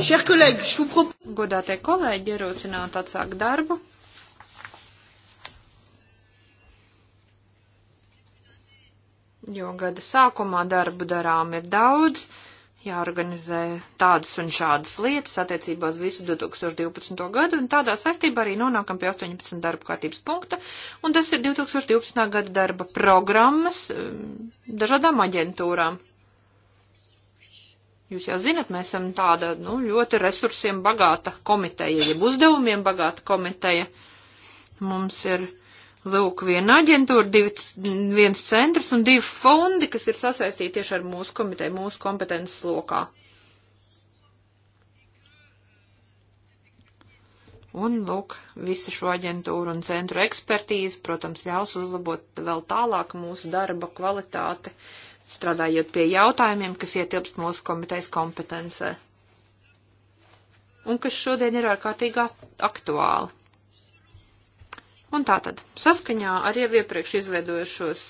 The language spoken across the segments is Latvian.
Godātie kolēģi ierosināt atsākt darbu. Jo gada sākumā darbu darām ir daudz, jāorganizē tādas un šādas lietas attiecībā uz visu 2012. gadu, un tādā saistībā arī nonākam pie 18 darba kārtības punkta, un tas ir 2012. gada darba programmas um, dažādām aģentūrām. Jūs jau zinat, mēs esam tāda, nu, ļoti resursiem bagāta komiteja, jeb uzdevumiem bagāta komiteja. Mums ir, lūk, viena aģentūra, divi, viens centrs un divi fondi, kas ir sasaistīti tieši ar mūsu komiteju, mūsu kompetences lokā. Un, lūk, visu šo aģentūru un centru ekspertīzi, protams, ļaus uzlabot vēl tālāk mūsu darba kvalitāti. Uh, strādājot pie jautājumiem, kas ietilpst mūsu komitejas kompetencē un kas šodien ir ārkārtīgi aktuāli. Un tātad, saskaņā ar jau iepriekš izveidojušos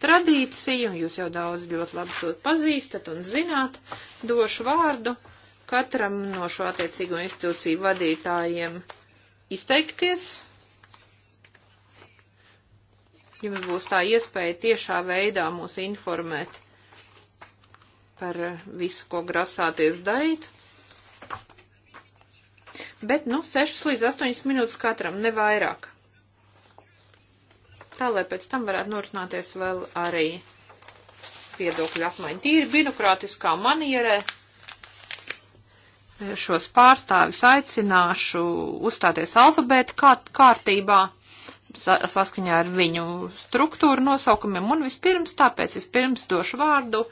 tradīciju, un jūs jau daudz ļoti labi to pazīstat un zināt, došu vārdu katram no šo attiecīgo institūciju vadītājiem izteikties jums būs tā iespēja tiešā veidā mūs informēt par visu, ko grasāties darīt. Bet, nu, 6 līdz 8 minūtes katram, ne vairāk. Tā, lai pēc tam varētu norunāties vēl arī viedokļu apmaiņa. Tīri birokrātiskā manierē šos pārstāvis aicināšu uzstāties alfabēta kārt, kārtībā saskaņā ar viņu struktūru nosaukumiem. Un vispirms, tāpēc vispirms došu vārdu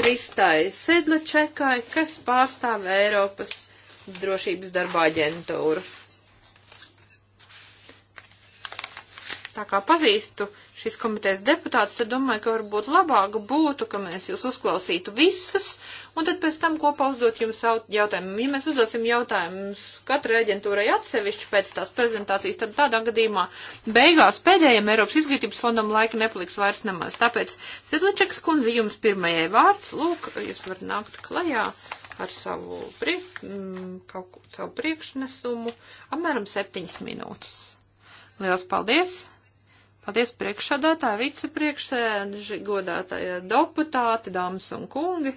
Kristai Sedlačekai, kas pārstāv Eiropas drošības darba aģentūru. Tā kā pazīstu šīs komitejas deputātus, tad domāju, ka varbūt labāk būtu, ka mēs jūs uzklausītu visus un tad pēc tam kopā uzdot jums jautājumu. Ja mēs uzdosim jautājumus katrai aģentūrai atsevišķi pēc tās prezentācijas, tad tādā gadījumā beigās pēdējiem Eiropas izglītības fondam laika nepaliks vairs nemaz. Tāpēc Sidličeks kundze jums pirmajai vārds, lūk, jūs varat nākt klajā ar savu, priek, mm, kaut, ko, savu priekšnesumu, apmēram septiņas minūtes. Lielas paldies! Paldies priekšsādātāji, vicepriekšsēdži, godātāji deputāti, dāmas un kungi!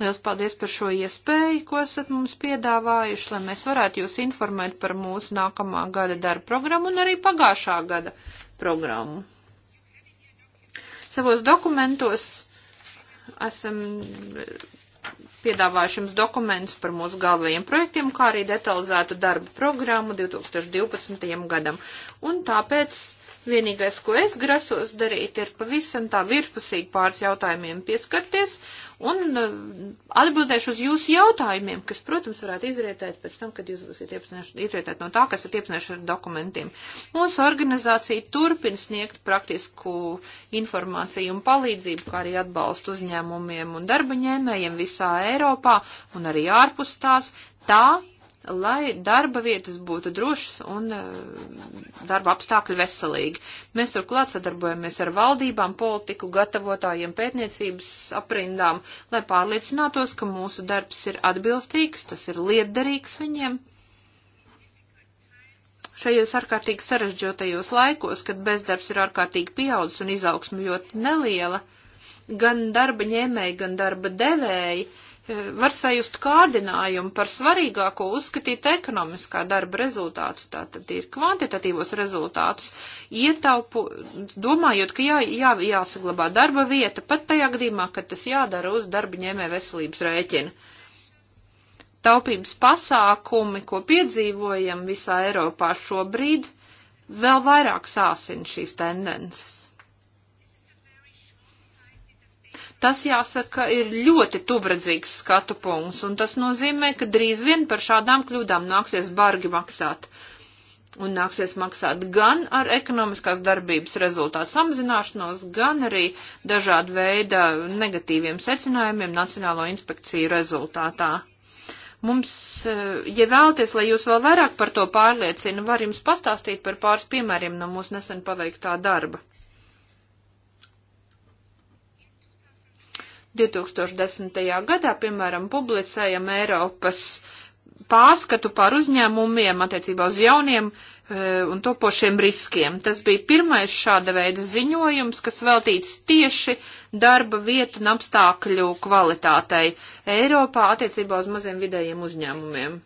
Liels paldies par šo iespēju, ko esat mums piedāvājuši, lai mēs varētu jūs informēt par mūsu nākamā gada darba programmu un arī pagājušā gada programmu. Savos dokumentos esam eh, piedāvājuši jums dokumentus par mūsu galvajiem projektiem, kā arī detalizētu darba programmu 2012. gadam. Un tāpēc vienīgais, ko es grasos darīt, ir pavisam tā virpusīgi pāris jautājumiem pieskarties un eh, atbildēšu uz jūsu jautājumiem, kas, protams, varētu izrietēt pēc tam, kad jūs būsiet izrietēt no tā, kas ir iepazinājuši ar dokumentiem. Mūsu organizācija turpin sniegt praktisku informāciju un palīdzību, kā arī atbalstu uzņēmumiem un darba ņēmējiem visā Eiropā un arī ārpus tās, tā, lai darba vietas būtu drošas un eh, darba apstākļi veselīgi. Mēs turklāt sadarbojamies ar valdībām, politiku, gatavotājiem, pētniecības aprindām, lai pārliecinātos, ka mūsu darbs ir atbilstīgs, tas ir lietderīgs viņiem. Šajos ārkārtīgi sarežģotajos laikos, kad bezdarbs ir ārkārtīgi pieaudzis un izaugsme ļoti neliela, gan darba ņēmēji, gan darba devēji, uh, var sajust kārdinājumu par svarīgāko uzskatīt ekonomiskā darba rezultātus, tātad ir kvantitatīvos rezultātus, ietaupu, domājot, ka jā, jā, jāsaglabā darba vieta pat tajā gadījumā, kad tas jādara uz darba ņēmē veselības rēķina. Taupības pasākumi, ko piedzīvojam visā Eiropā šobrīd, vēl vairāk sāsina šīs tendences. Tas, jāsaka, ir ļoti tuvredzīgs skatu punkts, un tas nozīmē, ka drīz vien par šādām kļūdām nāksies bargi maksāt. Un nāksies maksāt gan ar ekonomiskās darbības rezultātu samazināšanos, gan arī dažādu veidu negatīviem secinājumiem Nacionālo inspekciju rezultātā mums, eh, ja vēlaties, lai jūs vēl vairāk par to pārliecina, var jums pastāstīt par pāris piemēriem no mūsu nesen paveiktā darba. 2010. gadā, piemēram, publicējam Eiropas pārskatu par uzņēmumiem attiecībā uz jauniem e, un topošiem riskiem. Tas bija pirmais šāda veida ziņojums, kas veltīts tieši darba vietu un apstākļu kvalitātei Eiropā attiecībā uz maziem vidējiem uzņēmumiem.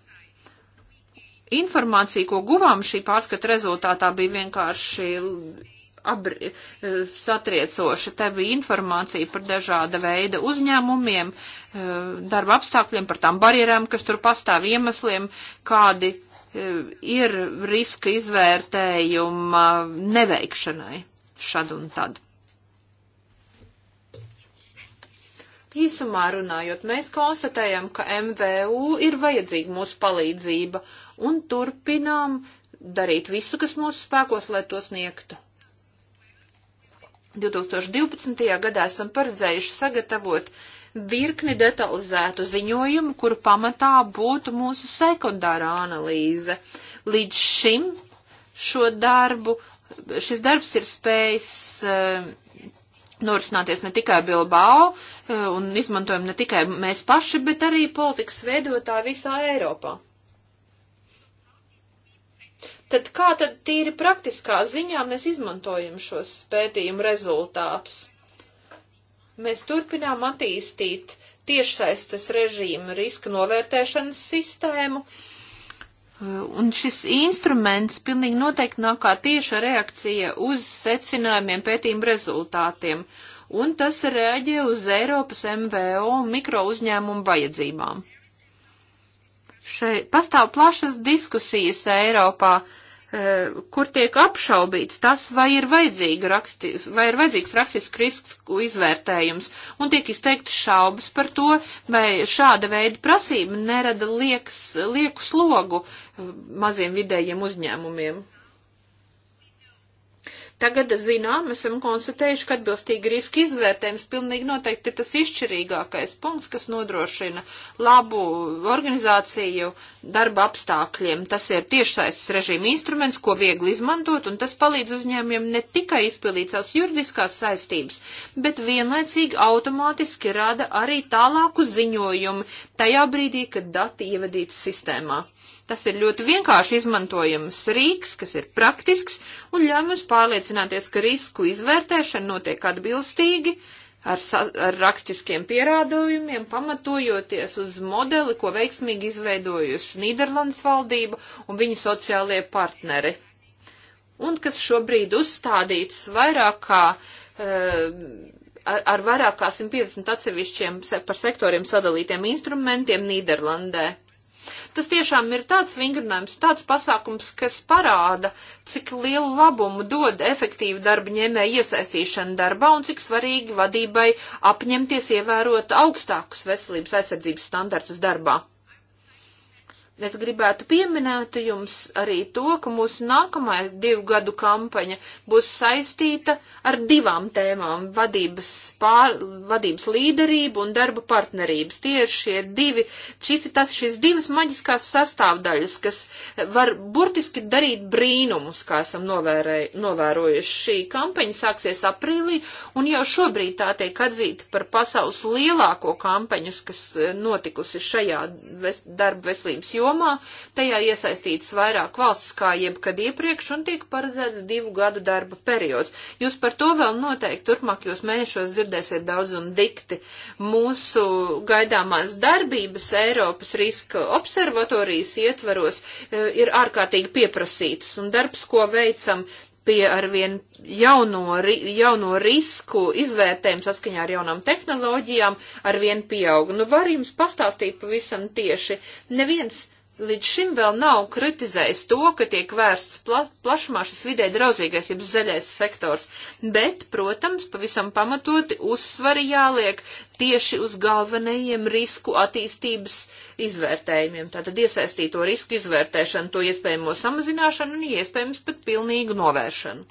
Informācija, ko guvām šī pārskata rezultātā, bija vienkārši abri, eh, satriecoša. Te bija informācija par dažāda veida uzņēmumiem, eh, darba apstākļiem, par tām barjerām, kas tur pastāv iemesliem, kādi eh, ir riska izvērtējuma neveikšanai šad un tad. Īsumā runājot, mēs konstatējam, ka MVU ir vajadzīga mūsu palīdzība un turpinām darīt visu, kas mūsu spēkos, lai to sniegtu. 2012. gadā esam paredzējuši sagatavot virkni detalizētu ziņojumu, kuru pamatā būtu mūsu sekundārā analīze. Līdz šim šo darbu, šis darbs ir spējis uh, norisināties ne tikai Bilbao uh, un izmantojam ne tikai mēs paši, bet arī politikas veidotāji visā Eiropā tad kā tad tīri praktiskā ziņā mēs izmantojam šos pētījumu rezultātus? Mēs turpinām attīstīt tiešsaistes režīmu riska novērtēšanas sistēmu, un šis instruments pilnīgi noteikti nāk kā tieša reakcija uz secinājumiem pētījumu rezultātiem, un tas reaģē uz Eiropas MVO un mikro uzņēmumu vajadzībām šeit pastāv plašas diskusijas Eiropā Eh, kur tiek apšaubīts tas, vai ir, rakstis, vai ir vajadzīgs rakstisks risku izvērtējums, un tiek izteikti šaubas par to, vai šāda veida prasība nerada liekas, lieku slogu eh, maziem vidējiem uzņēmumiem. Tagad zinām, esam konstatējuši, ka atbilstīgi riska izvērtējums pilnīgi noteikti ir tas izšķirīgākais punkts, kas nodrošina labu organizāciju darba apstākļiem. Tas ir tiešsaistes režīma instruments, ko viegli izmantot, un tas palīdz uzņēmiem ne tikai izpildīt savas juridiskās saistības, bet vienlaicīgi automātiski rada arī tālāku ziņojumu tajā brīdī, kad dati ievadīti sistēmā. Tas ir ļoti vienkārši izmantojams rīks, kas ir praktisks un ļauj mums pārliecināties, ka risku izvērtēšana notiek atbilstīgi ar, ar rakstiskiem pierādījumiem, pamatojoties uz modeli, ko veiksmīgi izveidojusi Nīderlandes valdība un viņa sociālie partneri. Un kas šobrīd uzstādīts vairāk kā. Uh, ar vairāk kā 150 atsevišķiem par sektoriem sadalītiem instrumentiem Nīderlandē. Tas tiešām ir tāds vingrinājums, tāds pasākums, kas parāda, cik lielu labumu dod efektīva darba ņēmēja iesaistīšana darbā un cik svarīgi vadībai apņemties ievērot augstākus veselības aizsardzības standartus darbā. Es gribētu pieminēt jums arī to, ka mūsu nākamā divu gadu kampaņa būs saistīta ar divām tēmām - vadības, pār, vadības līderību un darba partnerības. Tie ir šie divi, šis ir tas, šis divas maģiskās sastāvdaļas, kas var burtiski darīt brīnumus, kā esam novērē, novērojuši. Šī kampaņa sāksies aprīlī un jau šobrīd tā tiek atzīta par pasaules lielāko kampaņu, kas eh, notikusi šajā ves, darba veselības jomā jomā, tajā iesaistīts vairāk valsts kā jebkad iepriekš un tiek paredzēts divu gadu darba periods. Jūs par to vēl noteikti turpmākajos mēnešos dzirdēsiet daudz un dikti. Mūsu gaidāmās darbības Eiropas riska observatorijas ietveros eh, ir ārkārtīgi pieprasītas un darbs, ko veicam pie arvien jauno, jauno risku izvērtējumu saskaņā ar jaunām tehnoloģijām, arvien pieaug. Nu, var jums pastāstīt pavisam tieši. Neviens līdz šim vēl nav kritizējis to, ka tiek vērsts pla plašumā šis vidē draudzīgais, jeb zaļais sektors, bet, protams, pavisam pamatoti uzsvari jāliek tieši uz galvenajiem risku attīstības uh, izvērtējumiem. Tātad iesaistīto risku izvērtēšanu, to iespējamo samazināšanu un iespējams pat pilnīgu novēršanu.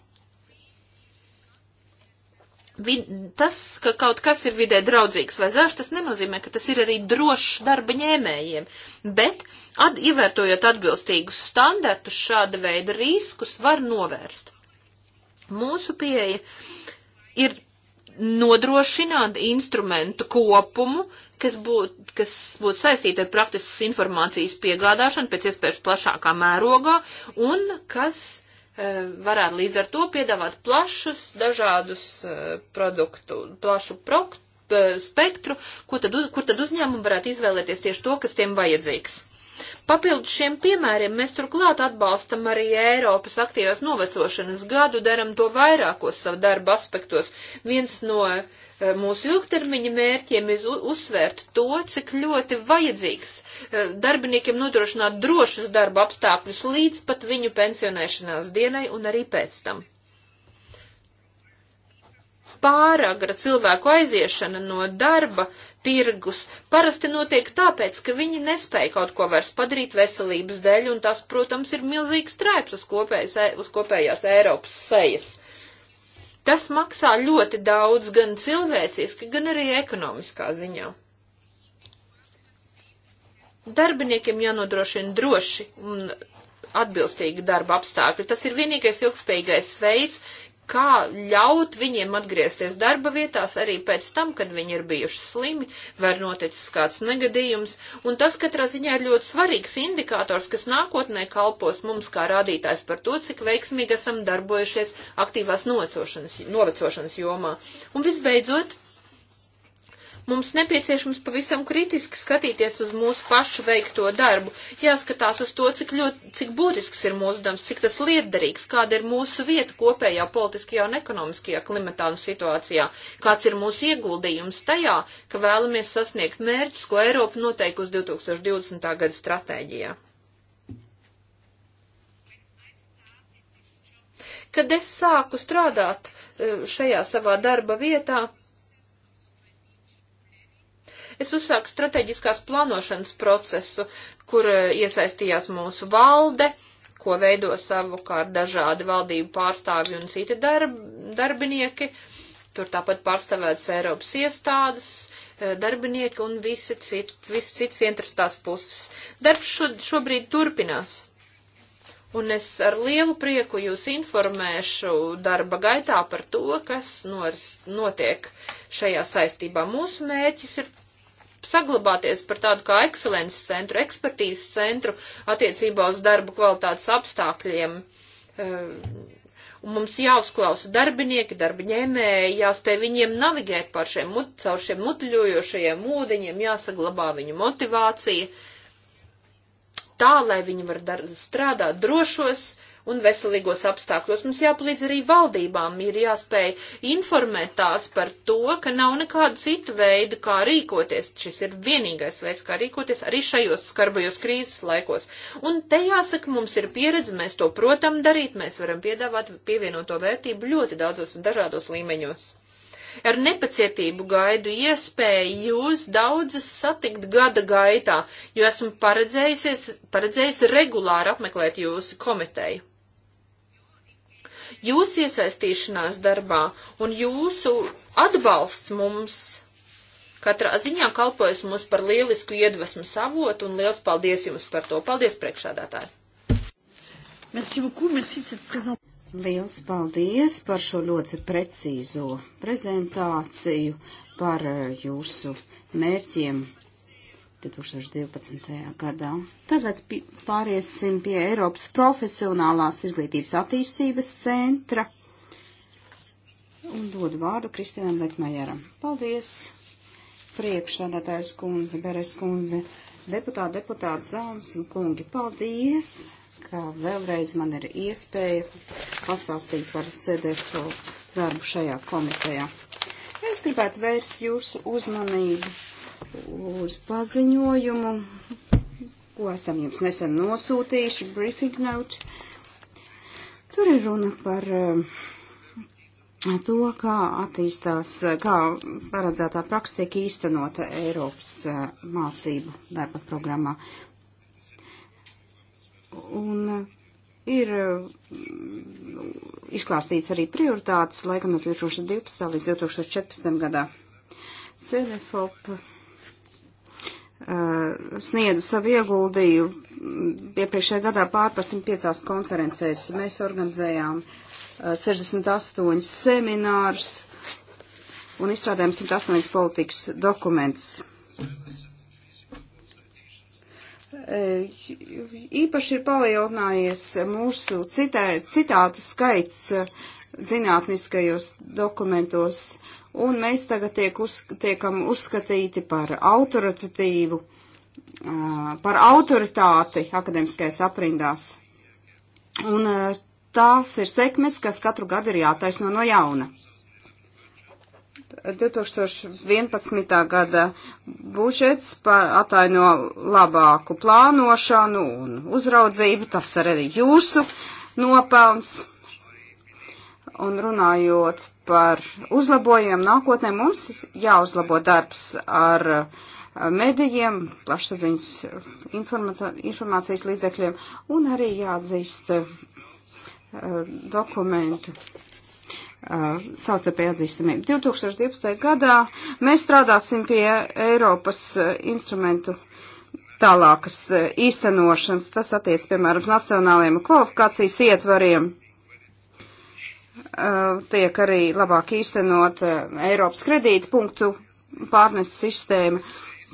Vid, tas, ka kaut kas ir vidē draudzīgs vai zaļš, tas nenozīmē, ka tas ir arī drošs darba ņēmējiem, bet, at, ievērtojot atbilstīgus standartus, šāda veida riskus var novērst. Mūsu pieeja ir nodrošināt instrumentu kopumu, kas būtu kas būt saistīta ar praktiskas informācijas piegādāšanu pēc iespējas plašākā mērogā un kas e, varētu līdz ar to piedāvāt plašus dažādus e, produktu, plašu proktu, e, eh, spektru, ko tad, uz, kur tad uzņēmumi varētu izvēlēties tieši to, kas tiem vajadzīgs. Papildus šiem piemēriem mēs turklāt atbalstam arī Eiropas aktīvās novecošanas gadu, daram to vairākos savu darbu aspektos. Viens no eh, mūsu ilgtermiņa mērķiem ir uzsvērt to, cik ļoti vajadzīgs eh, darbiniekiem nodrošināt drošus darba apstākļus līdz pat viņu pensionēšanās dienai un arī pēc tam pāragra cilvēku aiziešana no darba tirgus parasti notiek tāpēc, ka viņi nespēja kaut ko vairs padarīt veselības dēļ, un tas, protams, ir milzīgs trēps uz, kopējas, uz kopējās Eiropas sejas. Tas maksā ļoti daudz gan cilvēciski, gan arī ekonomiskā ziņā. Darbiniekiem jānodrošina droši un atbilstīgi darba apstākļi. Tas ir vienīgais ilgspējīgais veids, kā ļaut viņiem atgriezties darba vietās arī pēc tam, kad viņi ir bijuši slimi, var noticis kāds negadījums, un tas katrā ziņā ir ļoti svarīgs indikators, kas nākotnē kalpos mums kā rādītājs par to, cik veiksmīgi esam darbojušies aktīvās novecošanas jomā. Un visbeidzot, Mums nepieciešams pavisam kritiski skatīties uz mūsu pašu veikto darbu, jāskatās uz to, cik, ļoti, cik būtisks ir mūsu dams, cik tas lietderīgs, kāda ir mūsu vieta kopējā politiskajā un ekonomiskajā klimatā un situācijā, kāds ir mūsu ieguldījums tajā, ka vēlamies sasniegt mērķus, ko Eiropa noteikusi 2020. gada stratēģijā. Kad es sāku strādāt eh, šajā savā darba vietā, Es uzsāku strateģiskās plānošanas procesu, kur eh, iesaistījās mūsu valde, ko veido savukārt dažādi valdību pārstāvi un citi darb, darbinieki. Tur tāpat pārstāvētas Eiropas iestādes, eh, darbinieki un visi citi, visi cits interesētās puses. Darbs šo, šobrīd turpinās. Un es ar lielu prieku jūs informēšu darba gaitā par to, kas nors, notiek šajā saistībā. Mūsu mērķis ir saglabāties par tādu kā ekscelences centru, ekspertīzes centru attiecībā uz darba kvalitātes apstākļiem. Um, un mums jāuzklausa darbinieki, darba ņēmēji, jāspēj viņiem navigēt pār šiem, mut, caur šiem mutļojošajiem ūdeņiem, jāsaglabā viņu motivācija, tā, lai viņi var dar, strādāt drošos, uh, un veselīgos apstākļos. Mums jāpalīdz arī valdībām, ir jāspēj informēt tās par to, ka nav nekāda cita veida, kā rīkoties. Šis ir vienīgais veids, kā rīkoties arī šajos skarbajos krīzes laikos. Un te jāsaka, mums ir pieredze, mēs to protam darīt, mēs varam piedāvāt pievienoto vērtību ļoti daudzos un dažādos līmeņos. Ar nepacietību gaidu iespēju jūs daudzas satikt gada gaitā, jo esmu paredzējusies, paredzējusi regulāri apmeklēt jūsu komiteju. Jūsu iesaistīšanās darbā un jūsu atbalsts mums katrā ziņā kalpojas mums par lielisku iedvesmu savotu un liels paldies jums par to. Paldies priekšādātāji! Merci beaucoup, merci de cette présentation. Liels paldies par šo ļoti precīzo prezentāciju, par eh, jūsu mērķiem 2012. gadā. Tagad pāriesim pie Eiropas profesionālās izglītības attīstības centra un dodu vārdu Kristīnam Lekmajeram. Paldies, priekšstādātājs kundze, Beres kundze, deputāti, deputāts, dāmas un kungi. Paldies, ka vēlreiz man ir iespēja pastāstīt par CDFO darbu šajā komitejā. Es gribētu vērst jūsu uzmanību uz paziņojumu, ko esam jums nesen nosūtījuši, briefing note. Tur ir runa par eh, to, kā attīstās, kā paredzētā praksa tiek īstenota Eiropas eh, mācību darba programmā. Un eh, ir izklāstīts arī prioritātes laikam no 2012. līdz 2014. gadā. CELEFOP Uh, sniedzu savu ieguldījumu iepriekšējā gadā pārpasim piecās konferencēs. Mēs organizējām 68 uh, seminārus un izstrādājām 108 politikas dokumentus. Uh, īpaši ir palielinājies mūsu citē, citātu skaits zinātniskajos dokumentos un mēs tagad tiek uz, tiekam uzskatīti par autoritatīvu, par autoritāti akademiskajās aprindās. Un tās ir sekmes, kas katru gadu ir jātaisno no jauna. 2011. gada budžets ataino labāku plānošanu un uzraudzību, tas arī jūsu nopelns. Un runājot par uzlabojumiem nākotnē. Mums jāuzlabo darbs ar eh, medijiem, plašsaziņas informācijas līdzekļiem un arī jāatzīst uh, dokumentu uh, eh, savstarpēji atzīstamību. 2012. gadā mēs strādāsim pie Eiropas uh, instrumentu tālākas īstenošanas. Tas attiec, piemēram, uz nacionālajiem kvalifikācijas ietvariem Eh, tiek arī labāk īstenot eh, Eiropas kredīta punktu pārneses sistēma.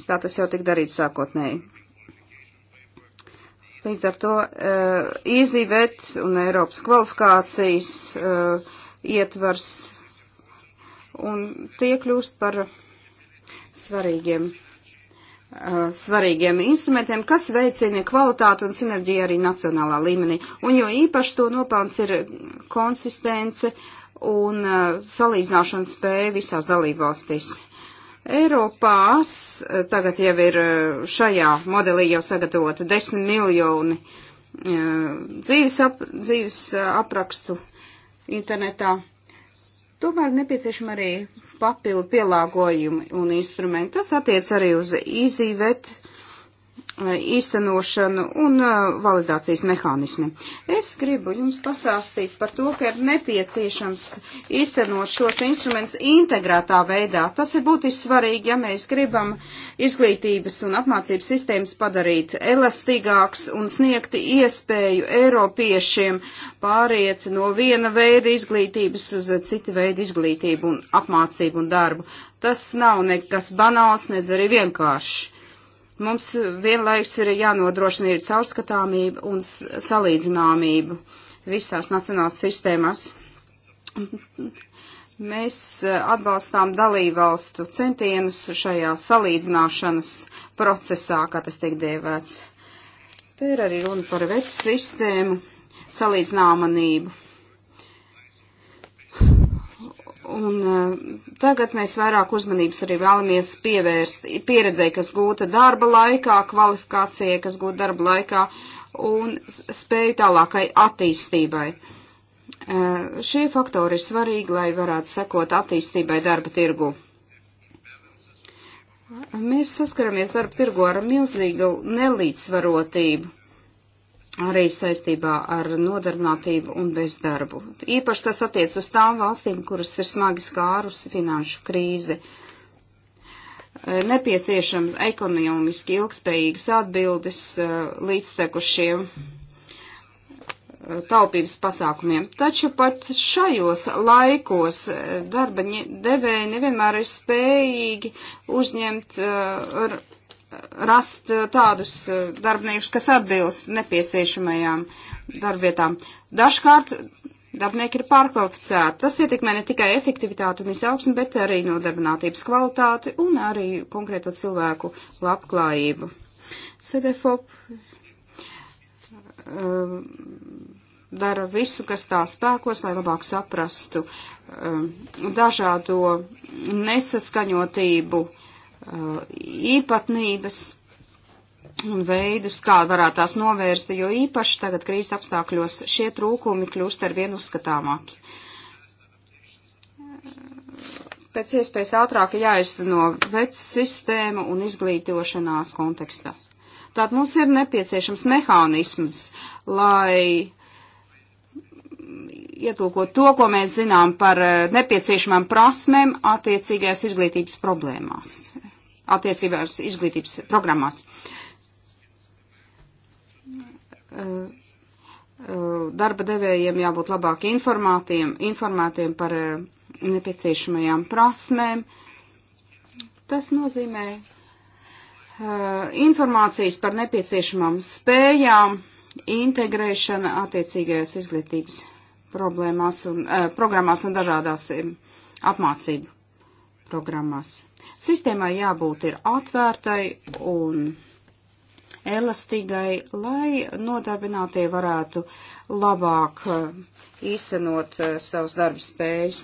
Tā tas jau tik darīts sākotnēji. Līdz ar to īzīvēt eh, uh, un Eiropas kvalifikācijas uh, ietvars un tie kļūst par svarīgiem Uh, svarīgiem instrumentiem, kas veicina kvalitāti un sinerģiju arī nacionālā līmenī. Un jo īpaši to nopelns ir konsistence un uh, salīdzināšanas spēja visās dalībvalstīs. Eiropās uh, tagad jau ir uh, šajā modelī jau sagatavota 10 miljoni uh, dzīves, ap, dzīves aprakstu internetā. Tomēr nepieciešama arī papildu pielāgojumi un instrumenti. Tas attiec arī uz izīvet. E Eh, īstenošanu un eh, validācijas mehānismi. Es gribu jums pastāstīt par to, ka ir nepieciešams īstenot šos instrumentus integrētā veidā. Tas ir būtiski svarīgi, ja mēs gribam izglītības un apmācības sistēmas padarīt elastīgāks un sniegt iespēju Eiropiešiem pāriet no viena veida izglītības uz citu veidu izglītību un apmācību un darbu. Tas nav nekas banāls, nedz arī vienkārši Mums vienlaikus ir jānodrošina ir caurskatāmība un salīdzināmība visās nacionālās sistēmās. Mēs e, atbalstām dalībvalstu centienus šajā salīdzināšanas procesā, kā tas tiek dēvēts. Te ir arī runa par vecu sistēmu, salīdzināmanību Un eh, tagad mēs vairāk uzmanības arī vēlamies pievērst pieredzei, kas gūta darba laikā, kvalifikācijai, kas gūta darba laikā un spēju tālākai attīstībai. Eh, šie faktori ir svarīgi, lai varētu sekot attīstībai darba tirgu. Mēs saskaramies darba tirgu ar milzīgu nelīdzsvarotību arī saistībā ar nodarbinātību un bezdarbu. Īpaši tas attiec uz tām valstīm, kuras ir smagi skārusi finanšu krīze. Nepieciešams ekonomiski ilgspējīgas atbildes e, līdztekušiem e, taupības pasākumiem. Taču pat šajos laikos e, darba devēji nevienmēr ir spējīgi uzņemt uh, rast eh, tādus eh, darbniekus, kas atbilst nepieciešamajām darbvietām. Dažkārt darbinieki ir pārkvalificēti. Tas ietekmē ne tikai efektivitāti un izaugsmi, bet arī nodarbinātības kvalitāti un arī konkrēto cilvēku labklājību. CDFOP um, eh, dara visu, kas tā spēkos, lai labāk saprastu um, dažādo nesaskaņotību Uh, īpatnības un veidus, kā varētu tās novērst, jo īpaši tagad krīzes apstākļos šie trūkumi kļūst ar vien uzskatāmāki. Pēc iespējas ātrāk jāizteno vecs sistēma un izglītošanās kontekstā. Tātad mums ir nepieciešams mehānisms, lai ietūkot to, ko mēs zinām par nepieciešamām prasmēm attiecīgajās izglītības problēmās attiecībā ar izglītības programmās. Eh, eh, darba devējiem jābūt labāk informātiem, informētiem par eh, nepieciešamajām prasmēm. Tas nozīmē informācijas par nepieciešamām spējām, integrēšana attiecīgajās izglītības problēmās un, programmās un dažādās apmācību programmās. Sistēmai jābūt ir atvērtai un elastīgai, lai nodarbinātie varētu labāk uh, īstenot uh, savus darba spējas.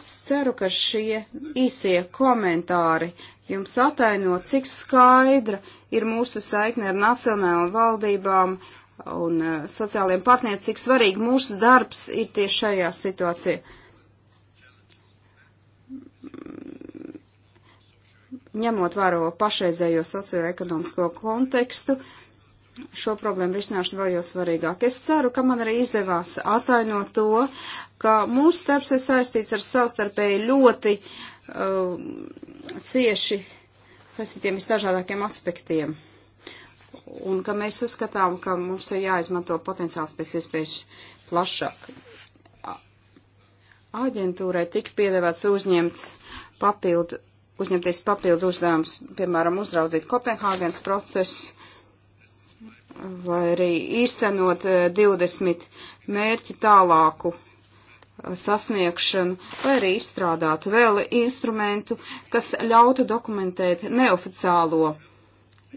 Es ceru, ka šie īsie komentāri jums ataino, cik skaidra ir mūsu saikne ar nacionālām valdībām un uh, sociālajiem partneriem, cik svarīgi mūsu darbs ir tieši šajā situācijā. ņemot vēro pašreizējo socioekonomisko kontekstu, šo problēmu risināšana vēl jau svarīgāk. Es ceru, ka man arī izdevās atainot to, ka mūsu starps ir saistīts ar savstarpēji ļoti uh, cieši saistītiem visdažādākiem aspektiem. Un ka mēs uzskatām, ka mums ir jāizmanto potenciāls pēc iespējas plašāk. Aģentūrai tika piedāvāts uzņemt papildu uzņemties papildu uzdevumus, piemēram, uzraudzīt Kopenhāgens procesu vai arī īstenot 20 eh, mērķi tālāku eh, sasniegšanu, vai arī izstrādāt vēl instrumentu, kas ļautu dokumentēt neoficiālo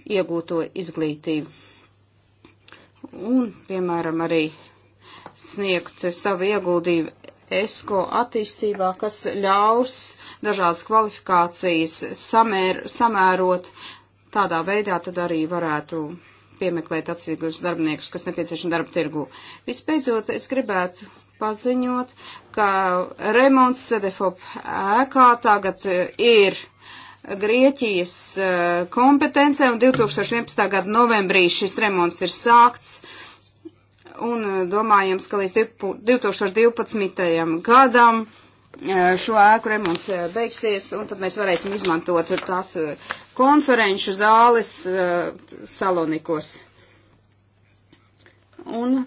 iegūto izglītību. Un, piemēram, arī sniegt savu ieguldību ESCO attīstībā, kas ļaus dažādas kvalifikācijas samēr, samērot. Tādā veidā tad arī varētu piemeklēt atsevišķus darbiniekus, kas nepieciešami darba tirgu. Vispēcot, es gribētu paziņot, ka remonts Sedefop ēkā tagad ir Grieķijas eh, kompetencē un 2011. gada novembrī šis remonts ir sākts un eh, domājams, ka līdz 2012. gadam eh, šo ēku remonts eh, beigsies, un tad mēs varēsim izmantot tās konferenču zāles salonikos. Un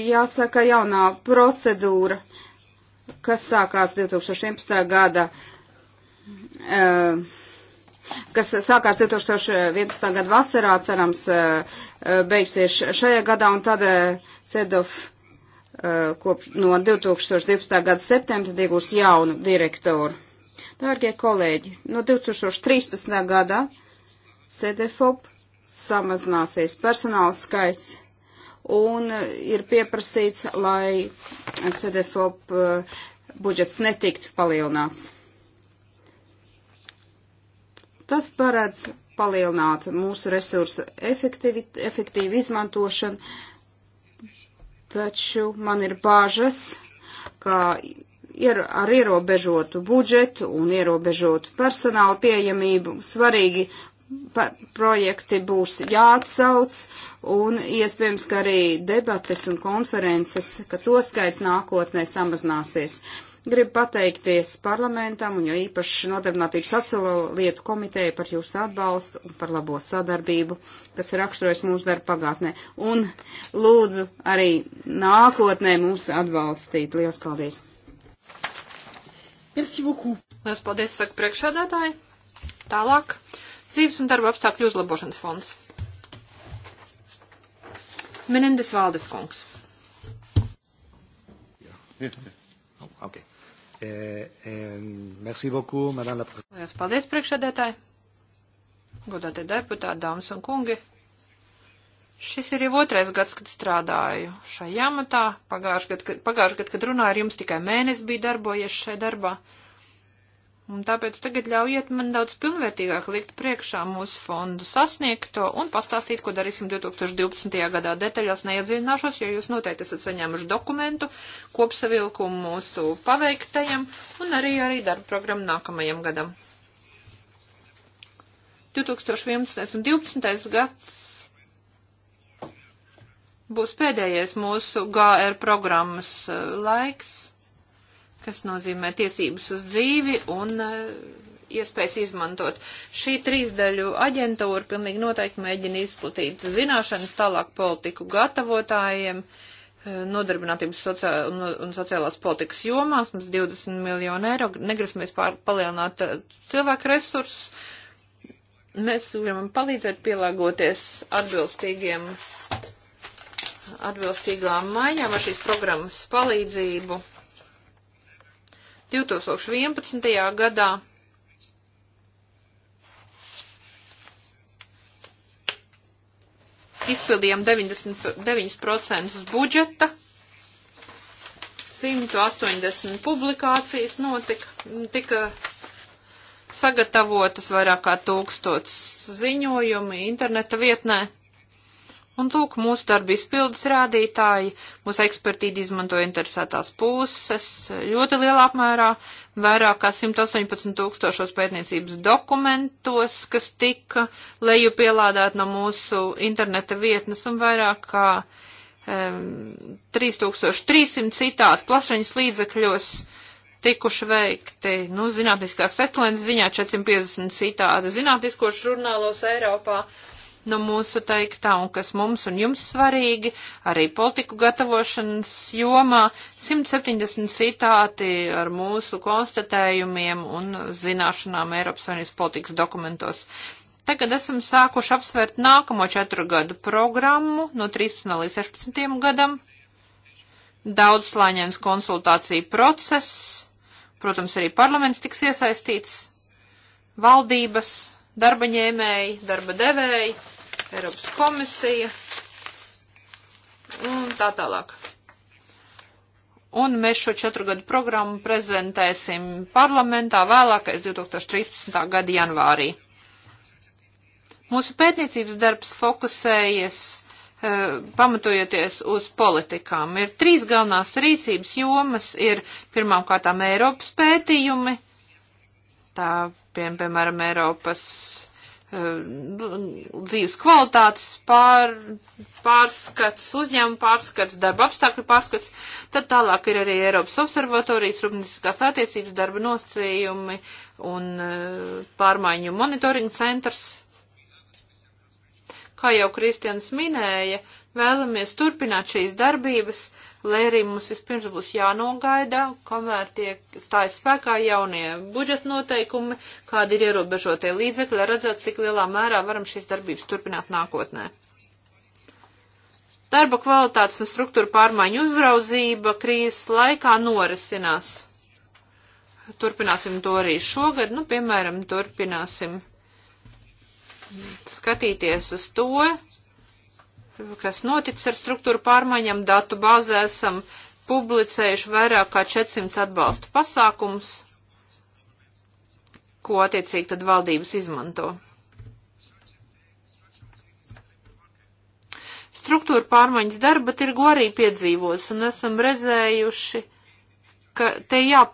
jāsaka, jaunā procedūra, kas sākās 2011. gada. Uh, kas sākās 2011. gada vasarā, cerams, eh, eh, beigsies šajā gadā, un tad CEDOF eh, kop no 2012. gada septembra iegūs jaunu direktoru. Dārgie kolēģi, no 2013. gada CDFOP samazināsies personāla skaits un ir pieprasīts, lai CDFOP budžets netiktu palielināts. Tas paredz palielināt mūsu resursu efektīvu izmantošanu, taču man ir bāžas, ka ir ar ierobežotu budžetu un ierobežotu personālu pieejamību svarīgi projekti būs jāatsauc un iespējams, ka arī debates un konferences, ka to skaits nākotnē samazināsies. Gribu pateikties parlamentam un jo īpaši nodarbinātības atcelo lietu komiteju par jūsu atbalstu un par labo sadarbību, kas ir raksturojas mūsu darba pagātnē. Un lūdzu arī nākotnē mūs atbalstīt. Lielas paldies! Merci beaucoup! Lielas paldies, saka priekšādātāji. Tālāk. Dzīves un darba apstākļu uzlabošanas fonds. Menendes Valdes kungs. Yeah. Yeah. Oh, okay. Eh, merci beaucoup, Madame la Prezidente. Paldies, priekšsēdētāji. Godātie deputāti, dāmas un kungi. Šis ir jau otrais gads, kad strādāju šajā amatā. Pagājuši gadu, kad, pagājuši gadu, kad runāju ar jums, tikai mēnesis bija darbojies šajā darbā. Uh, Un tāpēc tagad ļaujiet man daudz pilnvērtīgāk likt priekšā mūsu fonda sasniegto un pastāstīt, ko darīsim 2012. gadā. Detaļās neiedziļināšos, jo jūs noteikti esat saņēmuši dokumentu, kopsavilkumu mūsu paveiktajam un arī, arī darba programmu nākamajam gadam. 2011. un 2012. gads būs pēdējais mūsu GR programmas eh, laiks kas nozīmē tiesības uz dzīvi un eh, iespējas izmantot. Šī trīsdaļu aģentūra pilnīgi noteikti mēģina izplatīt zināšanas tālāk politiku gatavotājiem, eh, nodarbinātības sociā, un sociālās politikas jomās. Mums 20 miljonu eiro negrasamies palielināt eh, cilvēku resursus. Mēs gribam palīdzēt pielāgoties atbilstīgiem, atbilstīgām maiņām ar šīs programmas palīdzību 2011. gadā izpildījām 99% budžeta, 180 publikācijas notika, tika sagatavotas vairāk kā tūkstots ziņojumi interneta vietnē. Un lūk, mūsu darba izpildes rādītāji, mūsu ekspertīdi izmanto interesētās puses ļoti lielā apmērā, vairāk kā 118 tūkstošos pētniecības dokumentos, kas tika leju pielādēt no mūsu interneta vietnes un vairāk kā um, 3300 citātu plašaņas līdzekļos tikuši veikti, nu, zinātniskāks ekscelences ziņā 450 citāti zinātniskos žurnālos Eiropā no mūsu teiktā un kas mums un jums svarīgi, arī politiku gatavošanas jomā 170 citāti ar mūsu konstatējumiem un zināšanām Eiropas Savienības politikas dokumentos. Tagad esam sākuši apsvērt nākamo četru gadu programmu no 13. līdz 16. gadam. Daudzslāņēns konsultāciju process, protams, arī parlaments tiks iesaistīts, valdības, darba ņēmēji, darba devēji. Eiropas komisija un tā tālāk. Un mēs šo četru gadu programmu prezentēsim parlamentā vēlākais 2013. gada janvārī. Mūsu pētniecības darbs fokusējies eh, pamatojoties uz politikām. Ir trīs galvenās rīcības jomas. Ir pirmām kārtām Eiropas pētījumi, tā piem, piemēram Eiropas Ehm, dzīves kvalitātes pār, pārskats, uzņēmuma pārskats, darba apstākļu pārskats, tad tālāk ir arī Eiropas observatorijas, rūpnieciskās attiecības, darba nosacījumi un ehm, pārmaiņu monitoringa centrs. Kā jau Kristians minēja, vēlamies turpināt šīs darbības, uh, lai arī mums vispirms būs jānogaida, kamēr tiek stājas spēkā jaunie budžeta noteikumi, kādi ir ierobežotie līdzekļi, lai redzētu, cik lielā mērā varam šīs darbības turpināt nākotnē. Darba kvalitātes un struktūra pārmaiņu uzraudzība krīzes laikā norisinās. Turpināsim to arī šogad, nu, piemēram, turpināsim skatīties uz to, kas noticis ar struktūru pārmaiņām, datu bāzē esam publicējuši vairāk kā 400 atbalstu pasākums, ko attiecīgi tad valdības izmanto. Struktūra pārmaiņas darba tirgu arī piedzīvos un esam redzējuši, ka te jā,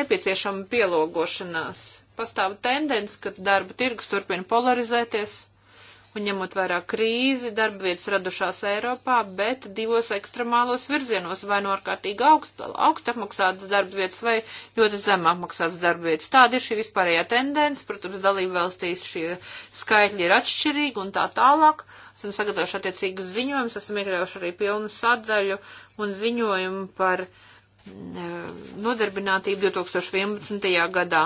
nepieciešama pielāgošanās. Pastāv tendence, ka darba tirgus turpina polarizēties un ņemot vērā krīzi, darba vietas radušās Eiropā, bet divos ekstremālos virzienos - vai no nu ārkārtīgi augst, augst apmaksātas darba vietas vai ļoti zem apmaksātas darba vietas. Tāda ir šī vispārējā tendence, protams, dalību valstīs šie skaitļi ir atšķirīgi un tā tālāk. Esam sagatavojuši attiecīgas ziņojumus, esam iekļaujuši arī pilnu sadaļu un ziņojumu par mm, eh, nodarbinātību 2011. gadā.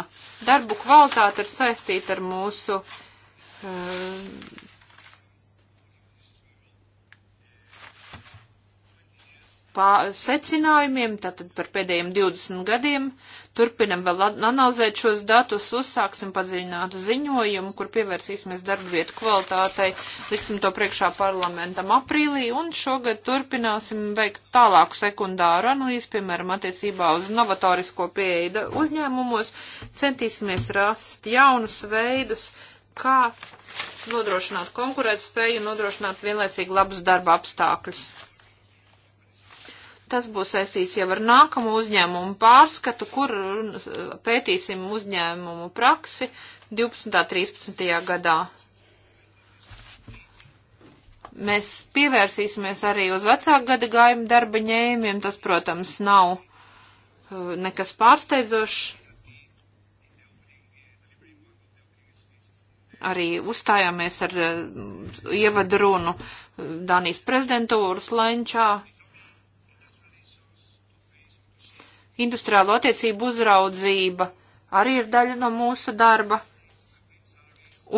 Darbu kvalitāte ir saistīta ar mūsu eh, pā, secinājumiem, tātad par pēdējiem 20 gadiem. Turpinam vēl analizēt šos datus, uzsāksim padziļinātu ziņojumu, kur pievērsīsimies darbvietu kvalitātei, liksim to priekšā parlamentam aprīlī, un šogad turpināsim veikt tālāku sekundāru analīzi, piemēram, attiecībā uz novatorisko pieeju uzņēmumos, centīsimies rast jaunus veidus, kā nodrošināt konkurētspēju un nodrošināt vienlaicīgi labus darba apstākļus. Tas būs saistīts jau ar nākamo uzņēmumu pārskatu, kur pētīsim uzņēmumu praksi 12. un 13. gadā. Mēs pievērsīsimies arī uz vecāku gada gājumu darba ņēmiem. Tas, protams, nav uh, nekas pārsteidzošs. Arī uzstājāmies ar uh, ievadrunu uh, Danijas prezidentūras lenčā Industriālo attiecību uzraudzība arī ir daļa no mūsu darba.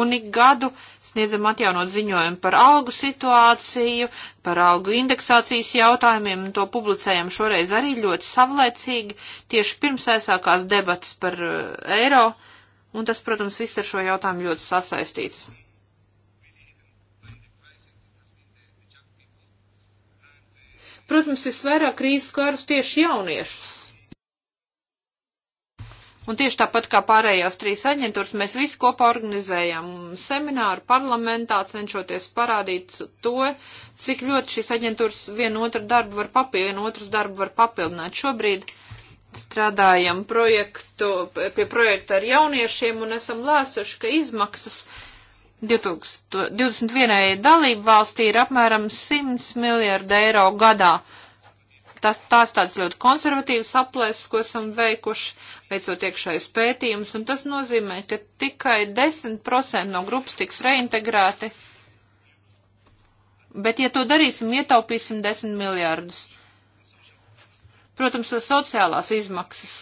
Un ik gadu sniedzam atjaunot ziņojumu par algu situāciju, par algu indeksācijas jautājumiem, un to publicējam šoreiz arī ļoti savlaicīgi, tieši pirms aizsākās debats par uh, eiro, un tas, protams, viss ar šo jautājumu ļoti sasaistīts. Protams, visvairāk krīzes skārus tieši jauniešus. Un tieši tāpat kā pārējās trīs aģentūras, mēs visi kopā organizējam semināru parlamentā, cenšoties parādīt to, cik ļoti šīs aģentūras vienotra darbu var papildināt, otras darbu var papildināt. Šobrīd strādājam projektu, pie projekta ar jauniešiem un esam lēsuši, ka izmaksas 2021. dalību valstī ir apmēram 100 miljardi eiro gadā. Tas, tās tāds ļoti konservatīvs aplēses, ko esam veikuši veicot iekšējus pētījumus, un tas nozīmē, ka tikai 10% no grupas tiks reintegrēti. Bet, ja to darīsim, ietaupīsim 10 miljārdus. Protams, sociālās izmaksas,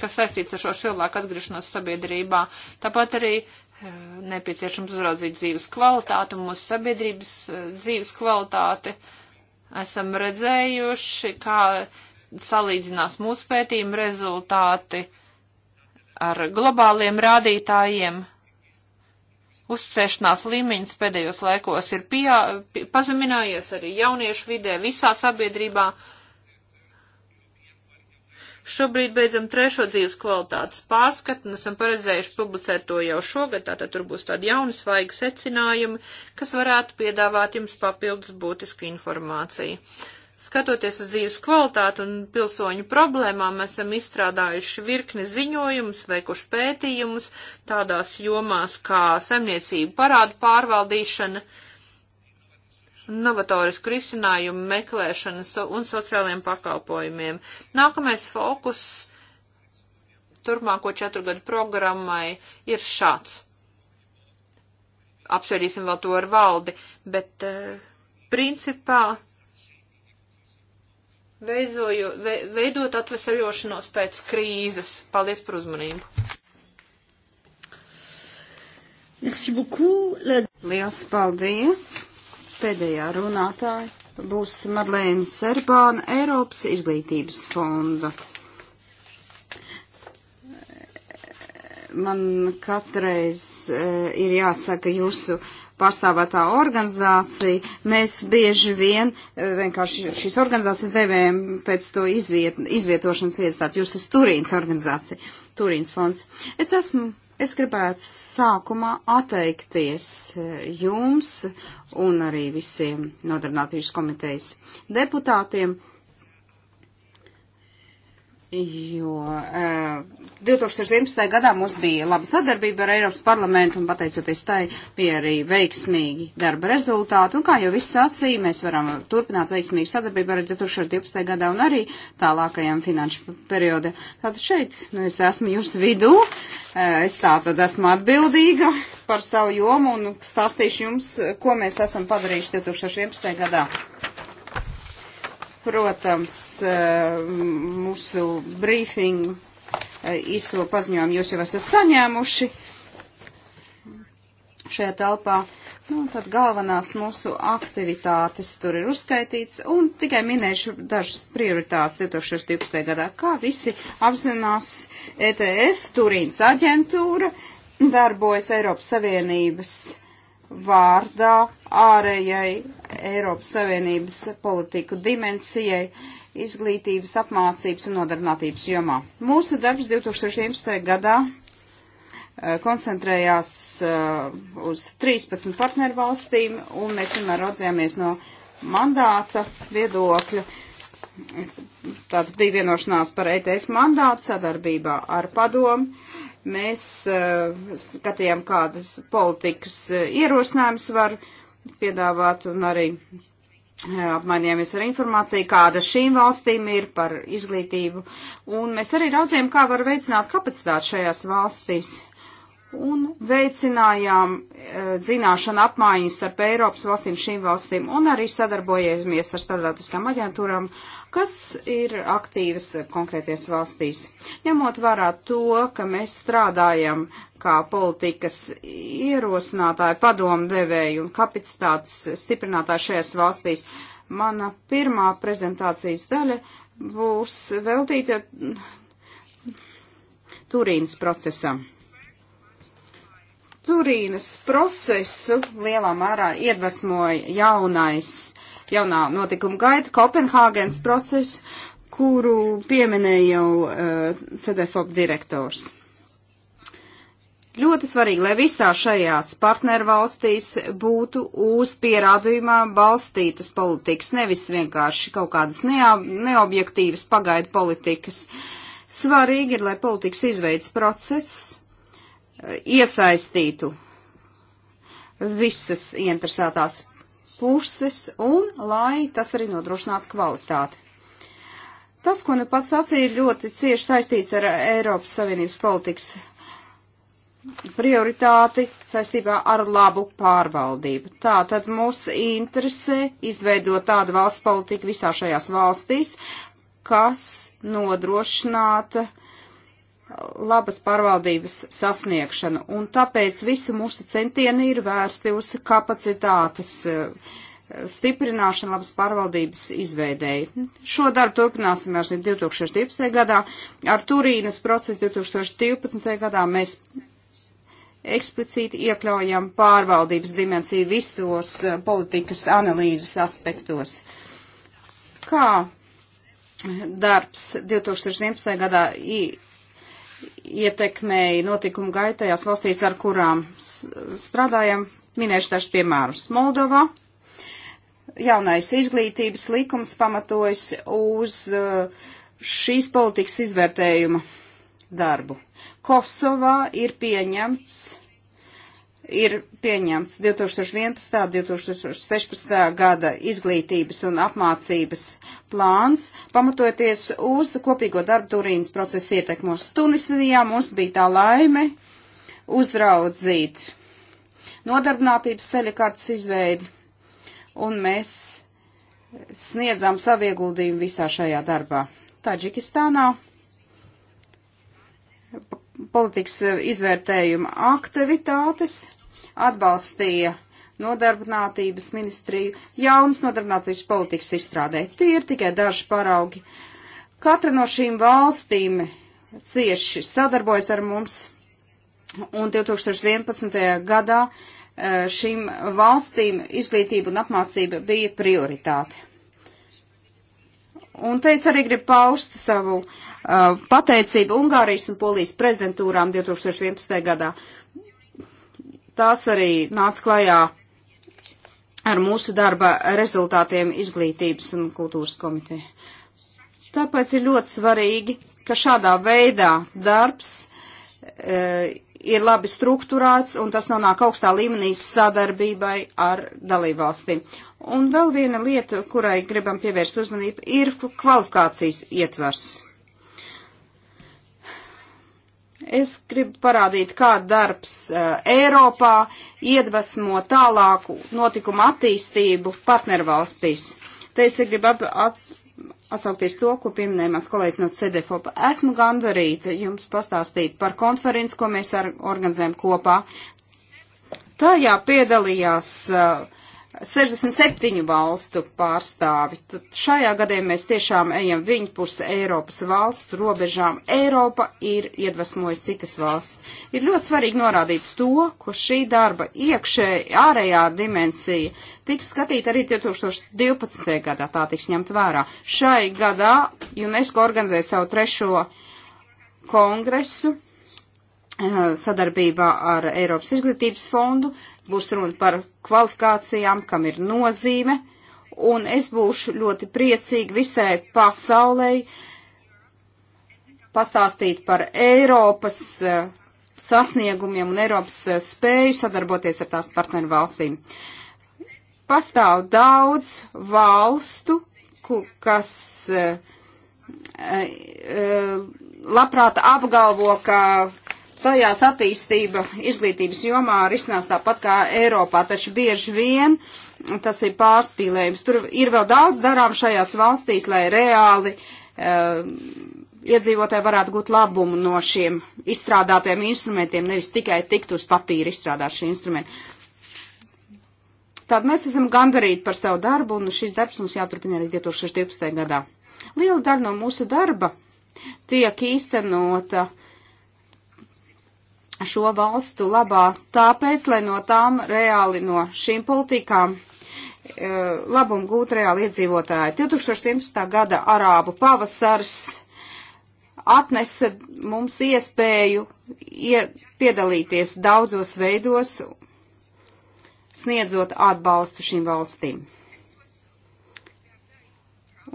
kas saistīts ar šo cilvēku atgriešanos sabiedrībā. Tāpat arī eh, nepieciešams uzraudzīt dzīves kvalitāti, mūsu sabiedrības eh, dzīves kvalitāti. Esam redzējuši, kā salīdzinās mūsu pētījuma rezultāti ar globāliem rādītājiem. Uzcēšanās līmeņas pēdējos laikos ir pieā, pie, pazeminājies arī jauniešu vidē visā sabiedrībā. Šobrīd beidzam trešo dzīves kvalitātes pārskatu un esam paredzējuši publicēt to jau šogad, tātad tur būs tādi jauni svaigi secinājumi, kas varētu piedāvāt jums papildus būtisku informāciju. Skatoties uz dzīves kvalitāti un pilsoņu problēmām, esam izstrādājuši virkni ziņojumus, veikuši pētījumus tādās jomās kā saimniecība parādu pārvaldīšana, novatorisku risinājumu meklēšanas un sociāliem pakalpojumiem. Nākamais fokus turpmāko četru gadu programmai ir šāds. Apsvērīsim vēl to ar valdi, bet uh, principā veizoju, ve, veidot atvesaļošanos pēc krīzes. Paldies par uzmanību. Merci beaucoup. La... Liels paldies. Pēdējā runātāja būs Madlēna Serbāna, Eiropas izglītības fonda. Man katreiz uh, ir jāsaka jūsu uh, pārstāvētā organizācija, mēs bieži vien eh, vienkārši šīs organizācijas devējam pēc to izviet, izvietošanas vietas, tātad jūs esat Turīnas organizācija, Turīnas fonds. Es esmu, es gribētu sākumā atteikties eh, jums un arī visiem nodarbinātības komitejas deputātiem jo uh, eh, 2011. gadā mums bija laba sadarbība ar Eiropas parlamentu un pateicoties tai bija arī veiksmīgi darba rezultāti. Un kā jau viss sacīja, mēs varam turpināt veiksmīgu sadarbību arī 2012. gadā un arī tālākajam finanšu periodam. Tātad šeit, nu es esmu jūs vidū, uh, es tātad esmu atbildīga par savu jomu un stāstīšu jums, ko mēs esam padarījuši 2011. gadā. Protams, eh, mūsu brīfingu eh, īso paziņojumu jūs jau esat saņēmuši šajā telpā. Nu, tad galvenās mūsu aktivitātes tur ir uzskaitīts, un tikai minēšu dažas prioritātes 2012. gadā. Kā visi apzinās, ETF, Turīnas aģentūra, darbojas Eiropas Savienības vārdā ārējai Eiropas Savienības politiku dimensijai izglītības, apmācības un nodarbinātības jomā. Mūsu darbs 2011. gadā eh, koncentrējās eh, uz 13 partneru valstīm, un mēs vienmēr rodzījāmies no mandāta viedokļa. Tātad bija vienošanās par ETF mandātu sadarbībā ar padomu Mēs eh, skatījām, kādas politikas eh, ierosinājums var piedāvāt un arī eh, apmainījāmies ar informāciju, kāda šīm valstīm ir par izglītību, un mēs arī raudzījām, kā var veicināt kapacitāti šajās valstīs. Un veicinājām e, zināšanu apmaiņu starp Eiropas valstīm, šīm valstīm, un arī sadarbojamies ar starptautiskām aģentūrām, kas ir aktīvas konkrēties valstīs. Ņemot vērā to, ka mēs strādājam kā politikas ierosinātāji, padomdevēji un kapacitātes stiprinātāji šajās valstīs, mana pirmā prezentācijas daļa būs veltīta Turīnas procesam. Turīnas procesu lielā mērā iedvesmoja jaunais uh, jaunā notikuma gaita, Kopenhāgens process, kuru pieminēja jau uh, eh, CDFOP direktors. Ļoti svarīgi, lai visā šajās partnervalstīs būtu uz pierādījumā balstītas politikas, nevis vienkārši kaut kādas neobjektīvas pagaidu politikas. Svarīgi ir, lai politikas izveids process eh, iesaistītu visas interesētās puses un lai tas arī nodrošinātu kvalitāti. Tas, ko nu pats sacīja, ir ļoti cieši saistīts ar Eiropas Savienības politikas prioritāti saistībā ar labu pārvaldību. Tā tad mūs interesē izveidot tādu valsts politiku visā šajās valstīs, kas nodrošināta uh, labas pārvaldības sasniegšanu, un tāpēc visi mūsu centieni ir vērsti uz kapacitātes eh, stiprināšanu, labas pārvaldības izveidēji. Šo darbu turpināsim arī 2012. gadā. Ar Turīnas procesu 2012. gadā mēs eksplicīti iekļaujam pārvaldības dimensiju visos eh, politikas analīzes aspektos. Kā darbs 2011. gadā ietekmēja notikumu gaitajās valstīs, ar kurām strādājam. Minēšu dažus piemērus. Moldova. Jaunais izglītības likums pamatojas uz uh, šīs politikas izvērtējuma darbu. Kosovā ir pieņemts ir pieņemts 2011. 2016. gada izglītības un apmācības plāns, pamatojoties uz kopīgo darbu Turīnas procesa ietekmos. Tunisijā mums bija tā laime uzraudzīt nodarbinātības ceļa kartas izveidi, un mēs sniedzām savu ieguldījumu visā šajā darbā. Taģikistānā politikas izvērtējuma aktivitātes atbalstīja nodarbinātības ministriju jaunas nodarbinātības politikas izstrādē. Tie ir tikai daži paraugi. Katra no šīm valstīm cieši sadarbojas ar mums, un 2011. gadā e, šīm valstīm izglītība un apmācība bija prioritāte. Un te es arī gribu paust savu uh, pateicību Ungārijas un Polijas prezidentūrām 2011. gadā. Uh, Tās arī nāca klajā ar mūsu darba rezultātiem izglītības un kultūras komiteja. Tāpēc ir ļoti svarīgi, ka šādā veidā darbs e, ir labi strukturēts un tas nonāk augstā līmenī sadarbībai ar dalībvalstīm. Un vēl viena lieta, kurai gribam pievērst uzmanību, ir kvalifikācijas ietvers. Es gribu parādīt, kā darbs uh, Eiropā iedvesmo tālāku notikumu attīstību partnervalstīs. Te es gribu at, at atsaukties to, ko pieminēja mans kolēģis no CDFOP. Esmu gandarīta jums pastāstīt par konferenci, ko mēs ar, organizējam kopā. Tajā piedalījās uh, 67 valstu pārstāvi. Tad šajā gadījumā mēs tiešām ejam viņu pus Eiropas valstu robežām. Eiropa ir iedvesmojusi citas valsts. Ir ļoti svarīgi norādīt to, ka šī darba iekšē, ārējā dimensija tiks skatīta arī 2012. gadā, tā tiks ņemt vērā. Šai gadā UNESCO organizē savu trešo kongresu eh, sadarbībā ar Eiropas izglītības fondu būs runa par kvalifikācijām, kam ir nozīme, un es būšu ļoti priecīgi visai pasaulē pastāstīt par Eiropas eh, sasniegumiem un Eiropas eh, spēju sadarboties ar tās partneru valstīm. Pastāv daudz valstu, kas eh, labprāt apgalvo, ka Tajās attīstība izglītības jomā arī iznās tāpat kā Eiropā, taču bieži vien tas ir pārspīlējums. Tur ir vēl daudz darām šajās valstīs, lai reāli uh, iedzīvotāji varētu gūt labumu no šiem izstrādātiem instrumentiem, nevis tikai tikt uz papīra izstrādāt šī instrumenta. Tātad mēs esam gandarīti par savu darbu, un šis darbs mums jāturpina arī 2012. gadā. Liela daļa no mūsu darba tiek īstenota šo valstu labā, tāpēc, lai no tām reāli no šīm politikām eh, labumu gūt reāli iedzīvotāji. 2017. gada arābu pavasars atnesa mums iespēju piedalīties daudzos veidos, sniedzot atbalstu šīm valstīm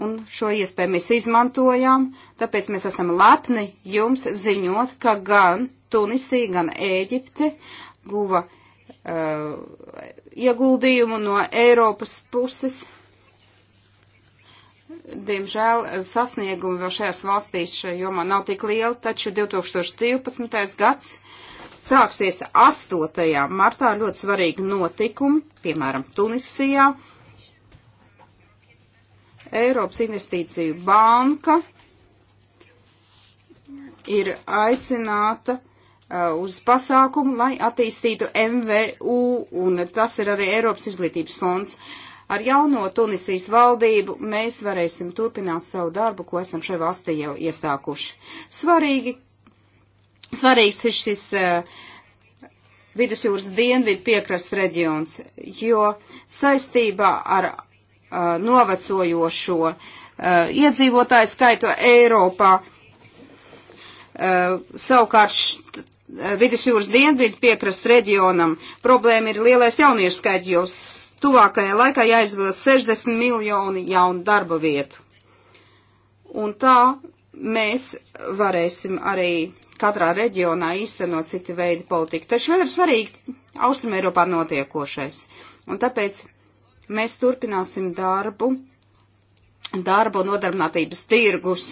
un šo iespēju mēs izmantojām, tāpēc mēs esam lepni jums ziņot, ka gan Tunisija, gan Ēģipte guva uh, ieguldījumu no Eiropas puses. Diemžēl sasniegumi vēl šajās valstīs šajā jomā nav tik lieli, taču 2012. gads sāksies 8. martā ļoti svarīgi notikumi, piemēram, Tunisijā Eiropas investīciju banka ir aicināta uh, uz pasākumu, lai attīstītu MVU, un tas ir arī Eiropas izglītības fonds. Ar jauno Tunisijas valdību mēs varēsim turpināt savu darbu, ko esam šai valstī jau iesākuši. Svarīgi, svarīgs ir šis uh, vidusjūras dienvidu piekrasts reģions, jo saistībā ar Uh, novecojošo uh, iedzīvotāju skaitu Eiropā. Uh, savukārt vidusjūras dienvidu piekrast reģionam problēma ir lielais jauniešu skaits, jo tuvākajā laikā jāizvēlas 60 miljoni jaunu darba vietu. Un tā mēs varēsim arī katrā reģionā īstenot citu veidu politiku. Taču vēl ir svarīgi Austrum Eiropā notiekošais. Un tāpēc Mēs turpināsim darbu, darbu nodarbinātības tirgus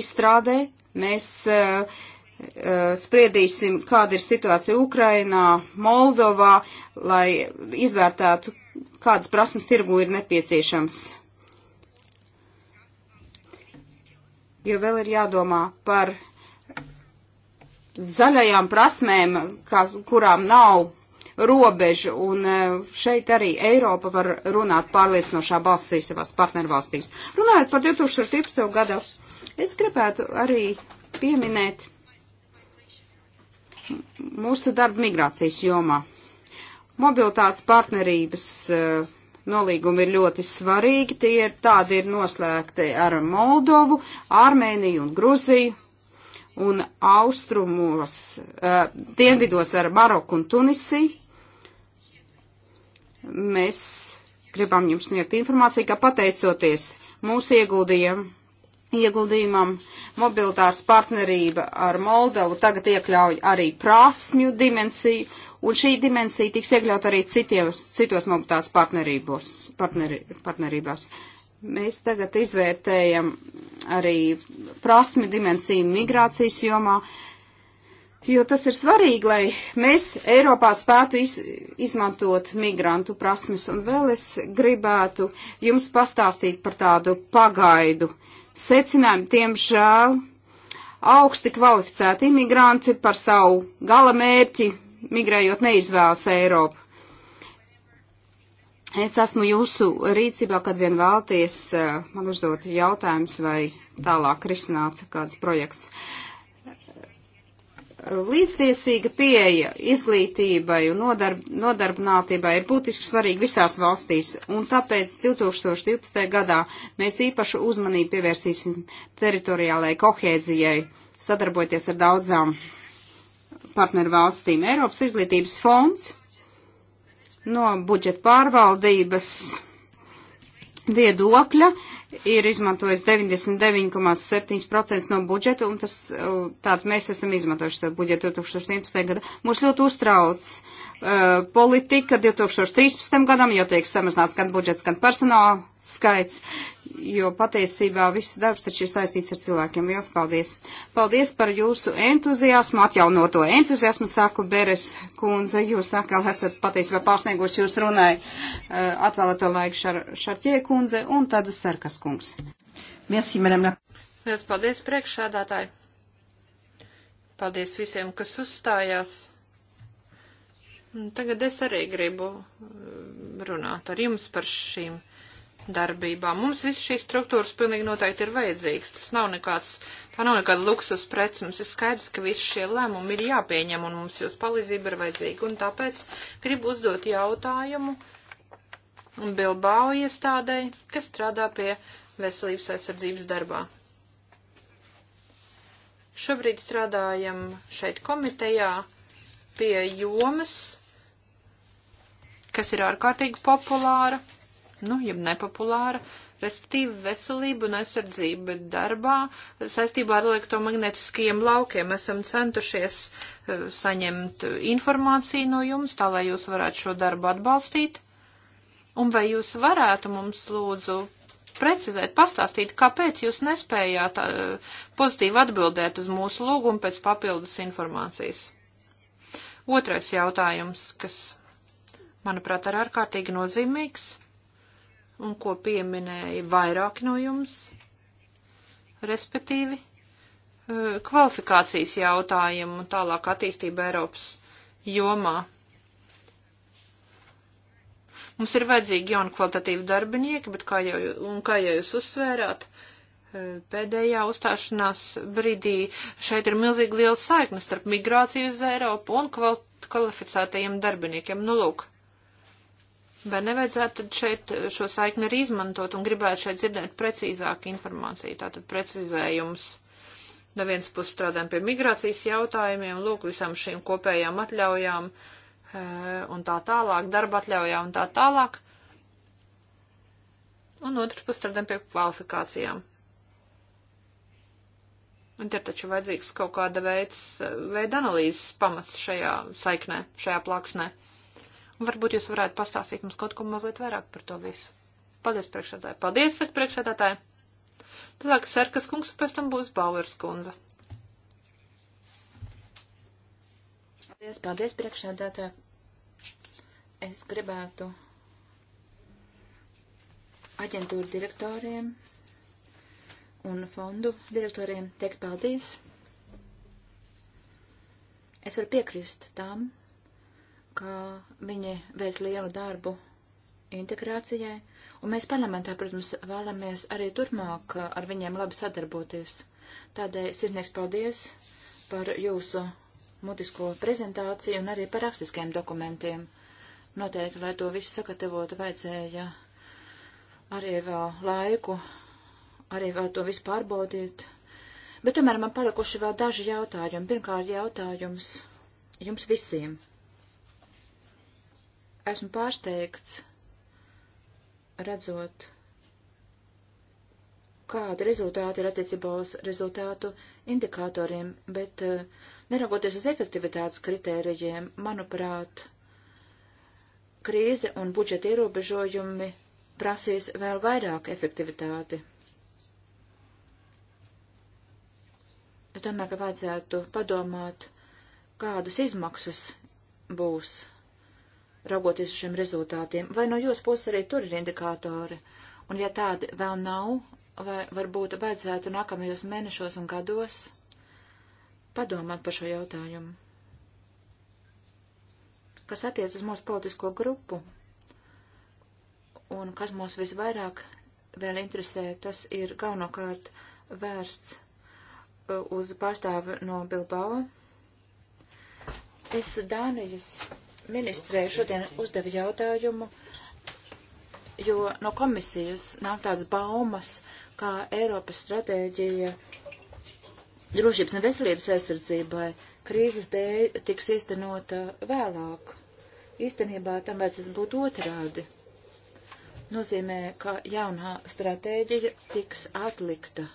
izstrādē. Mēs uh, uh, spriedīsim, kāda ir situācija Ukrainā, Moldovā, lai izvērtētu, kādas prasmes tirgu ir nepieciešams. Jo vēl ir jādomā par zaļajām prasmēm, kā, kurām nav robežu, un e, šeit arī Eiropa var runāt pārliecinošā balsī savās partnervalstīs. Runājot par 2012. gadu, es gribētu arī pieminēt mūsu darbu migrācijas jomā. Mobilitātes partnerības e, nolīgumi ir ļoti svarīgi, tie ir tādi ir noslēgti ar Moldovu, Armēniju un Gruziju, un austrumos, e, dienvidos ar Maroku un Tunisiju. Mēs gribam jums sniegt informāciju, ka pateicoties mūsu ieguldījumam, ieguldījumam mobilitārs partnerība ar Moldavu tagad iekļauj arī prasmju dimensiju, un šī dimensija tiks iekļaut arī citos, citos mobilitārs partneri, partnerībās. Mēs tagad izvērtējam arī prasmju dimensiju migrācijas jomā. Uh, Jo tas ir svarīgi, lai mēs Eiropā spētu iz, izmantot migrantu prasmes. Un vēl es gribētu jums pastāstīt par tādu pagaidu secinājumu. Tiemžēl augsti kvalificēti imigranti par savu gala mērķi migrējot neizvēlas Eiropu. Es esmu jūsu rīcībā, kad vien vēlties eh, man uzdot jautājumus vai tālāk risināt kāds projekts. Uh, Līdztiesīga pieeja izglītībai un nodarb, nodarbinātībai ir būtiski svarīga visās valstīs, un tāpēc 2012. gadā mēs īpašu uzmanību pievērsīsim teritoriālajai kohēzijai, sadarbojoties ar daudzām partneru valstīm. Eiropas izglītības fonds no budžeta pārvaldības viedokļa ir izmantojis 99,7% no budžeta, un tas, uh, tātad mēs esam izmantojuši savu budžetu 2011. gadā. Mūs ļoti uztrauc uh, politika 2013. gadam, jo tiek samazināts gan budžets, gan personāla skaits, jo patiesībā viss darbs taču ir saistīts ar cilvēkiem. Liels paldies! Paldies par jūsu entuziasmu, atjaunoto entuziasmu, sāku Beres kundze, jūs atkal esat patiesībā pārsniegusi jūs runai eh, atvēlēto laiku šar, Šarķie kundze un tad Sarkas kungs. Merci, madame. Liels paldies priekšādātāji! Paldies visiem, kas uzstājās! Tagad es arī gribu eh, runāt ar jums par šīm darbībā. Mums viss šīs struktūras pilnīgi noteikti ir vajadzīgs. Tas nav nekāds, tā nav nekāda luksus preci. Mums ir skaidrs, ka visi šie lēmumi ir jāpieņem un mums jūs palīdzība ir vajadzīga. Un tāpēc gribu uzdot jautājumu Bilbao iestādēji, kas strādā pie veselības aizsardzības darbā. Šobrīd strādājam šeit komitejā pie jomas, kas ir ārkārtīgi populāra nu, jeb nepopulāra, respektīvi veselība un aizsardzība darbā saistībā ar elektromagnetiskajiem laukiem. Esam centušies uh, saņemt informāciju no jums, tā lai jūs varētu šo darbu atbalstīt. Un vai jūs varētu mums lūdzu precizēt, pastāstīt, kāpēc jūs nespējāt uh, pozitīvi atbildēt uz mūsu lūgumu pēc papildus informācijas? Otrais jautājums, kas, manuprāt, ir ārkārtīgi nozīmīgs un ko pieminēja vairāki no jums, respektīvi eh, kvalifikācijas jautājumu un tālāk attīstību Eiropas jomā. Mums ir vajadzīgi jauni kvalitatīvi darbinieki, bet kā jau, un kā jau jūs uzsvērāt, eh, pēdējā uzstāšanās brīdī šeit ir milzīgi liela saikne starp migrāciju uz Eiropu un kvalificētajiem darbiniekiem. Nu, lūk, Vai nevajadzētu tad šeit šo saikni arī izmantot un gribētu šeit dzirdēt precīzāku informāciju, tātad precizējums? No vienas puses strādājam pie migrācijas jautājumiem, lūk, visām šīm kopējām atļaujām eh, un tā tālāk, darba atļaujām un tā tālāk. Un otrs puses strādājam pie kvalifikācijām. Un te taču vajadzīgs kaut kāda veids, eh, veida analīzes pamats šajā saiknē, šajā plaksnē. Un varbūt jūs varētu pastāstīt mums kaut ko mazliet vairāk par to visu. Paldies, priekšsēdētāji. Paldies, saka priekšsēdētāji. Tālāk Serkas kungs, un pēc tam būs Bauers kundze. Paldies, paldies, priekšsēdētāji. Es gribētu aģentūru direktoriem un fondu direktoriem teikt paldies. Es varu piekrist tam, ka viņi veic lielu darbu integrācijai, un mēs parlamentā, protams, vēlamies arī turpmāk ar viņiem labi sadarboties. Tādēļ sirdnieks paldies par jūsu mutisko prezentāciju un arī par rakstiskiem dokumentiem. Noteikti, lai to visu sagatavotu, vajadzēja arī vēl laiku, arī vēl to visu pārbaudīt. Bet tomēr man palikuši vēl daži jautājumi. Pirmkārt, jautājums jums visiem. Esmu pārsteigts, redzot, kāda rezultāta ir attiecībā uz rezultātu indikatoriem, bet eh, neraugoties uz efektivitātes kritērijiem, manuprāt, krīze un budžeta ierobežojumi prasīs vēl vairāk efektivitāti. Es domāju, ka vajadzētu padomāt, kādas izmaksas būs raugoties uz šiem rezultātiem, vai no jūsu puses arī tur ir indikātori? Un ja tādi vēl nav, vai varbūt vajadzētu nākamajos mēnešos un gados padomāt par šo jautājumu? Kas attiec uz mūsu politisko grupu un kas mūs visvairāk vēl interesē, tas ir galvenokārt vērsts uh, uz pārstāvi no Bilbao. Es Dānijas ministrē šodien uzdeva jautājumu, jo no komisijas nav tādas baumas, kā Eiropas stratēģija drošības un veselības aizsardzībai krīzes dēļ tiks īstenota vēlāk. Īstenībā tam vajadzētu būt otrādi. Nozīmē, ka jaunā stratēģija tiks atlikta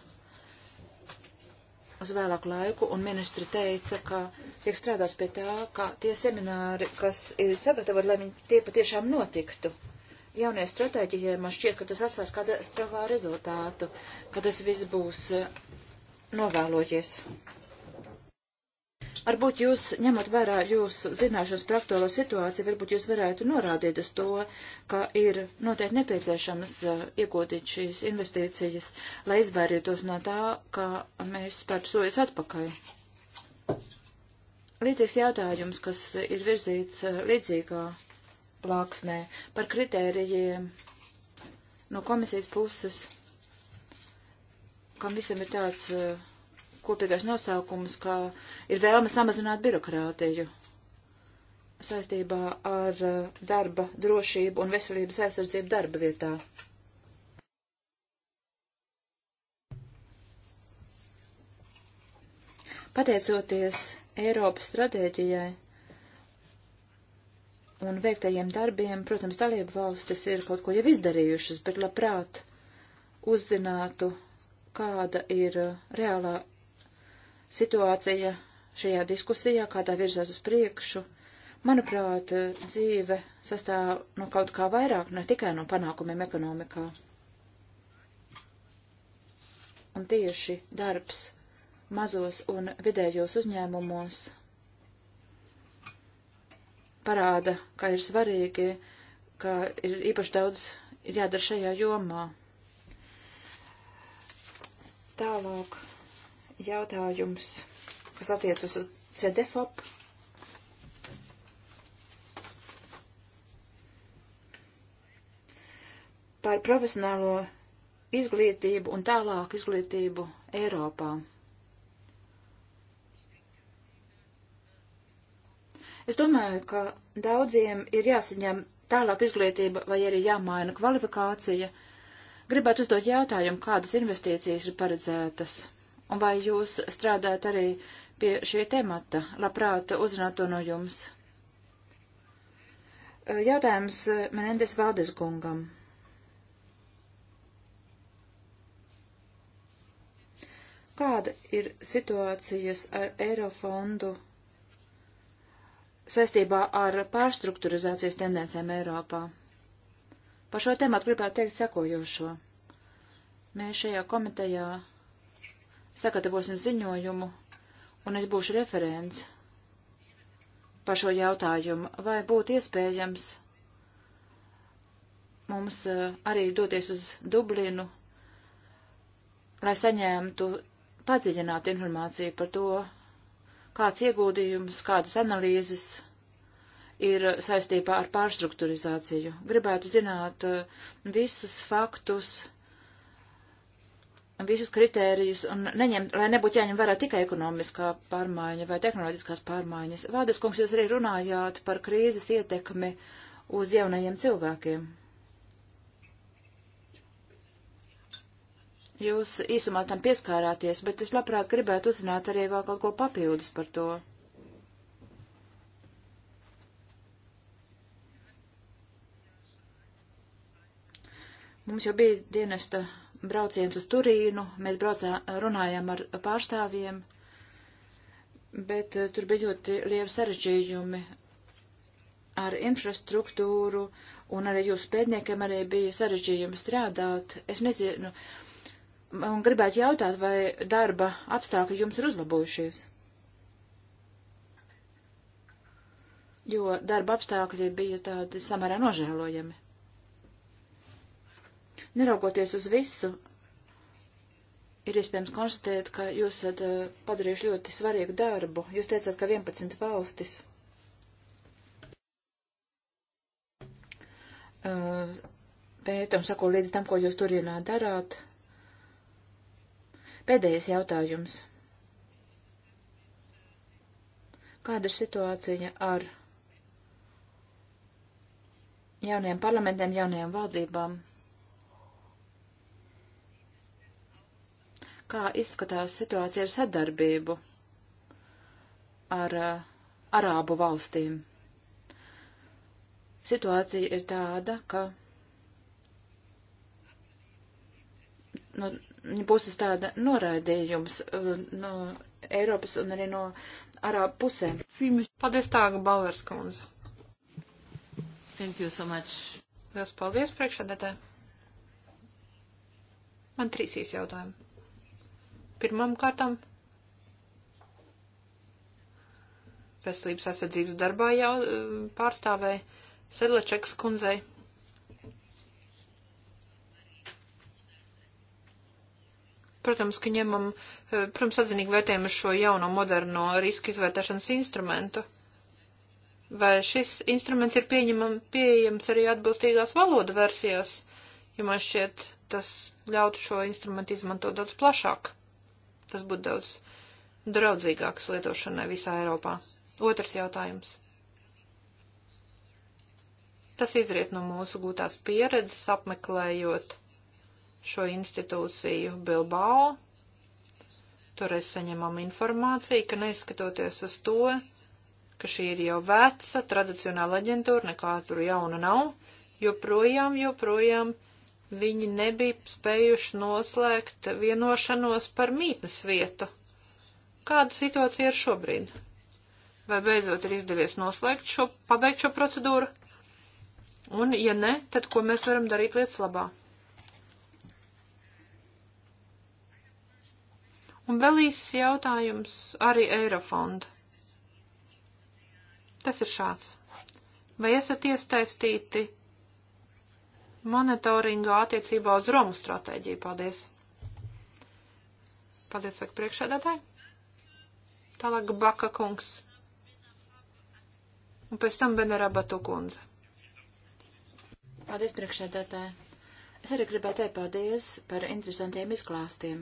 uz vēlāku laiku, un ministri teica, ka tiek strādās pie tā, ka tie semināri, kas ir sagatavot, lai viņi tie patiešām notiktu. Jaunie stratēģijai man šķiet, ka tas atstās kādā stravā rezultātu, ka tas viss būs eh, novēloties. Varbūt jūs, ņemot vērā jūsu zināšanas par aktuālo situāciju, varbūt jūs varētu norādīt uz to, ka ir noteikti nepieciešams eh, iegūtīt šīs investīcijas, lai izvairītos no tā, ka mēs spērtu sojas atpakaļ. Līdzīgs jautājums, kas ir virzīts eh, līdzīgā plāksnē par kritērijiem no komisijas puses, kam visam ir tāds uh, kopīgais nosaukums, ka ir vēlme samazināt birokrātiju saistībā ar uh, darba drošību un veselības aizsardzību darba vietā. Pateicoties Eiropas stratēģijai un veiktajiem darbiem, protams, dalību valstis ir kaut ko jau izdarījušas, bet labprāt uzzinātu, kāda ir uh, reālā situācija šajā diskusijā, kādā virzās uz priekšu. Manuprāt, dzīve sastāv no kaut kā vairāk, ne tikai no panākumiem ekonomikā. Un tieši darbs mazos un vidējos uzņēmumos parāda, ka ir svarīgi, ka ir īpaši daudz ir jādara šajā jomā. Tālāk jautājums, kas attiecas uz CDFOP. Par profesionālo izglītību un tālāk izglītību Eiropā. Es domāju, ka daudziem ir jāsaņem tālāk izglītība vai arī jāmaina kvalifikācija. Gribētu uzdot jautājumu, kādas investīcijas ir paredzētas un vai jūs strādājat arī pie šī temata. Labprāt, uzzināt to no jums. E, jautājums Menendes Valdes kungam. Kāda ir situācijas ar Eirofondu saistībā ar pārstruktūrizācijas tendencēm Eiropā? Par šo tēmu gribētu teikt sekojošo. Mēs šajā komitejā sagatavosim ziņojumu, un es būšu referents par šo jautājumu, vai būtu iespējams mums eh, arī doties uz Dublinu, lai saņemtu padziļinātu informāciju par to, kāds ieguldījums, kādas analīzes ir saistībā ar pārstrukturizāciju. Gribētu zināt eh, visus faktus, visus kritērijus un neņem, lai nebūtu jāņem vērā tikai ekonomiskā pārmaiņa vai tehnoloģiskās pārmaiņas. Vārdas kungs, jūs arī runājāt par krīzes ietekmi uz jaunajiem cilvēkiem. Jūs īsumā tam pieskārāties, bet es labprāt gribētu uzzināt arī vēl kaut ko papildus par to. Mums jau bija dienesta brauciens uz Turīnu, mēs braucā, runājām ar pārstāvjiem, bet eh, tur bija ļoti lieli sarežģījumi ar infrastruktūru, un arī jūsu pētniekiem arī bija sarežģījumi strādāt. Es nezinu, un gribētu jautāt, vai darba apstākļi jums ir uzlabojušies? Jo darba apstākļi bija tādi samērā nožēlojami. Neraugoties uz visu, ir iespējams konstatēt, ka jūs esat eh, padarījuši ļoti svarīgu darbu. Jūs teicāt, ka 11 valstis eh, pēta un sako līdz tam, ko jūs turienā darāt. Pēdējais jautājums. Kāda ir situācija ar jaunajiem parlamentiem, jaunajām valdībām? kā izskatās situācija ar sadarbību ar uh, Arābu valstīm. Situācija ir tāda, ka no viņa puses tāda noraidījums uh, no Eiropas un arī no Arābu pusēm. Paldies tāga, Balvers kundze. Thank you so much. Lielas paldies priekšādētē. Man trīs īs jautājumi. Pirmam kārtam veselības aizsardzības darbā jau eh, pārstāvēja Sedlačekas kundzei. Protams, ka ņemam, eh, protams, atzinīgi vērtējam šo jauno moderno riska izvērtēšanas instrumentu. Vai šis instruments ir pieņemam, pieejams arī atbilstīgās valodu versijās, jo man šķiet, tas ļautu šo instrumentu izmantot daudz plašāk. Tas būtu daudz draudzīgāks lietošanai visā Eiropā. Otrs jautājums. Tas izriet no mūsu gūtās pieredzes apmeklējot šo institūciju Bilbao. Toreiz saņemam informāciju, ka neskatoties uz to, ka šī ir jau veca, tradicionāla aģentūra, nekā tur jauna nav, joprojām, joprojām viņi nebija spējuši noslēgt vienošanos par mītnes vietu. Kāda situācija ir šobrīd? Vai beidzot ir izdevies noslēgt šo, pabeigt šo procedūru? Un, ja ne, tad ko mēs varam darīt lietas labā? Un vēl īsts jautājums arī Eirofonda. Tas ir šāds. Vai esat iesaistīti monitoringā attiecībā uz Romu stratēģiju. Paldies! Paldies, saka priekšsēdētāji. Tālāk Baka kungs. Un pēc tam Benerabatu kundze. Paldies, priekšsēdētāji. Es arī gribētu teikt paldies par interesantiem izklāstiem.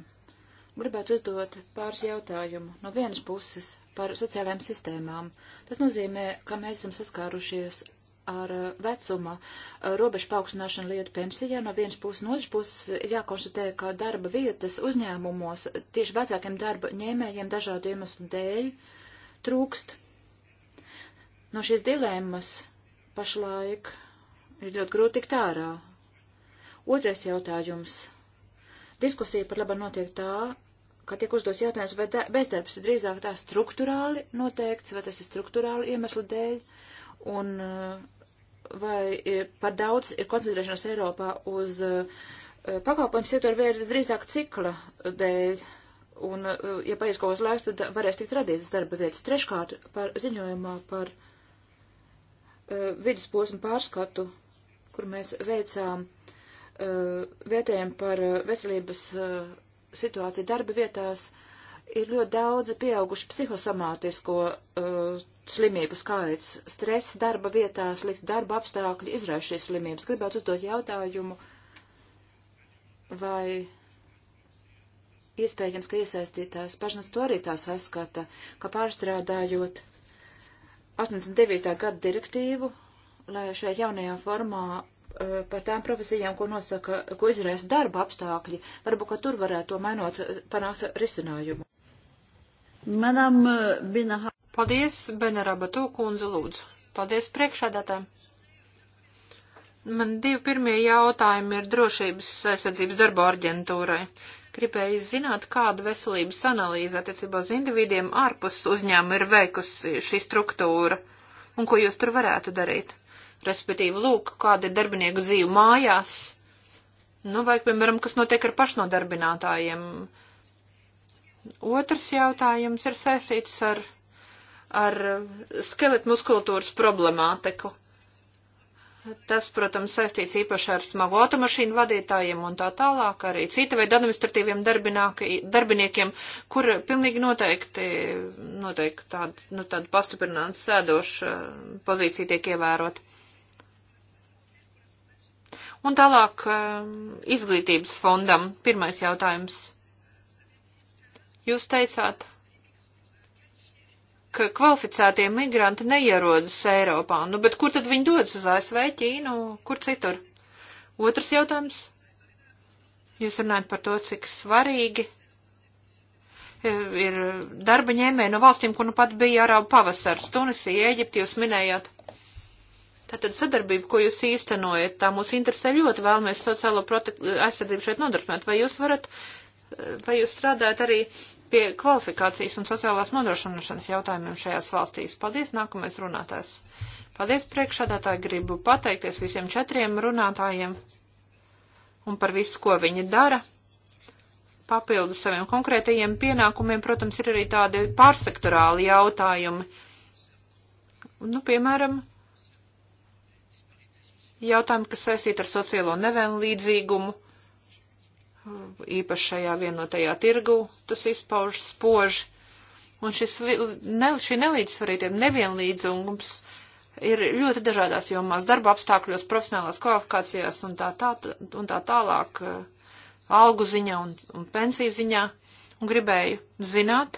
Gribētu uzdot pāris jautājumu no vienas puses par sociālajām sistēmām. Tas nozīmē, ka mēs esam saskārušies ar eh, vecuma eh, robežu paaugstināšanu lietu pensijā. No vienas puses, no otras puses ir jākonstatē, ka darba vietas uzņēmumos tieši vecākiem darba ņēmējiem dažādu iemeslu dēļ trūkst. No šīs dilemmas pašlaik ir ļoti grūti tikt ārā. Otrais jautājums. Diskusija par labu notiek tā, ka tiek uzdots jautājums, vai bezdarbs ir drīzāk tā struktūrāli noteikts, vai tas ir struktūrāli iemeslu dēļ, un uh, vai e, par daudz ir koncentrēšanās Eiropā uz e, pakalpojumu sektoru vērts drīzāk cikla dēļ. Un, e, ja paies kaut kas laiks, tad varēs tikt radītas darba vietas. Treškārt, par ziņojumā par uh, vidusposmu pārskatu, kur mēs veicām uh, vietējumu par uh, veselības uh, situāciju darba vietās, ir ļoti daudz pieauguši psihosomātisko uh, slimību skaits, stress darba vietā, slikti darba apstākļi izraisa šīs slimības. Gribētu uzdot jautājumu, vai iespējams, ka iesaistītās pašnas to arī tā saskata, ka pārstrādājot 89. gada direktīvu, lai šajā jaunajā formā eh, par tām profesijām, ko nosaka, ko izraisa darba apstākļi, varbūt, ka tur varētu to mainot, eh, panākt risinājumu. Manam uh, Binaha. Paldies, Benaraba Tūkundze, lūdzu. Paldies priekšādātājiem. Man divi pirmie jautājumi ir drošības aizsardzības darba aģentūrai. Gribēju zināt, kāda veselības analīze attiecībā uz individiem ārpus uzņēmuma ir veikusi šī struktūra un ko jūs tur varētu darīt. Respektīvi, lūk, kāda ir darbinieku dzīve mājās, nu vai, piemēram, kas notiek ar pašnodarbinātājiem. Uh, Otrs jautājums ir saistīts ar, ar skeletu muskulatūras problemātiku. Tas, protams, saistīts īpaši ar smagu automašīnu vadītājiem un tā tālāk, arī cita veida administratīviem darbiniekiem, kur pilnīgi noteikti, noteikti tāda, nu, tāda pastiprināta sēdoša pozīcija tiek ievērot. Un tālāk eh, izglītības fondam pirmais jautājums. Jūs teicāt, ka kvalificētie migranti neierodas Eiropā. Nu, bet kur tad viņi dodas uz ASV, Ķīnu, kur citur? Otrs jautājums. Jūs runājat par to, cik svarīgi e, ir darba ņēmēji no valstīm, kur nu pat bija Arābu pavasars, Tunisija, Ēģipti, jūs minējāt. Tātad sadarbība, ko jūs īstenojat, tā mūs interesē ļoti, vēlamies sociālo aizsardzību šeit nodarbināt. Vai jūs varat, e, vai jūs strādājat arī pie kvalifikācijas un sociālās nodrošināšanas jautājumiem šajās valstīs. Paldies, nākamais runātājs. Paldies, priekšādātāji, gribu pateikties visiem četriem runātājiem un par visu, ko viņi dara. Papildus saviem konkrētajiem pienākumiem, protams, ir arī tādi pārsektorāli jautājumi. Nu, piemēram, jautājumi, kas saistīti ar sociālo nevienlīdzīgumu īpaši šajā vienotajā tirgu tas izpauž spoži. Un šis, ne, šī nelīdzsvarītība, nevienlīdzums ir ļoti dažādās jomās - darba apstākļos, profesionālās kvalifikācijās un tā, tā, un tā tālāk, eh, algu ziņā un, un pensiju ziņā. Un gribēju zināt,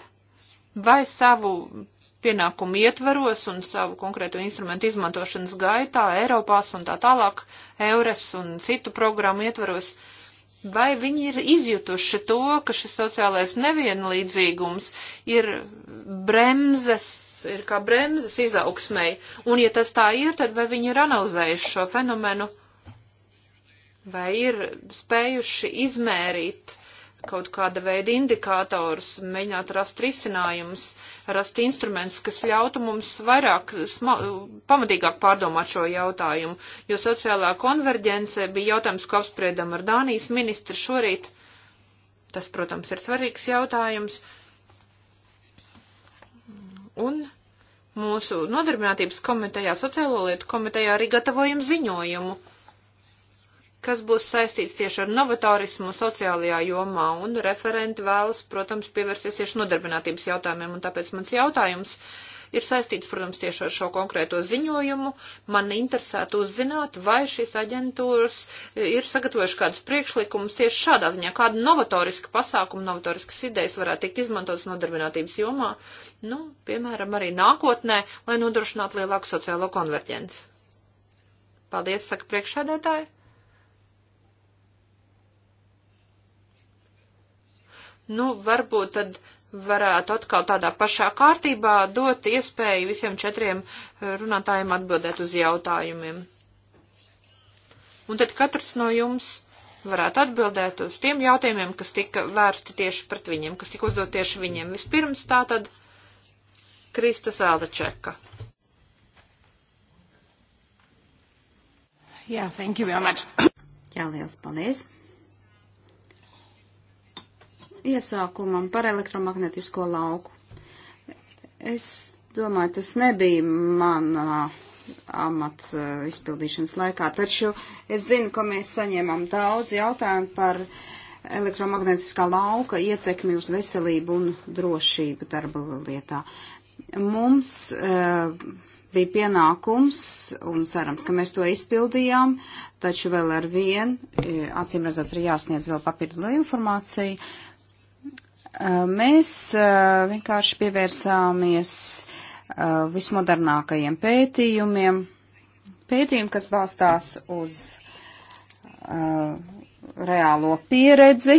vai savu pienākumu ietvaros un savu konkrēto instrumentu izmantošanas gaitā Eiropās un tā tālāk, Eures un citu programmu ietvaros, uh, Vai viņi ir izjutuši to, ka šis sociālais nevienlīdzīgums ir bremzes, ir kā bremzes izaugsmēji? Un ja tas tā ir, tad vai viņi ir analizējuši šo fenomenu? Vai ir spējuši izmērīt uh, kaut kāda veida indikātors, mēģināt rast risinājumus, rast instruments, kas ļautu mums vairāk, sma, pamatīgāk pārdomāt šo jautājumu, jo sociālā konverģence bija jautājums, ko apspriedam ar Dānijas ministru šorīt. Tas, protams, ir svarīgs jautājums. Un mūsu nodarbinātības komitejā, sociālo lietu komitejā arī gatavojam ziņojumu kas būs saistīts tieši ar novatorismu sociālajā jomā, un referenti vēlas, protams, pievērsties tieši nodarbinātības jautājumiem, un tāpēc mans jautājums ir saistīts, protams, tieši ar šo konkrēto ziņojumu. Man interesētu uzzināt, vai šīs aģentūras ir sagatavojuši kādus priekšlikumus tieši šādā ziņā, kāda novatoriska pasākuma, novatoriskas idejas varētu tikt izmantotas nodarbinātības jomā, nu, piemēram, arī nākotnē, lai nodrošinātu lielāku sociālo konverģenci. Paldies, saka priekšsēdētāji. nu, varbūt tad varētu atkal tādā pašā kārtībā dot iespēju visiem četriem runātājiem atbildēt uz jautājumiem. Un tad katrs no jums varētu atbildēt uz tiem jautājumiem, kas tika vērsti tieši pret viņiem, kas tika uzdot tieši viņiem. Vispirms tā tad Kristas Eldačeka. Jā, yeah, thank you very much. Jā, liels paldies iesākumam par elektromagnetisko lauku. Es domāju, tas nebija manā amata uh, izpildīšanas laikā, taču es zinu, ka mēs saņēmām daudz jautājumu par elektromagnetiskā lauka ietekmi uz veselību un drošību darba lietā. Mums uh, bija pienākums, un cerams, ka mēs to izpildījām, taču vēl ar vienu, uh, acīm redzot, ir jāsniedz vēl papildu informāciju. Uh, Mēs vienkārši pievērsāmies vismodernākajiem pētījumiem, pētījumi, kas balstās uz reālo pieredzi,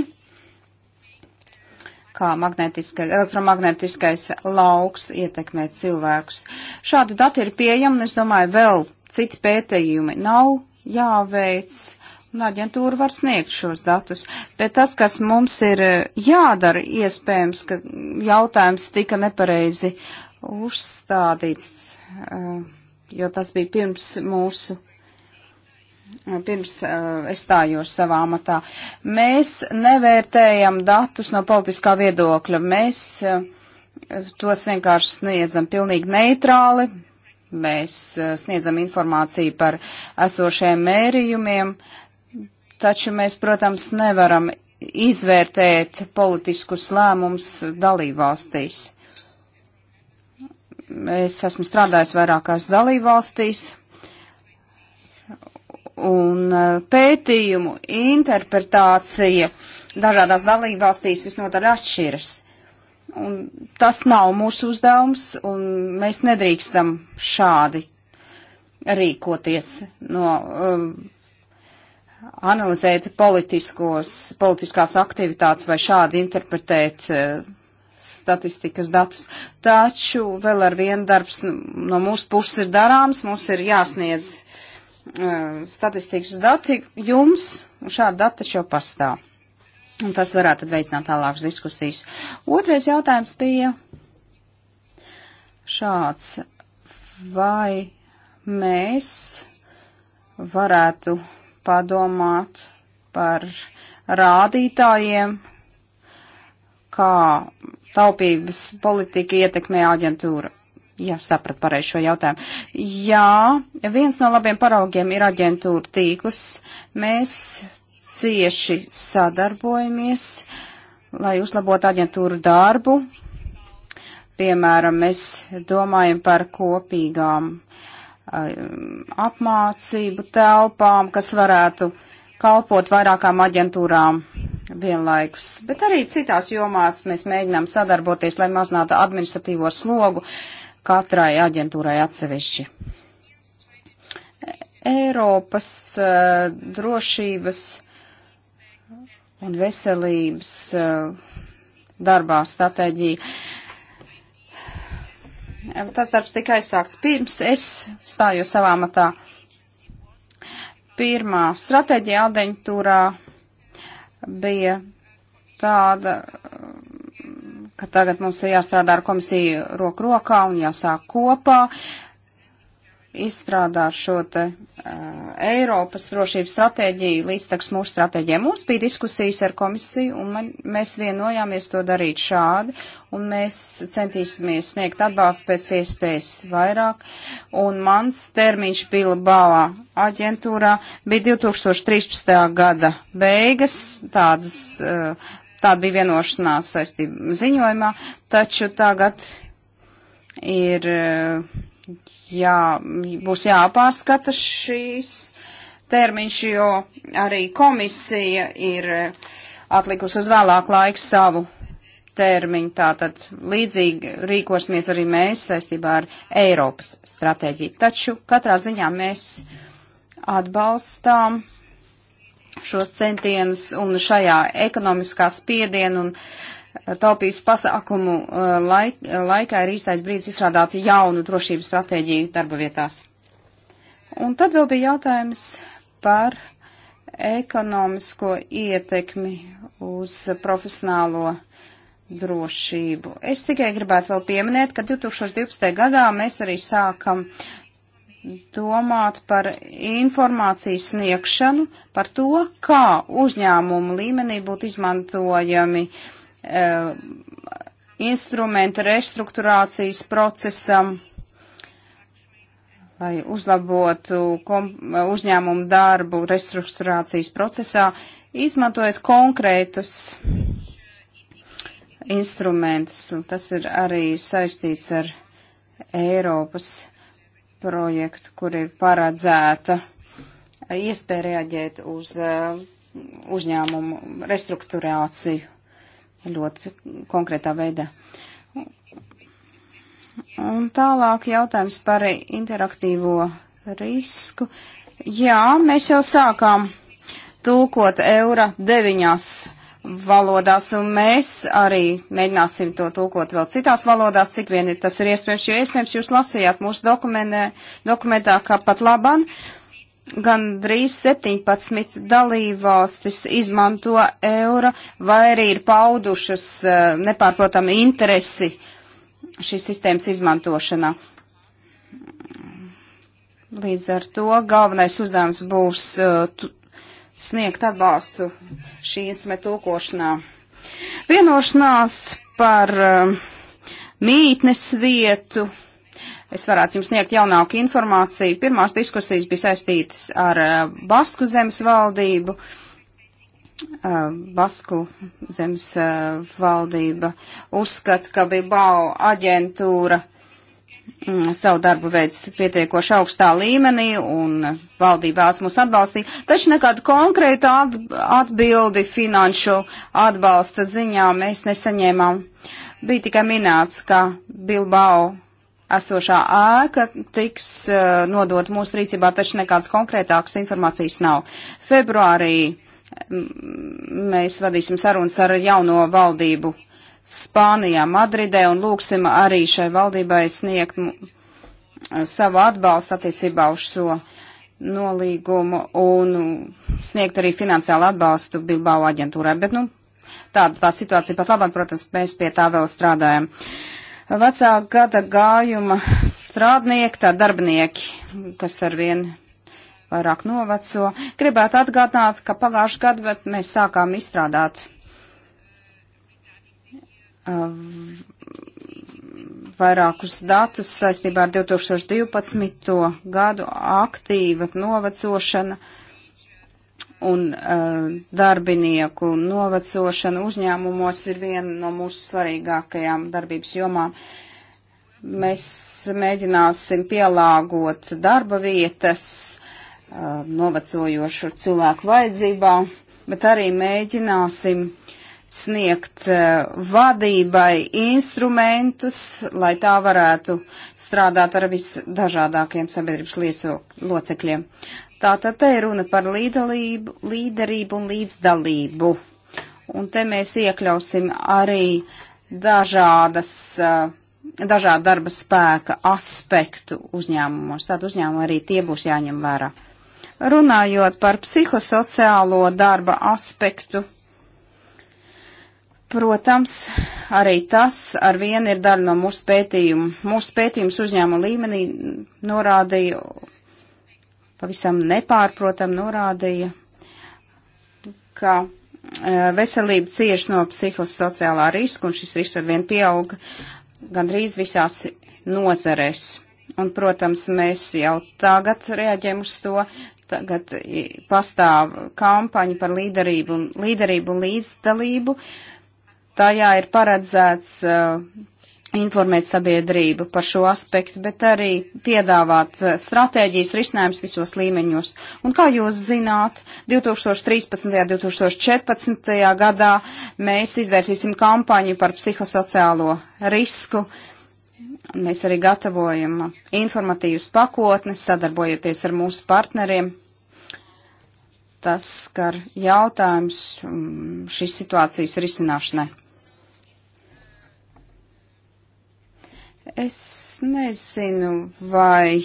kā elektromagnetiskais lauks ietekmē cilvēkus. Šādi dati ir pieejami, un es domāju, vēl citi pētījumi nav jāveic Un aģentūra var sniegt šos datus. Bet tas, kas mums ir eh, jādara, iespējams, ka jautājums tika nepareizi uzstādīts, eh, jo tas bija pirms mūsu. Eh, pirms es stājos savā amatā. Mēs nevērtējam datus no politiskā viedokļa. Mēs tos vienkārši sniedzam pilnīgi neitrāli. Mēs sniedzam informāciju par esošajiem mērījumiem, uh, taču mēs, protams, nevaram izvērtēt politiskus lēmumus dalībvalstīs. Es esmu strādājis vairākās dalībvalstīs un e, pētījumu interpretācija dažādās dalībvalstīs visnotaļ atšķiras. Un tas nav mūsu uzdevums, un mēs nedrīkstam šādi rīkoties no. Uh, analizēt politiskos, politiskās aktivitātes vai šādi interpretēt e, statistikas datus. Taču vēl ar vienu darbs nu, no mūsu puses ir darāms, mums ir jāsniedz uh, statistikas dati jums, un šāda data taču jau pastāv. Un tas varētu veicināt tālākas diskusijas. Otrais jautājums bija šāds. Vai mēs varētu padomāt par rādītājiem, kā taupības politika ietekmē aģentūra. Jā, sapratu pareizi šo jautājumu. Jā, viens no labiem paraugiem ir aģentūra tīklus. Mēs cieši sadarbojamies, lai uzlabotu aģentūru darbu. Piemēram, mēs domājam par kopīgām Uh, apmācību telpām, kas varētu kalpot vairākām aģentūrām vienlaikus. Bet arī citās jomās mēs mēģinām sadarboties, lai mazinātu administratīvo slogu katrai aģentūrai atsevišķi. Eiropas uh, drošības un veselības uh, darbā stratēģija. Uh, Tas darbs tika aizsākts pirms es stāju savā matā. Pirmā stratēģija aģentūrā bija tāda, ka tagad mums ir jāstrādā ar komisiju roku rokā un jāsāk kopā. Uh, izstrādāt šo te uh, Eiropas drošības stratēģiju līdztaks mūsu stratēģijai. Mums bija diskusijas ar komisiju, un man, mēs vienojāmies to darīt šādi, un mēs centīsimies sniegt atbalstu pēc iespējas vairāk, un mans termiņš Bilbao aģentūrā bija 2013. gada beigas, tādas, uh, tāda bija vienošanās saistība ziņojumā, taču tagad ir. Uh, jā, būs jāpārskata šīs termiņš, jo arī komisija ir atlikusi uz vēlāku laiku savu termiņu. Tātad līdzīgi rīkosimies arī mēs saistībā ar Eiropas stratēģiju. Taču katrā ziņā mēs atbalstām šos centienus un šajā ekonomiskā spiedienu un uh, taupīs pasākumu uh, laik, laikā ir īstais brīdis izstrādāt jaunu drošības stratēģiju darba vietās. Un tad vēl bija jautājums par ekonomisko ietekmi uz profesionālo drošību. Es tikai gribētu vēl pieminēt, ka 2012. gadā mēs arī sākam domāt par informācijas sniegšanu, par to, kā uzņēmumu līmenī būtu izmantojami uh, Uh, instrumenta restruktūrācijas procesam, lai uzlabotu uh, uzņēmumu darbu restruktūrācijas procesā, izmantojot konkrētus instrumentus, un tas ir arī saistīts ar Eiropas projektu, kur ir paredzēta iespēja reaģēt uz uh, uzņēmumu restruktūrāciju ļoti konkrētā veidā. Un tālāk jautājums par interaktīvo risku. Jā, mēs jau sākām tulkot eura deviņās valodās, un mēs arī mēģināsim to tulkot vēl citās valodās, cik vien tas ir iespējams, jo iespējams jūs lasījāt mūsu dokumentā, ka pat laban. Uh, gan drīz 17 dalībvalstis izmanto eiro vai arī ir paudušas eh, nepārprotami interesi šīs sistēmas izmantošanā. Līdz ar to galvenais uzdevums būs eh, sniegt atbalstu šī instrumenta tūkošanā. Vienošanās par eh, mītnes vietu es varētu jums sniegt jaunāku informāciju. Pirmās diskusijas bija saistītas ar eh, Basku zemes valdību. Eh, Basku zemes eh, valdība uzskata, ka Bilbao aģentūra mm, savu darbu veids pietiekoši augstā līmenī un valdība vēlas mūs atbalstīt, taču nekādu konkrētu atbildi finanšu atbalsta ziņā mēs nesaņēmām. Bija tikai minēts, ka Bilbao esošā ēka tiks uh, nodot mūsu rīcībā, taču nekādas konkrētākas informācijas nav. Februārī mēs vadīsim sarunas ar jauno valdību Spānijā, Madridē un lūksim arī šai valdībai sniegt savu atbalstu attiecībā uz šo nolīgumu un sniegt arī finansiālu atbalstu Bilbao aģentūrai. Bet, nu, tāda tā situācija pat labāk, protams, mēs pie tā vēl strādājam. Uh, vecāka gada gājuma strādnieki, tā darbinieki, kas arvien vairāk noveco. Gribētu atgādināt, ka pagājušajā gadā mēs sākām izstrādāt uh, vairākus datus saistībā ar 2012. gadu aktīva novecošana un uh, darbinieku novecošana uzņēmumos ir viena no mūsu svarīgākajām darbības jomām. Mēs mēģināsim pielāgot darba vietas uh, novecojošu cilvēku vajadzībām, bet arī mēģināsim sniegt uh, vadībai instrumentus, lai tā varētu strādāt ar visdažādākiem sabiedrības locekļiem. Tātad te ir runa par līdalību, līderību un līdzdalību. Un te mēs iekļausim arī dažādas, eh, dažādu darba spēka aspektu uzņēmumos. Tātad uzņēmumi arī tie būs jāņem vērā. Runājot par psihosociālo darba aspektu, protams, arī tas ar vienu ir daļa no mūsu pētījuma. Mūsu pētījums uzņēmuma līmenī norādīja pavisam nepārprotam norādīja, ka e, veselība cieši no psihosociālā riska, un šis risks arvien pieauga gandrīz visās nozarēs. Un, protams, mēs jau tagad reaģējam uz to, tagad pastāv kampaņa par līderību un, līderību un līdzdalību. Tajā ir paredzēts uh, informēt sabiedrību par šo aspektu, bet arī piedāvāt eh, stratēģijas risinājums visos līmeņos. Un kā jūs zināt, 2013. un 2014. gadā mēs izvērsīsim kampaņu par psihosociālo risku. Mēs arī gatavojam informatīvas pakotnes, sadarbojoties ar mūsu partneriem. Tas skar jautājums mm, šīs situācijas risināšanai. Es nezinu, vai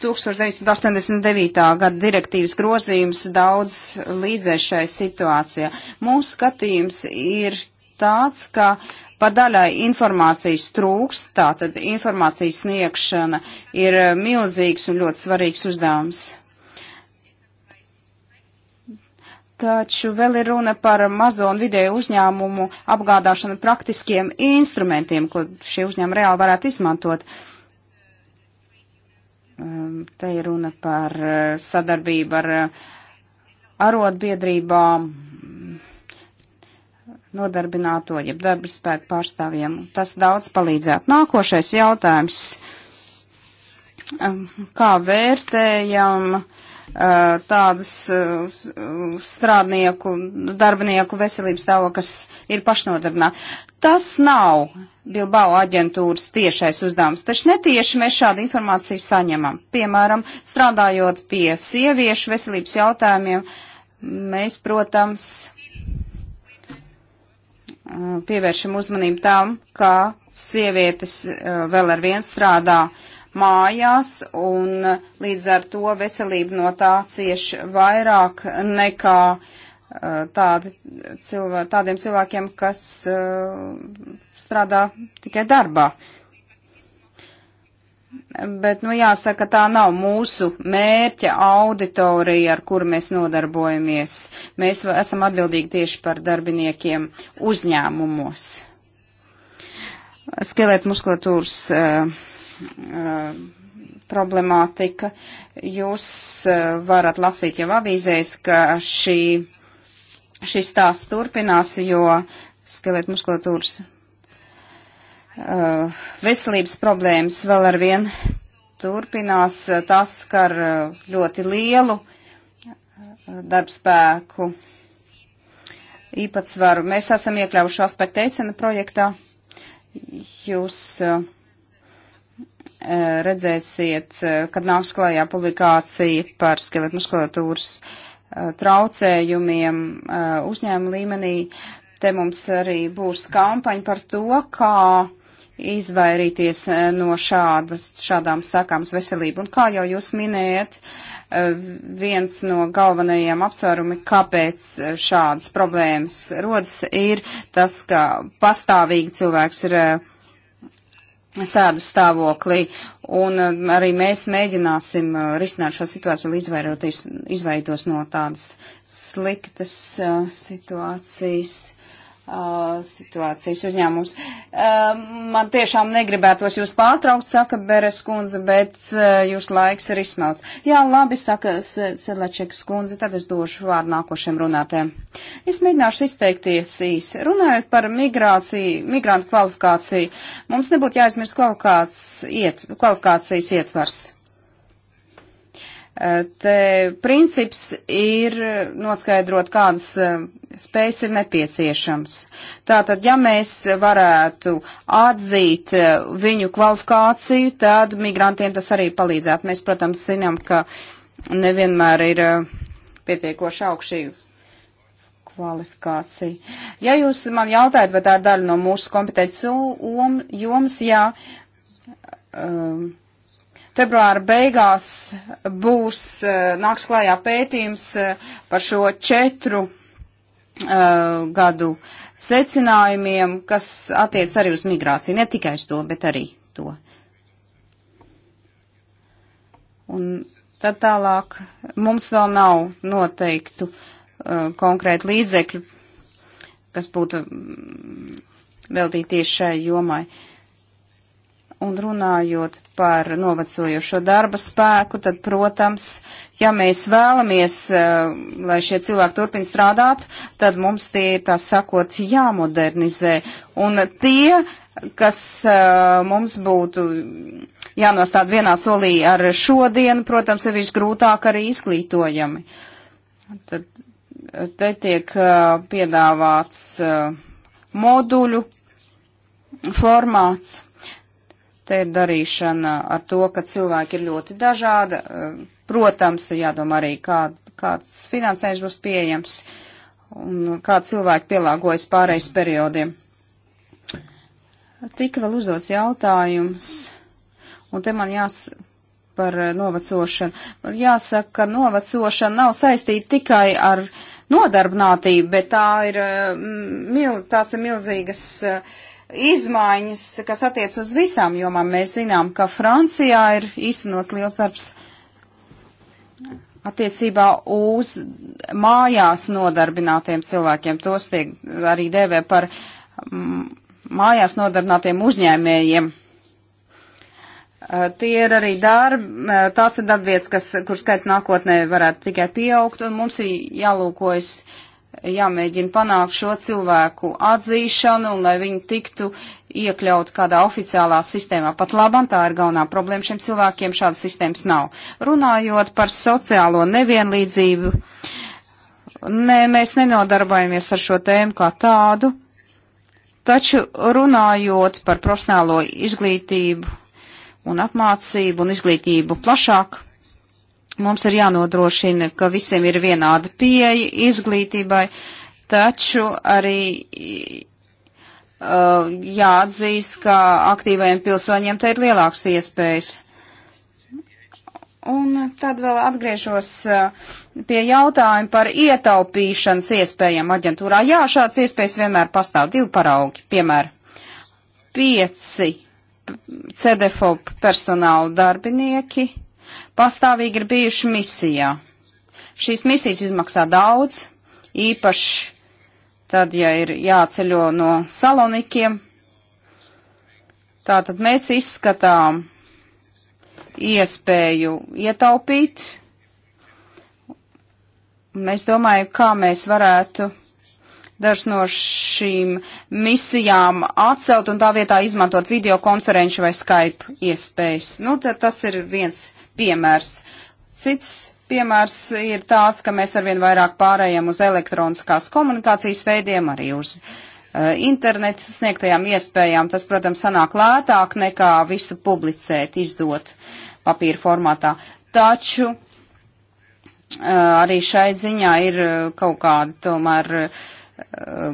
1989. gada direktīvas grozījums daudz līdzēs šai situācijā. Mūsu skatījums ir tāds, ka pa daļai informācijas trūks, tātad informācijas sniegšana ir milzīgs un ļoti svarīgs uzdevums. Taču vēl ir runa par mazo un vidēju uzņēmumu apgādāšanu praktiskiem instrumentiem, ko šie uzņēmumi reāli varētu izmantot. Ehm, te ir runa par eh, sadarbību ar eh, arotbiedrībām, nodarbināto, jeb darba spēku pārstāvjiem. Tas daudz palīdzētu. Nākošais jautājums. Ehm, kā vērtējam? Uh, tādas strādnieku, darbinieku veselības stāvokli, kas ir pašnodarbināti. Tas nav Bilbao aģentūras tiešais uzdevums, taču netieši mēs šādu informāciju saņemam. Piemēram, strādājot pie sieviešu veselības jautājumiem, mēs, protams, pievēršam uzmanību tam, ka sievietes vēl ar vien strādā uh, mājās, un līdz ar to veselība no tā cieš vairāk nekā eh, tādi cilvē, tādiem cilvēkiem, kas eh, strādā tikai darbā. Bet, nu, jāsaka, tā nav mūsu mērķa auditorija, ar kuru mēs nodarbojamies. Mēs esam atbildīgi tieši par darbiniekiem uzņēmumos. Skelēt muskulatūras uh, eh, problemātika. Jūs eh, varat lasīt jau avīzēs, ka šī, šis stāsts turpinās, jo skeletu muskulatūras eh, veselības problēmas vēl ar vien turpinās. Tas skar eh, ļoti lielu darbspēku īpatsvaru. Mēs esam iekļaujuši aspektu eisena projektā. Jūs uh, redzēsiet, kad nāks klajā publikācija par skeletu muskulatūras traucējumiem uzņēmuma līmenī. Te mums arī būs kampaņa par to, kā izvairīties no šādas, šādām sakāms veselību. Un kā jau jūs minējat, viens no galvenajiem apsvērumi, kāpēc šādas problēmas rodas, ir tas, ka pastāvīgi cilvēks ir uh, sēdu stāvoklī, un uh, arī mēs mēģināsim uh, risināt šo situāciju, izvairoties, izvairoties no tādas sliktas uh, situācijas. Uh, situācijas uzņēmums. Uh, man tiešām negribētos jūs pārtraukt, saka Beres kundze, bet uh, jūs laiks ir izsmelts. Jā, labi, saka Sedlačekas kundze, tad es došu vārdu nākošiem runātēm. Es mēģināšu izteikties īsi. Runājot par migrāciju, migrantu kvalifikāciju, mums nebūtu jāaizmirst kvalifikācijas ietvars Te princips ir noskaidrot, kādas eh, spējas ir nepieciešams. Tātad, ja mēs varētu atzīt eh, viņu kvalifikāciju, tad migrantiem tas arī palīdzētu. Mēs, protams, zinām, ka nevienmēr ir eh, pietiekoši augšīga kvalifikācija. Ja jūs man jautājat, vai tā ir daļa no mūsu kompetences um, jomas, jā. Um, februāra beigās būs, eh, nāks klājā pētījums eh, par šo četru eh, gadu secinājumiem, kas attiec arī uz migrāciju, ne tikai uz to, bet arī to. Un tad tālāk mums vēl nav noteiktu uh, konkrētu līdzekļu, kas būtu mm, veltīti tieši šai jomai. Uh, Un runājot par novecojošo darba spēku, tad, protams, ja mēs vēlamies, eh, lai šie cilvēki turpin strādāt, tad mums tie ir, tā sakot, jāmodernizē. Un tie, kas eh, mums būtu jānostāda vienā solī ar šodienu, protams, ir visgrūtāk arī izglītojami. Tad eh, te tiek piedāvāts moduļu formāts Te ir darīšana ar to, ka cilvēki ir ļoti dažādi. Protams, jādomā arī, kā, kāds finansējums būs pieejams un kā cilvēki pielāgojas pārējais periodiem. Tika vēl uzdots jautājums, un te man jās par novecošanu. Man jāsaka, ka novecošana nav saistīta tikai ar nodarbinātību, bet tā ir, mm, mil, tās ir milzīgas uh, izmaiņas, kas attiec uz visām jomām. Mēs zinām, ka Francijā ir īstenots liels darbs attiecībā uz mājās nodarbinātiem cilvēkiem. Tos tiek arī dēvē par mājās nodarbinātiem uzņēmējiem. Tie ir arī darbi, tās ir darbvietas, kas, kur skaits nākotnē varētu tikai pieaugt, un mums ir jālūkojas uh, jāmēģina panākt šo cilvēku atzīšanu un lai viņi tiktu iekļaut kādā oficiālā sistēmā. Pat labam tā ir galvenā problēma šiem cilvēkiem, šādas sistēmas nav. Runājot par sociālo nevienlīdzību, ne, mēs nenodarbojamies ar šo tēmu kā tādu, taču runājot par profesionālo izglītību un apmācību un izglītību plašāk, Mums ir jānodrošina, ka visiem ir vienāda pieeja izglītībai, taču arī uh, jāatzīst, ka aktīvajiem pilsoņiem te ir lielāks iespējas. Un tad vēl atgriežos uh, pie jautājuma par ietaupīšanas iespējām aģentūrā. Jā, šāds iespējas vienmēr pastāv divi paraugi, piemēram, pieci CDFO personāla darbinieki pastāvīgi ir bijuši misijā. Šīs misijas izmaksā daudz, īpaši tad, ja ir jāceļo no salonikiem. Tātad mēs izskatām iespēju ietaupīt. Mēs domājam, kā mēs varētu dažs no šīm misijām atcelt un tā vietā izmantot videokonferenču vai Skype iespējas. Nu, tad tas ir viens piemērs. Cits piemērs ir tāds, ka mēs arvien vairāk pārējām uz elektroniskās komunikācijas veidiem, arī uz uh, internetu sniegtajām iespējām. Tas, protams, sanāk lētāk nekā visu publicēt, izdot papīra formātā. Taču uh, arī šai ziņā ir eh, kaut kāda tomēr. Uh,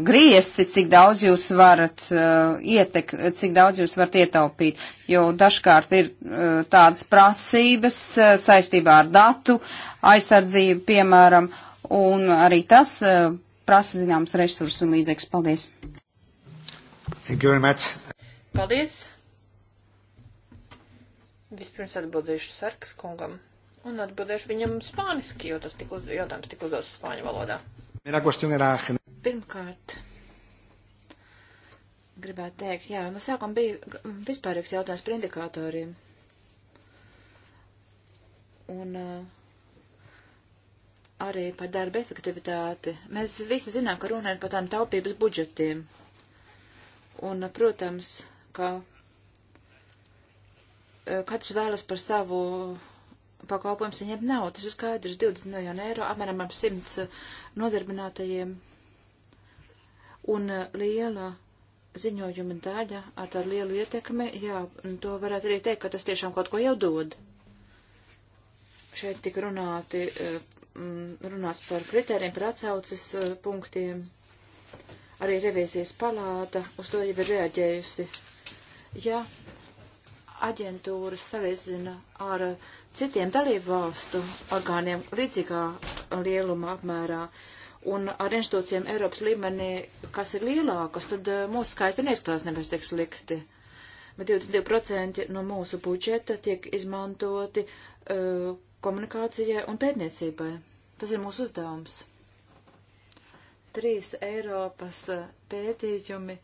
griesti, cik daudz jūs varat uh, ietek, cik daudz jūs varat ietaupīt, jo dažkārt ir uh, tādas prasības uh, saistībā ar datu aizsardzību, piemēram, un arī tas uh, prasa zināms resursus un līdzekļus. Paldies! Thank you very much! Paldies! Vispirms atbildēšu Sarkas kungam un atbildēšu viņam spāniski, jo tas tik uz, jautājums tik uzdodas spāņu valodā. Mira cuestión era general. Pirmkārt, gribētu teikt, jā, no sākuma bija vispārīgs jautājums par indikatoriem. Un uh, arī par darba efektivitāti. Mēs visi zinām, ka runājam par tām taupības budžetiem. Un, eh, protams, ka eh, katrs vēlas par savu pakalpojumu saņemt naudu. Tas ir skaidrs 20 miljonu eiro, apmēram ap 100 nodarbinātajiem Un eh, liela ziņojuma daļa ar tādu lielu ietekmi, jā, to varētu arī teikt, ka tas tiešām kaut ko jau dod. Šeit tik runāti, eh, runāts par kritērijiem, par atsauces eh, punktiem. Arī revīzijas palāta uz to jau ir reaģējusi. Ja aģentūras salīdzina ar citiem dalību valstu orgāniem līdzīgā lieluma apmērā, uh, un ar institūcijiem Eiropas līmenī, kas ir lielākas, tad eh, mūsu skaitļi neizskatās nemaz tik slikti. Bet 22% no mūsu budžeta tiek izmantoti uh, komunikācijai un pētniecībai. Tas ir mūsu uzdevums. Trīs Eiropas eh, pētījumi,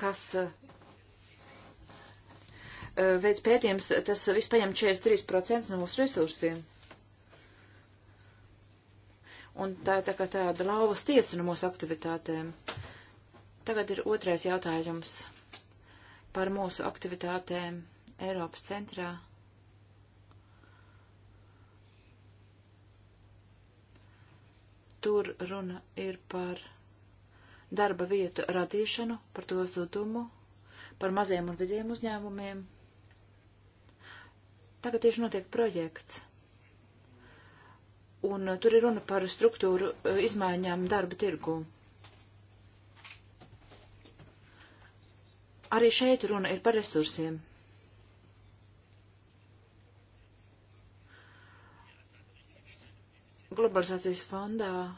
kas uh, veids pētījums, tas vispār ņem 43% no mūsu resursiem. Un tā ir tā kā tāda lauvas tiesa no mūsu aktivitātēm. Tagad ir otrais jautājums par mūsu aktivitātēm Eiropas centrā. Tur runa ir par darba vietu radīšanu, par to zudumu, par maziem un vidiem uzņēmumiem. Tagad tieši notiek projekts un eh, tur ir runa par struktūru eh, izmaiņām darba tirgu. Arī šeit runa ir par resursiem. Globalizācijas fondā eh,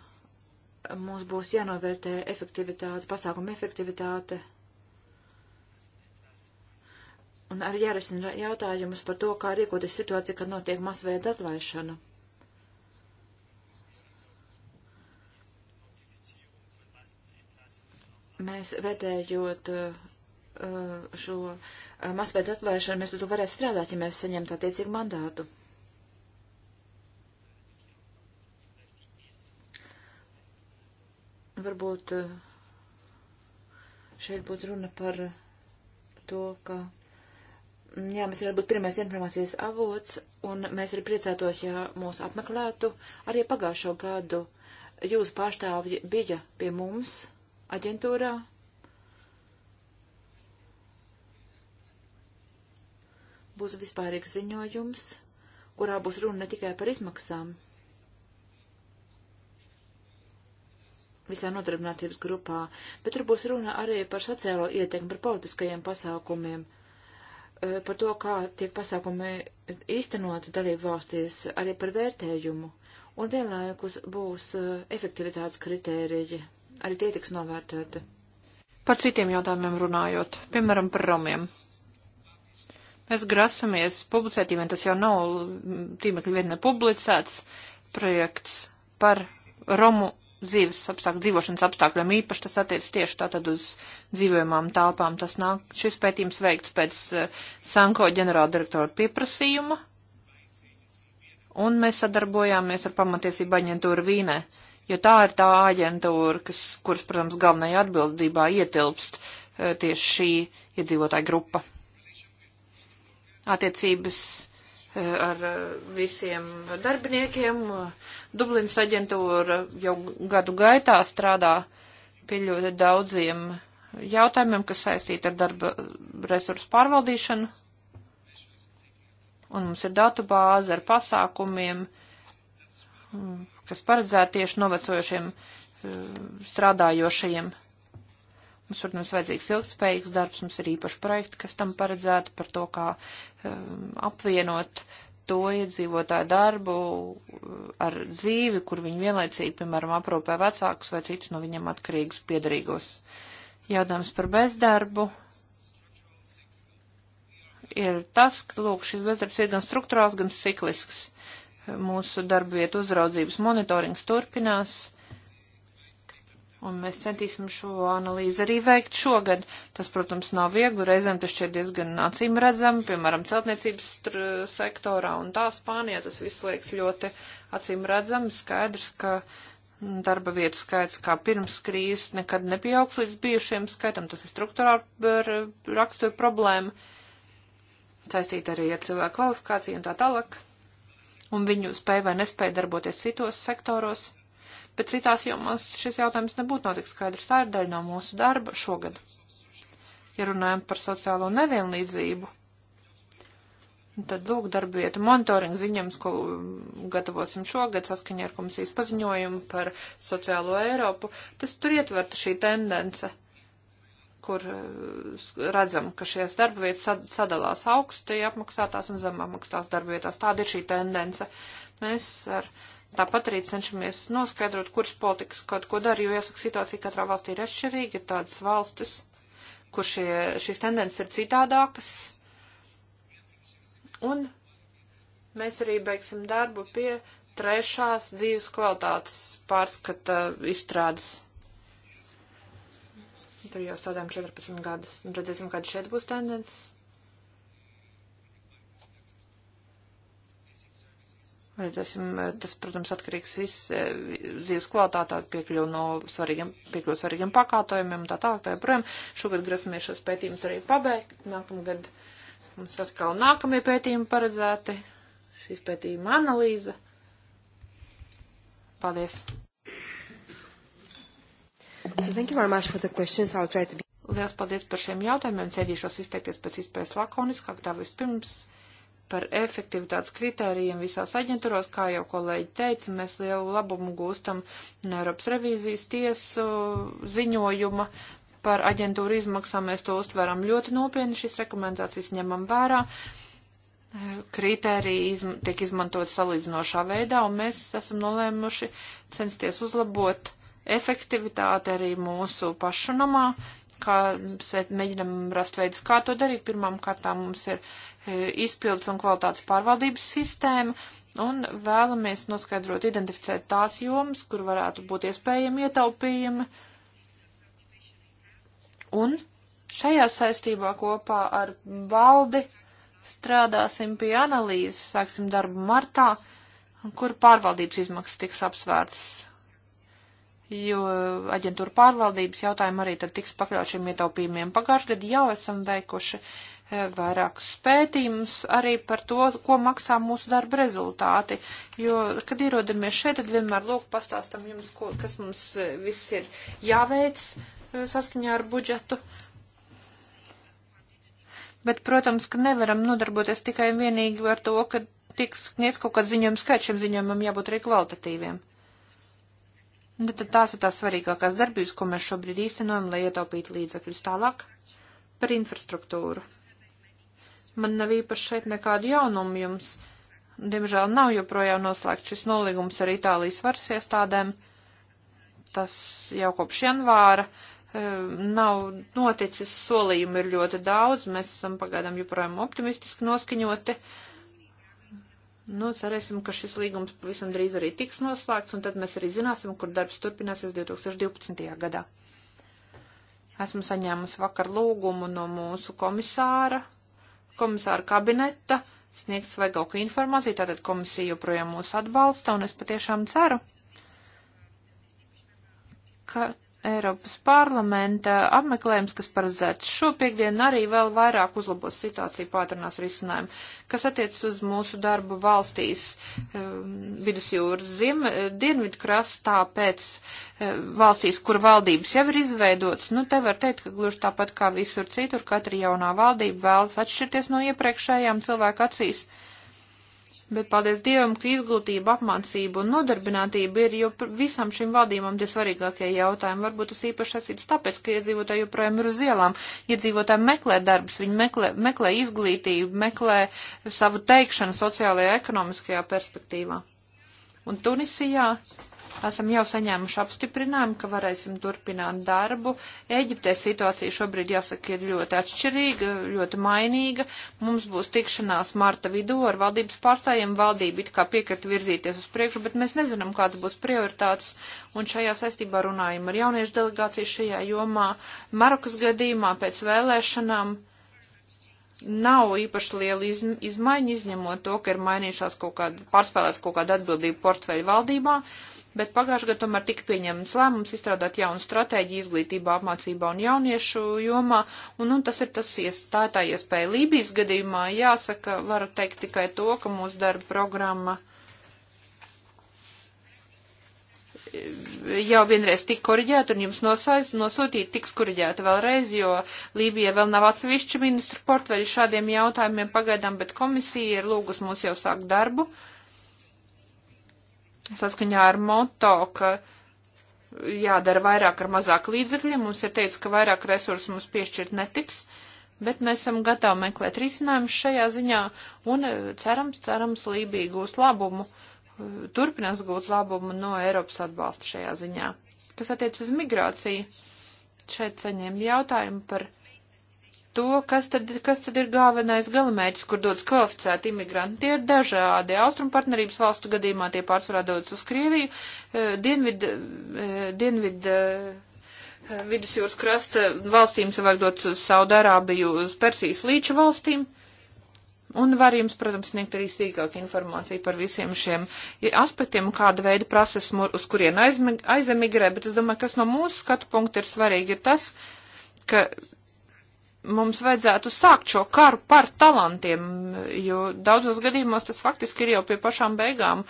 mums būs jānovērtē efektivitāte, pasākuma efektivitāte. Un arī jārisina jautājumus par to, kā rīkoties situācija, kad notiek masveida atlaišana. mēs vedējot uh, šo uh, masveidu atklāšanu, mēs to varētu strādāt, ja mēs saņemtu attiecīgu mandātu. Varbūt uh, šeit būtu runa par to, ka, mm, jā, mēs varētu būt pirmais informācijas avots, un mēs arī priecētos, ja mūs apmeklētu. Arī pagājušo gadu jūs pārstāvji bija pie mums aģentūrā. Būs vispārīgs ziņojums, kurā būs runa ne tikai par izmaksām. visā nodarbinātības grupā, bet tur būs runa arī par sociālo ietekmi, par politiskajiem pasākumiem, e, par to, kā tiek pasākumi īstenoti dalību valstīs, arī par vērtējumu, un vienlaikus būs e, efektivitātes kritērija arī tie tiks novērtēti. Par citiem jautājumiem runājot, piemēram, par romiem. Mēs grasamies publicēt, ja tas jau nav mm, tīmekļa vietnē publicēts projekts par romu dzīves apstākļu, dzīvošanas apstākļiem īpaši tas attiec tieši tātad uz dzīvojamām tālpām. Tas nāk, šis pētījums veikts pēc eh, Sanko ģenerāldirektora pieprasījuma, un mēs sadarbojāmies ar pamatiesību aģentūru Vīnē. Uh, jo tā ir tā aģentūra, kas, kuras, protams, galvenajā atbildībā ietilpst eh, tieši šī iedzīvotāja grupa. Attiecības eh, ar eh, visiem darbiniekiem. Dublinas aģentūra jau gadu gaitā strādā pie ļoti daudziem jautājumiem, kas saistīti ar darba resursu pārvaldīšanu. Un mums ir datu bāze ar pasākumiem, kas paredzēta tieši novecojošiem eh, strādājošajiem. Mums, protams, vajadzīgs ilgspējīgs darbs, mums ir īpaši projekti, kas tam paredzēti par to, kā eh, apvienot to iedzīvotāju darbu eh, ar dzīvi, kur viņi vienlaicīgi, piemēram, aprūpē vecākus vai citus no viņiem atkarīgus piedarīgos. Jautājums par bezdarbu ir tas, ka, lūk, šis bezdarbs ir gan struktūrāls, gan ciklisks. Mūsu darbvietu uzraudzības monitorings turpinās. Un mēs centīsim šo analīzi arī veikt šogad. Tas, protams, nav viegli. Reizēm tas šķiet diezgan acīm redzami, piemēram, celtniecības sektorā un tā Spānijā. Tas viss liekas ļoti acīm redzami. Skaidrs, ka darba vietu skaits kā pirms krīzes nekad nepieaugs līdz bijušiem skaitam. Tas ir struktūrāla rakstura problēma, saistīta arī ar cilvēku kvalifikāciju un tā tālāk un viņu spēja vai nespēja darboties citos sektoros, bet citās jomās šis jautājums nebūtu notik skaidrs. Tā ir daļa no mūsu darba šogad. Ja runājam par sociālo nevienlīdzību, tad lūk darbvietu monitoringa ziņams, ko gatavosim šogad saskaņā ar komisijas paziņojumu par sociālo Eiropu, tas tur ietverta šī tendence kur eh, redzam, ka šīs darbvietas sadalās augsti apmaksātās un zem apmaksātās darbvietās. Tāda ir šī tendence. Mēs ar tāpat arī cenšamies noskaidrot, kuras politikas kaut ko dara, jo jāsaka, situācija katrā valstī ir atšķirīga, ir tādas valstis, kur šie, šīs tendences ir citādākas. Un mēs arī beigsim darbu pie trešās dzīves kvalitātes pārskata izstrādes. Tur jau strādājam 14 gadus. Un redzēsim, kāda šeit būs tendences. Redzēsim, eh, tas, protams, atkarīgs viss eh, dzīves kvalitātā, piekļuvu no svarīgiem, piekļuvu svarīgiem pakātojumiem un tā tālāk. Tā joprojām šogad grasamies šos pētījumus arī pabeigt. Nākamgad mums atkal nākamie pētījumi paredzēti. Šīs pētījuma analīze. Paldies! Thank you very much for the questions. I'll try to be. Liels paldies par šiem jautājumiem. Cēdīšos izteikties pēc iespējas lakoniskāk. Tā vispirms par efektivitātes kritērijiem visās aģentūros, kā jau kolēģi teica, mēs lielu labumu gūstam no Eiropas revīzijas tiesu ziņojuma. Par aģentūru izmaksām mēs to uztveram ļoti nopietni, šīs rekomendācijas ņemam vērā. Kritēriji izm tiek izmantot salīdzinošā veidā, un mēs esam nolēmuši censties uzlabot uh, efektivitāti arī mūsu pašu namā, kā mēģinam rast veidus, kā to darīt. Pirmām kārtām mums ir e, izpildus un kvalitātes pārvaldības sistēma, un vēlamies noskaidrot, identificēt tās jomas, kur varētu būt iespējami ietaupījumi. Un šajā saistībā kopā ar valdi strādāsim pie analīzes, sāksim darbu martā, kur pārvaldības izmaksas tiks apsvērts jo aģentūra pārvaldības jautājumi arī tad tiks pakļaut šiem ietaupījumiem. Pagājušajā gadā jau esam veikuši eh, vairākus pētījumus arī par to, ko maksā mūsu darba rezultāti. Jo, kad ierodamies šeit, tad vienmēr lūk pastāstam jums, ko, kas mums eh, viss ir jāveic eh, saskaņā ar budžetu. Bet, protams, ka nevaram nodarboties tikai vienīgi ar to, ka tiks sniedz kaut kāds ziņojums skaits, šiem ziņojumam jābūt arī kvalitatīviem. Un tad tās ir tās svarīgākās darbības, ko mēs šobrīd īstenojam, lai ietaupītu līdzekļus tālāk par infrastruktūru. Man nav īpaši šeit nekādu jaunumu jums. Diemžēl nav joprojām noslēgts šis nolīgums ar Itālijas varas iestādēm. Tas jau kopš janvāra e, nav noticis, solījumi ir ļoti daudz, mēs esam pagaidām joprojām optimistiski noskaņoti. Uh, Nu, cerēsim, ka šis līgums pavisam drīz arī tiks noslēgts, un tad mēs arī zināsim, kur darbs turpināsies 2012. gadā. Esmu saņēmusi vakar lūgumu no mūsu komisāra, komisāra kabineta, sniegt svaigāku informāciju, tātad komisija joprojām mūs atbalsta, un es patiešām ceru, ka Eiropas parlamenta apmeklējums, kas paredzēts šopiekdien, arī vēl vairāk uzlabos situāciju, pātrinās risinājumu, kas attiec uz mūsu darbu valstīs um, vidusjūras ziem, dienvidu krastā pēc um, valstīs, kur valdības jau ir izveidotas. Nu, te var teikt, ka gluži tāpat kā visur citur, katra jaunā valdība vēlas atšķirties no iepriekšējām cilvēku acīs. Uh, Bet paldies Dievam, ka izglītība, apmācība un nodarbinātība ir jau visam šim valdībam tie svarīgākie jautājumi. Varbūt tas īpaši atsīts tāpēc, ka iedzīvotāji joprojām ir uz ielām. Iedzīvotāji meklē darbus, viņi meklē, meklē izglītību, meklē savu teikšanu sociālajā, ekonomiskajā perspektīvā. Un Tunisijā esam jau saņēmuši apstiprinājumu, ka varēsim turpināt darbu. Eģiptē situācija šobrīd, jāsaka, ir ļoti atšķirīga, ļoti mainīga. Mums būs tikšanās marta vidū ar valdības pārstājiem. Valdība it kā piekrita virzīties uz priekšu, bet mēs nezinām, kādas būs prioritātes. Un šajā saistībā runājam ar jauniešu delegāciju šajā jomā. Marokas gadījumā pēc vēlēšanām nav īpaši liela iz, izmaiņa, izņemot to, ka ir mainījušās kaut kāda, pārspēlēts kaut kāda atbildība portfeļu valdībā. Uh, bet pagājušajā gadā tomēr tika pieņemts lēmums izstrādāt jaunu stratēģiju izglītībā, apmācībā un jauniešu jomā, un nu, tas ir tas, tā ir tā iespēja. Lībijas gadījumā jāsaka, varu teikt tikai to, ka mūsu darba programma jau vienreiz tika koriģēta un jums nosaiz, nosūtīta tiks koriģēta vēlreiz, jo Lībija vēl nav atsevišķa ministru portveļu šādiem jautājumiem pagaidām, bet komisija ir lūgus mūs jau sākt darbu. Uh, saskaņā ar moto, ka jādara vairāk ar mazāk līdzekļiem. Mums ir teicis, ka vairāk resursu mums piešķirt netiks, bet mēs esam gatavi meklēt risinājumus šajā ziņā un eh, cerams, cerams, Lībija gūs labumu, eh, turpinās gūt labumu no Eiropas atbalsta šajā ziņā. Kas attiec uz migrāciju, šeit saņēmu jautājumu par to, kas tad, kas tad ir galvenais galamērķis, kur dodas kvalificēti imigranti. Tie ir dažādi. Austrum partnerības valstu gadījumā tie pārsvarā dodas uz Krieviju, eh, Dienvid, eh, Dienvid eh, vidusjūras krasta valstīm cilvēki dodas uz Saudārābiju, uz Persijas līča valstīm. Un var jums, protams, sniegt arī sīkāk informāciju par visiem šiem aspektiem, kāda veida prases, uz kurien aizemigrē, bet es domāju, kas no mūsu skatu punkta ir svarīgi, ir tas, ka mums vajadzētu sākt šo karu par talantiem, jo daudzos gadījumos tas faktiski ir jau pie pašām beigām,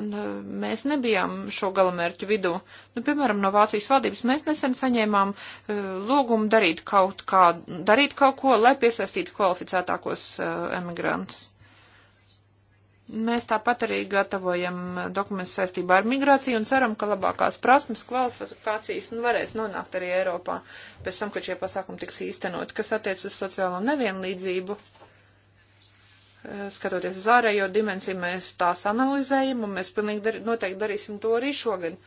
un uh, mēs nebijām šo galamērķu vidū. Nu, piemēram, no Vācijas valdības mēs nesen saņēmām uh, lūgumu darīt kaut, kā, darīt kaut ko, lai piesaistītu kvalificētākos uh, emigrantus. Mēs tāpat arī gatavojam dokumentus saistībā ar migrāciju un ceram, ka labākās prasmes, kvalifikācijas nu, varēs nonākt arī Eiropā pēc tam, kad šie pasākumi tiks īstenot, kas attiec uz sociālo nevienlīdzību. Eh, skatoties uz ārējo dimensiju, mēs tās analizējam un mēs pilnīgi dar noteikti darīsim to arī šogad,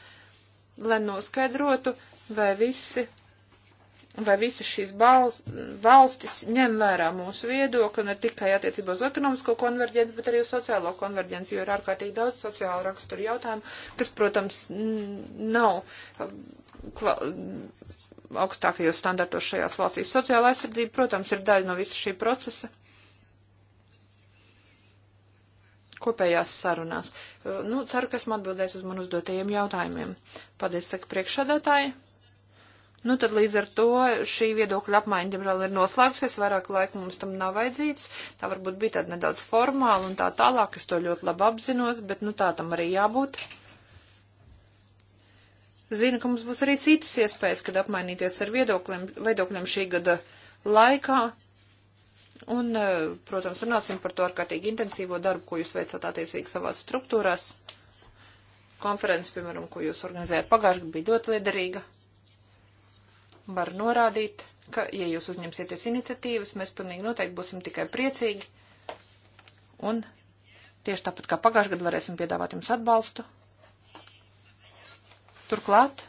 lai noskaidrotu, vai visi vai visas šīs valstis ņem vērā mūsu viedokli ne tikai attiecībā uz ekonomisko konverģenci, bet arī uz sociālo konverģenci, jo ir ārkārtīgi daudz sociāla rakstura jautājumu, kas, protams, nav uh, augstākajos standartos šajās valstīs. Sociāla aizsardzība, protams, ir daļa no visa šī procesa. Kopējās sarunās. Uh, nu, ceru, ka esmu atbildējis uz man uzdotajiem jautājumiem. Paldies, saka priekšsādātāji. Nu, tad līdz ar to šī viedokļa apmaiņa, diemžēl, ir noslēgusies, vairāk laika mums tam nav vajadzīgs, tā varbūt bija tāda nedaudz formāla un tā tālāk, es to ļoti labi apzinos, bet, nu, tā tam arī jābūt. Zinu, ka mums būs arī citas iespējas, kad apmainīties ar viedokļiem, viedokļiem šī gada laikā, un, e, protams, runāsim par to ārkārtīgi intensīvo darbu, ko jūs veicat attiecīgi savās struktūrās. Konferences, piemēram, ko jūs organizējat pagājušajā gadā, bija ļoti liederīga var norādīt, ka, ja jūs uzņemsieties iniciatīvas, mēs pilnīgi noteikti būsim tikai priecīgi. Un tieši tāpat kā pagājušajā gadā varēsim piedāvāt jums atbalstu. Turklāt,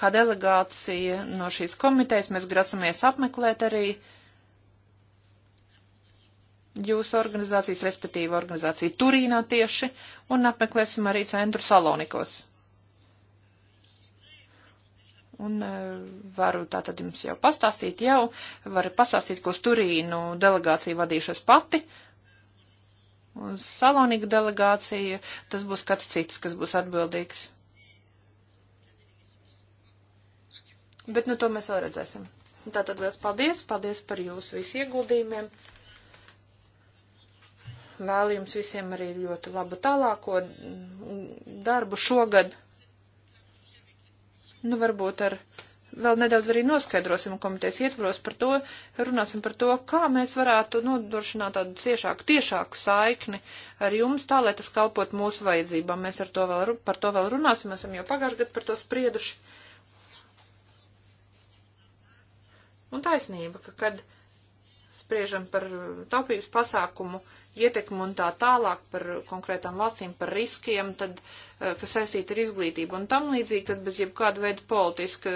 kā delegācija no šīs komitejas, mēs grasamies apmeklēt arī jūsu organizācijas, respektīvi organizāciju Turīnā tieši, un apmeklēsim arī centru Salonikos. Un e, varu tātad jums jau pastāstīt, jau varu pastāstīt, ko Turīnu delegāciju vadīšos pati. Un Saloniku delegācija, tas būs kāds cits, kas būs atbildīgs. Bet nu to mēs vēl redzēsim. Tātad liels paldies, paldies par jūsu visu ieguldījumiem. Vēlu jums visiem arī ļoti labu tālāko darbu šogad. Nu, varbūt ar vēl nedaudz arī noskaidrosim komitejas ietvaros par to, runāsim par to, kā mēs varētu nodrošināt tādu ciešāku, tiešāku saikni ar jums, tā lai tas kalpot mūsu vajadzībām. Mēs ar to vēl, par to vēl runāsim, esam jau pagājuši gadu par to sprieduši. Un taisnība, ka kad spriežam par taupības pasākumu ietekmu un tā tālāk par konkrētām valstīm, par riskiem, tad, eh, kas saistīti ar izglītību un tam līdzīgi, tad bez jebkāda veida politiska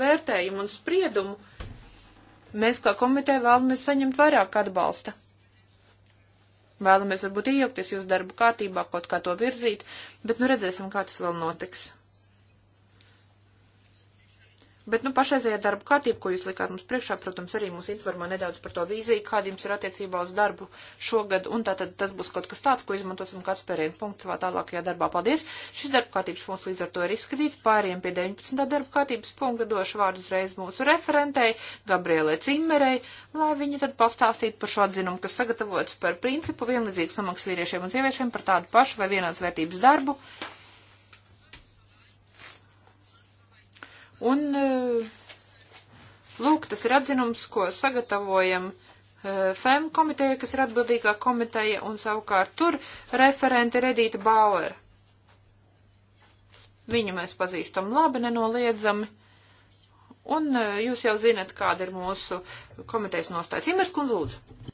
vērtējuma un spriedumu mēs kā komiteja vēlamies saņemt vairāk atbalsta. Vēlamies varbūt iejaukties jūsu darbu kārtībā, kaut kā to virzīt, bet nu redzēsim, kā tas vēl notiks. Bet, nu, pašreizējā darba kārtība, ko jūs likāt mums priekšā, protams, arī mūs informē nedaudz par to vīziju, kāda jums ir attiecībā uz darbu šogad, un tātad tas būs kaut kas tāds, ko izmantosim kā atspērienu punktu vēl tālākajā darbā. Paldies! Šis darba kārtības punkts līdz ar to ir izskatīts, pāriem pie 19. darba kārtības punkta došu vārdu uzreiz mūsu referentei, Gabrielē Cimerei, lai viņa tad pastāstītu par šo atzinumu, kas sagatavots par principu vienlīdzīgu samaksu vīriešiem un sieviešiem par tādu pašu vai vienāds vērtības darbu Un, eh, lūk, tas ir atzinums, ko sagatavojam eh, FEM komiteja, kas ir atbildīgā komiteja, un savukārt tur referente ir Edīta Bauer. Viņu mēs pazīstam labi, nenoliedzami. Un eh, jūs jau zinat, kāda ir mūsu komitejas nostājas. Imers Kunz, lūdzu.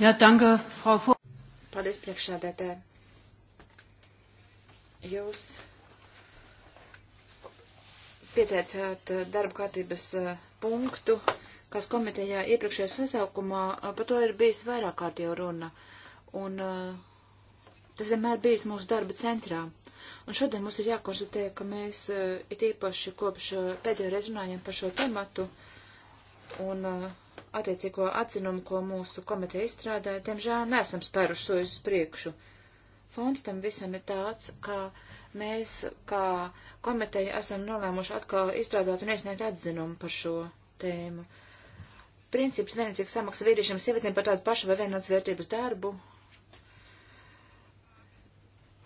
Jā, tanka, Frau Fo. Paldies, priekšsēdētē. Jūs pieteicāt eh, darba kārtības eh, punktu, kas komitejā iepriekšējā sasaukumā, eh, par to ir bijis vairāk kārt jau runa. Un tas vienmēr bijis mūsu darba centrā. Un šodien mums ir jākonstatē, ka mēs it īpaši kopš pēdējo reizi runājam par šo tematu un attiecīgo atzinumu, ko mūsu komiteja izstrādāja, diemžēl nesam spēruši soļus uz priekšu. Fonds tam visam ir tāds, ka mēs kā komiteja esam nolēmuši atkal izstrādāt un iesniegt atzinumu par šo tēmu. Princips vienlīdzīgs samaksa vīriešiem sievietēm par tādu pašu vai vienādas vērtības darbu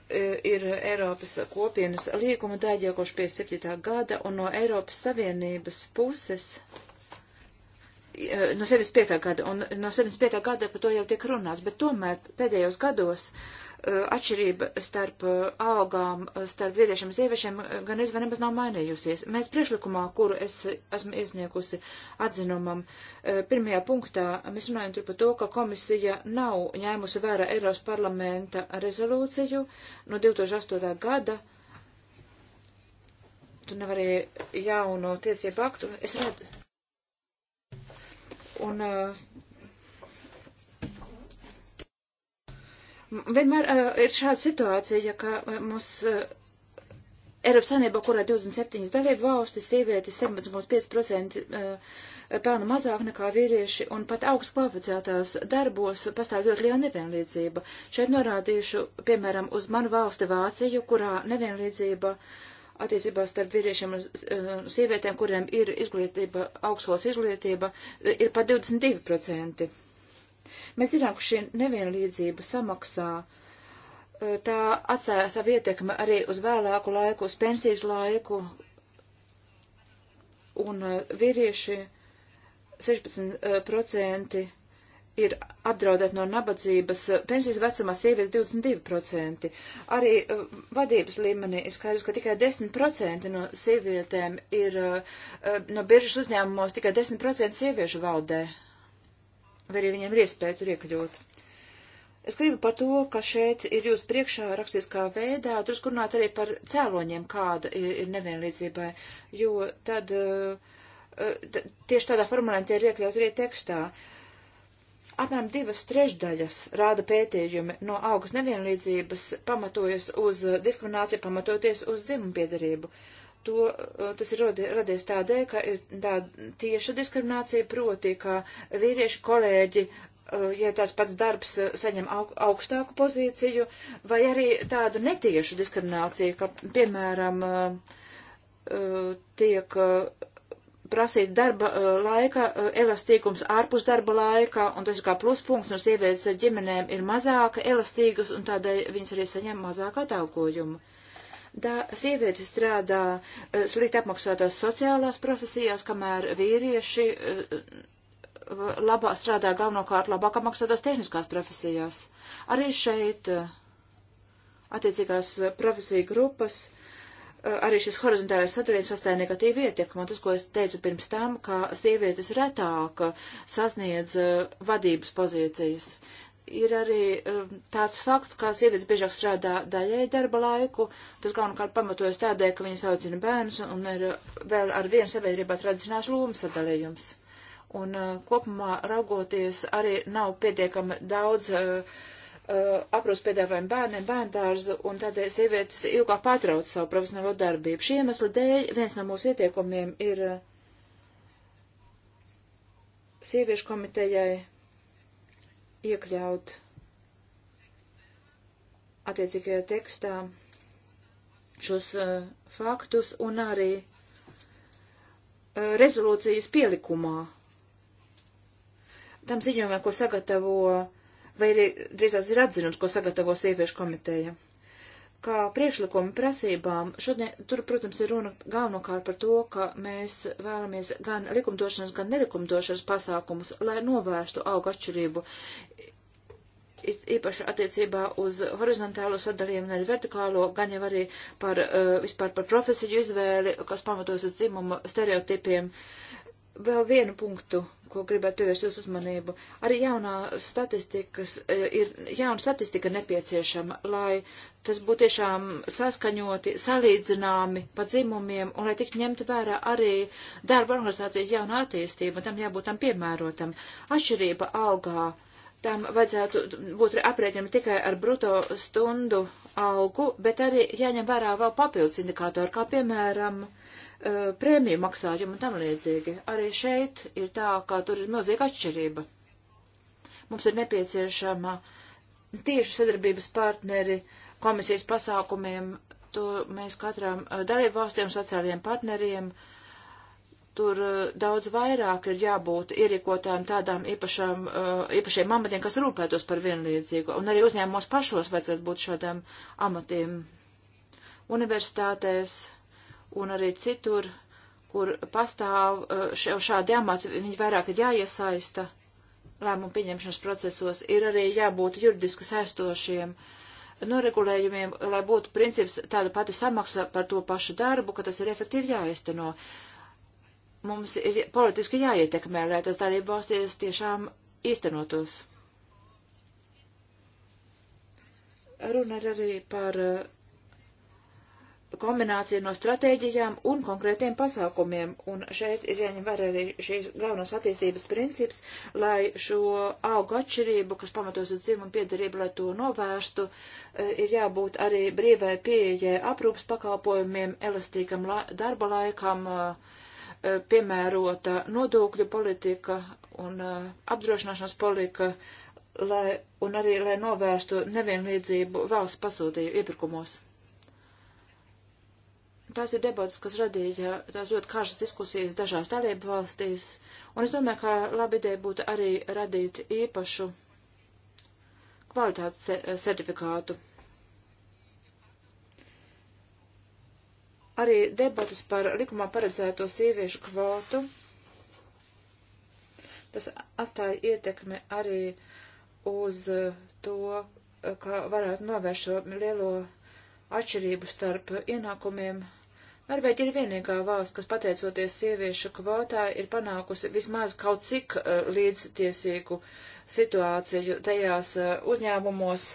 e, ir Eiropas kopienas līguma daļa kopš 57. gada un no Eiropas Savienības puses, e, no 75. gada, un no 75. gada par to jau tiek runāts, bet tomēr pēdējos gados Eh, atšķirība starp eh, algām, eh, starp vīriešiem un sieviešiem gan izvēr nemaz nav mainījusies. Mēs priešlikumā, kuru es esmu iesniegusi atzinumam, pirmajā punktā mēs runājam tur par to, ka komisija nav ņēmusi vērā Eiropas parlamenta rezolūciju no 2008. gada tu nevari jaunu tiesību aktu. Es redzu. Un uh, Vienmēr uh, ir šāda situācija, ka mums. Uh, Eiropas Savienībā, kurā 27 dalību valstis, sievietes 17,5% pelna mazāk nekā vīrieši, un pat augstu kvalificētās darbos pastāv ļoti liela nevienlīdzība. Šeit norādīšu, piemēram, uz manu valsti Vāciju, kurā nevienlīdzība attiecībā starp vīriešiem un sievietēm, kuriem ir izglītība, augstos izglītība, ir pat 22%. Mēs zinām, ka šī nevienlīdzība samaksā e, tā atstāja savu ietekmi arī uz vēlāku laiku, uz pensijas laiku, un e, vīrieši 16% ir apdraudēti no nabadzības, pensijas vecumā sieviete 22%. Arī e, vadības līmenī ir skaidrs, ka tikai 10% no sievietēm ir, no biržas uzņēmumos tikai 10% sieviešu valdē vai arī viņiem ir iespēja tur iekļūt. Es gribu par to, ka šeit ir jūs priekšā rakstiskā veidā, drusku runāt arī par cēloņiem, kāda ir nevienlīdzībai, jo tad e, e, tieši tādā formulēm tie ir iekļaut arī tekstā. Apmēram divas trešdaļas rāda pētījumi no augstas nevienlīdzības pamatojas uz diskrimināciju, pamatoties uz dzimumu piedarību. Uh, to, uh, tas ir radies tādēļ, ka ir tāda tieša diskriminācija, proti, ka vīriešu kolēģi, uh, ja tās pats darbs uh, saņem augstāku pozīciju, vai arī tādu netiešu diskrimināciju, ka, piemēram, tiek prasīt darba laika elastīgums ārpus darba laika, un tas ir kā pluspunkts, un sievietes ģimenēm ir mazāka elastīgas, un tādēļ viņas arī saņem mazāku atalgojumu. Uh, Da, sievietes strādā eh, slikti apmaksātās sociālās profesijās, kamēr vīrieši eh, labā, strādā galvenokārt labāk apmaksātās tehniskās profesijās. Arī šeit eh, attiecīgās profesiju grupas arī šis horizontālais sadarbības atstāja negatīvu ietekmi, un tas, ko es teicu pirms tam, ka sievietes retāk sasniedz vadības pozīcijas ir arī um, tāds fakts, kā sievietes biežāk strādā daļēji darba laiku. Tas galvenokārt pamatojas tādēļ, ka viņas audzina bērnus un ir uh, vēl ar vienu sabiedrībā tradicionāls lomu sadalījums. Un uh, kopumā raugoties arī nav pietiekami daudz uh, uh, aprūs piedāvājumu bērniem bērndārzu, un tādēļ sievietes ilgāk pārtrauc savu profesionālo darbību. Šī iemesla dēļ viens no mūsu ieteikumiem ir sieviešu komitejai iekļaut attiecīgajā tekstā šos uh, faktus un arī uh, rezolūcijas pielikumā. Tam ziņojumam, ko sagatavo, vai arī drīzāk ir atzinums, ko sagatavo sieviešu komiteja kā priekšlikuma prasībām, šodien tur, protams, ir runa galvenokārt par to, ka mēs vēlamies gan likumdošanas, gan nelikumdošanas pasākumus, lai novērstu auga atšķirību, īpaši attiecībā uz horizontālo sadalījumu, ne vertikālo, gan jau arī par, uh, vispār par profesiju izvēli, kas pamatojas uz dzimumu stereotipiem. Uh, vēl vienu punktu, ko gribētu pievērst jūsu uzmanību. Arī jaunā statistikas, e, ir jauna statistika nepieciešama, lai tas būtu tiešām saskaņoti, salīdzināmi pa dzimumiem un lai tiktu ņemta vērā arī darba organizācijas jauna attīstība, tam jābūt tam piemērotam. Atšķirība augā. Tam vajadzētu būt aprēķinam tikai ar bruto stundu augu, bet arī jāņem vērā vēl papildus indikātori, kā piemēram uh, uh, prēmiju maksājumu un tam līdzīgi. Arī šeit ir tā, ka tur ir milzīga atšķirība. Mums ir nepieciešama tieši sadarbības partneri komisijas pasākumiem, to mēs katram uh, dalību valstiem, sociālajiem partneriem, tur uh, daudz vairāk ir jābūt ierīkotām tādām īpašām, īpašiem amatiem, kas rūpētos par vienlīdzīgu, un arī uzņēmumos pašos vajadzētu būt šādām amatiem universitātēs un arī citur, kur pastāv eh, šādi amati, viņi vairāk ir jāiesaista lēmumu pieņemšanas procesos, ir arī jābūt juridiski saistošiem noregulējumiem, lai būtu princips tāda pati samaksa par to pašu darbu, ka tas ir efektīvi jāizteno. Mums ir politiski jāietekmē, lai tas darība valstīs tiešām īstenotos. Runa ir arī par eh, kombinācija no stratēģijām un konkrētiem pasākumiem. Un šeit ir jāņem vērā arī šīs galvenās attīstības princips, lai šo augu atšķirību, kas pamatos uz dzimumu piedarību, lai to novērstu, e, ir jābūt arī brīvai pieejai aprūpas pakalpojumiem, elastīgam la darba laikam, e, e, piemērota nodokļu politika un apdrošināšanas politika, lai, un arī, lai novērstu nevienlīdzību valsts pasūtīju iepirkumos tās ir debatas, kas radīja tās ļoti karstas diskusijas dažās dalību valstīs, un es domāju, ka laba ideja būtu arī radīt īpašu kvalitātes certifikātu. Arī debatas par likumā paredzēto sieviešu kvotu. Tas atstāja ietekmi arī uz to, ka varētu novērst šo lielo atšķirību starp ienākumiem Norvēģija ir vienīgā valsts, kas pateicoties sieviešu kvotā ir panākusi vismaz kaut cik uh, līdztiesīgu situāciju tajās uh, uzņēmumos,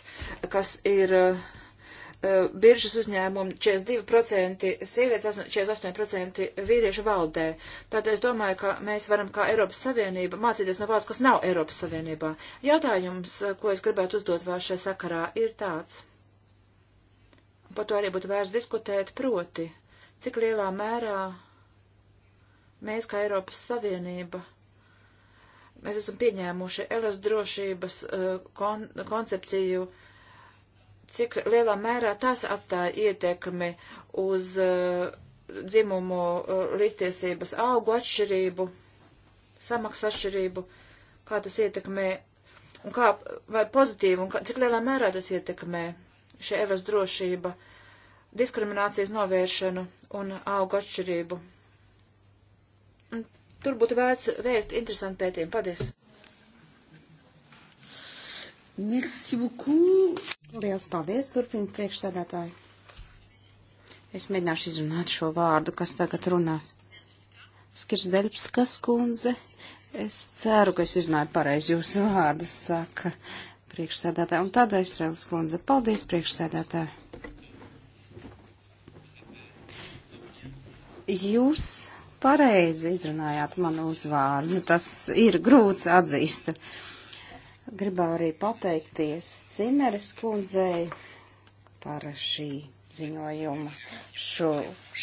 kas ir uh, biržas uzņēmumi 42% sievietes, 48% vīriešu valdē. Tātad es domāju, ka mēs varam kā Eiropas Savienība mācīties no valsts, kas nav Eiropas Savienībā. Jautājums, ko es gribētu uzdot vēl šajā sakarā, ir tāds. Par to arī būtu vērts diskutēt proti cik lielā mērā mēs kā Eiropas Savienība mēs esam pieņēmuši elas drošības eh, kon koncepciju, cik lielā mērā tas atstāja ietekmi uz uh, dzimumu uh, līdztiesības augu atšķirību, samaksu atšķirību, kā tas ietekmē un kā, vai pozitīvi, un kā, cik lielā mērā tas ietekmē šī elas drošība. Uh, diskriminācijas novēršanu un augu atšķirību. Un tur būtu vērts veikt interesantu pētījumu. Paldies! Merci beaucoup! Liels paldies, turpina priekšsēdētāji. Es mēģināšu izrunāt šo vārdu, kas tagad runās. Skirsdeļpskas kundze, es ceru, ka es izrunāju pareizi jūsu vārdu, saka priekšsēdētāji. Un tādā Izraels kundze, paldies priekšsēdētāji. Jūs pareizi izrunājāt manu uzvārdu. Tas ir grūts atzīst. Gribēju arī pateikties Cimeres kundzei par šī ziņojuma, šo,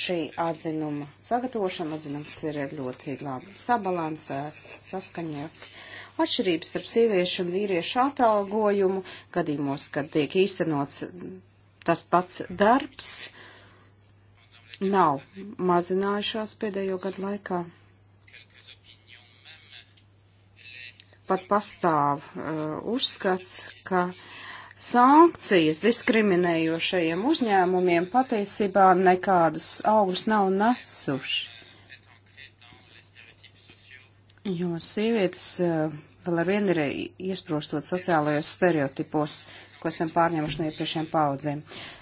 šī atzinuma sagatavošana. Atzinums ir ļoti labi sabalansēts, saskaņots. Atšķirības starp sieviešu un vīriešu atalgojumu gadījumos, kad tiek īstenots tas pats darbs nav mazinājušās pēdējo gadu laikā. Pat pastāv uh, uzskats, ka sankcijas diskriminējošajiem uzņēmumiem patiesībā nekādus augus nav nesuši. Jo sievietes uh, vēl ar vienu ir iesprostot sociālajos stereotipos, ko esam pārņēmuši no iepriekšējām paudzēm. Uh,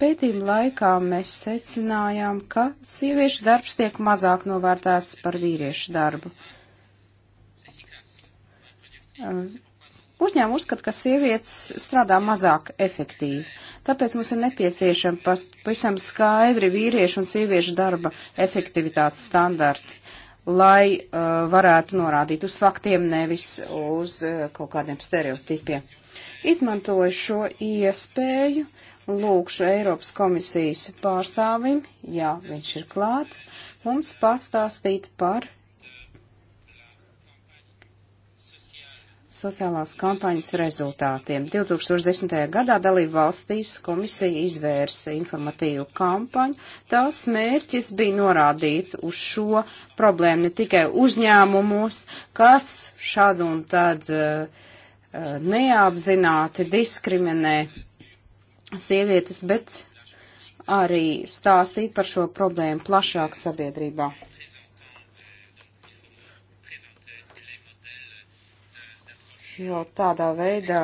Pētījuma laikā mēs secinājām, ka sieviešu darbs tiek mazāk novērtēts par vīriešu darbu. Uzņēmumi uzskata, ka sievietes strādā mazāk efektīvi, tāpēc mums ir nepieciešama pavisam skaidri vīriešu un sieviešu darba efektivitātes standarti, lai uh, varētu norādīt uz faktiem, nevis uz uh, kaut kādiem stereotipiem. Izmantoju šo iespēju, uh, lūkšu Eiropas komisijas pārstāvim, ja viņš ir klāt, mums pastāstīt par sociālās kampaņas rezultātiem. 2010. gadā dalību valstīs komisija izvērsa informatīvu kampaņu. Tās mērķis bija norādīt uz šo problēmu ne tikai uzņēmumus, kas šādu un tad uh, neapzināti diskriminē sievietes, bet arī stāstīt par šo problēmu plašāk sabiedrībā. Jo tādā veidā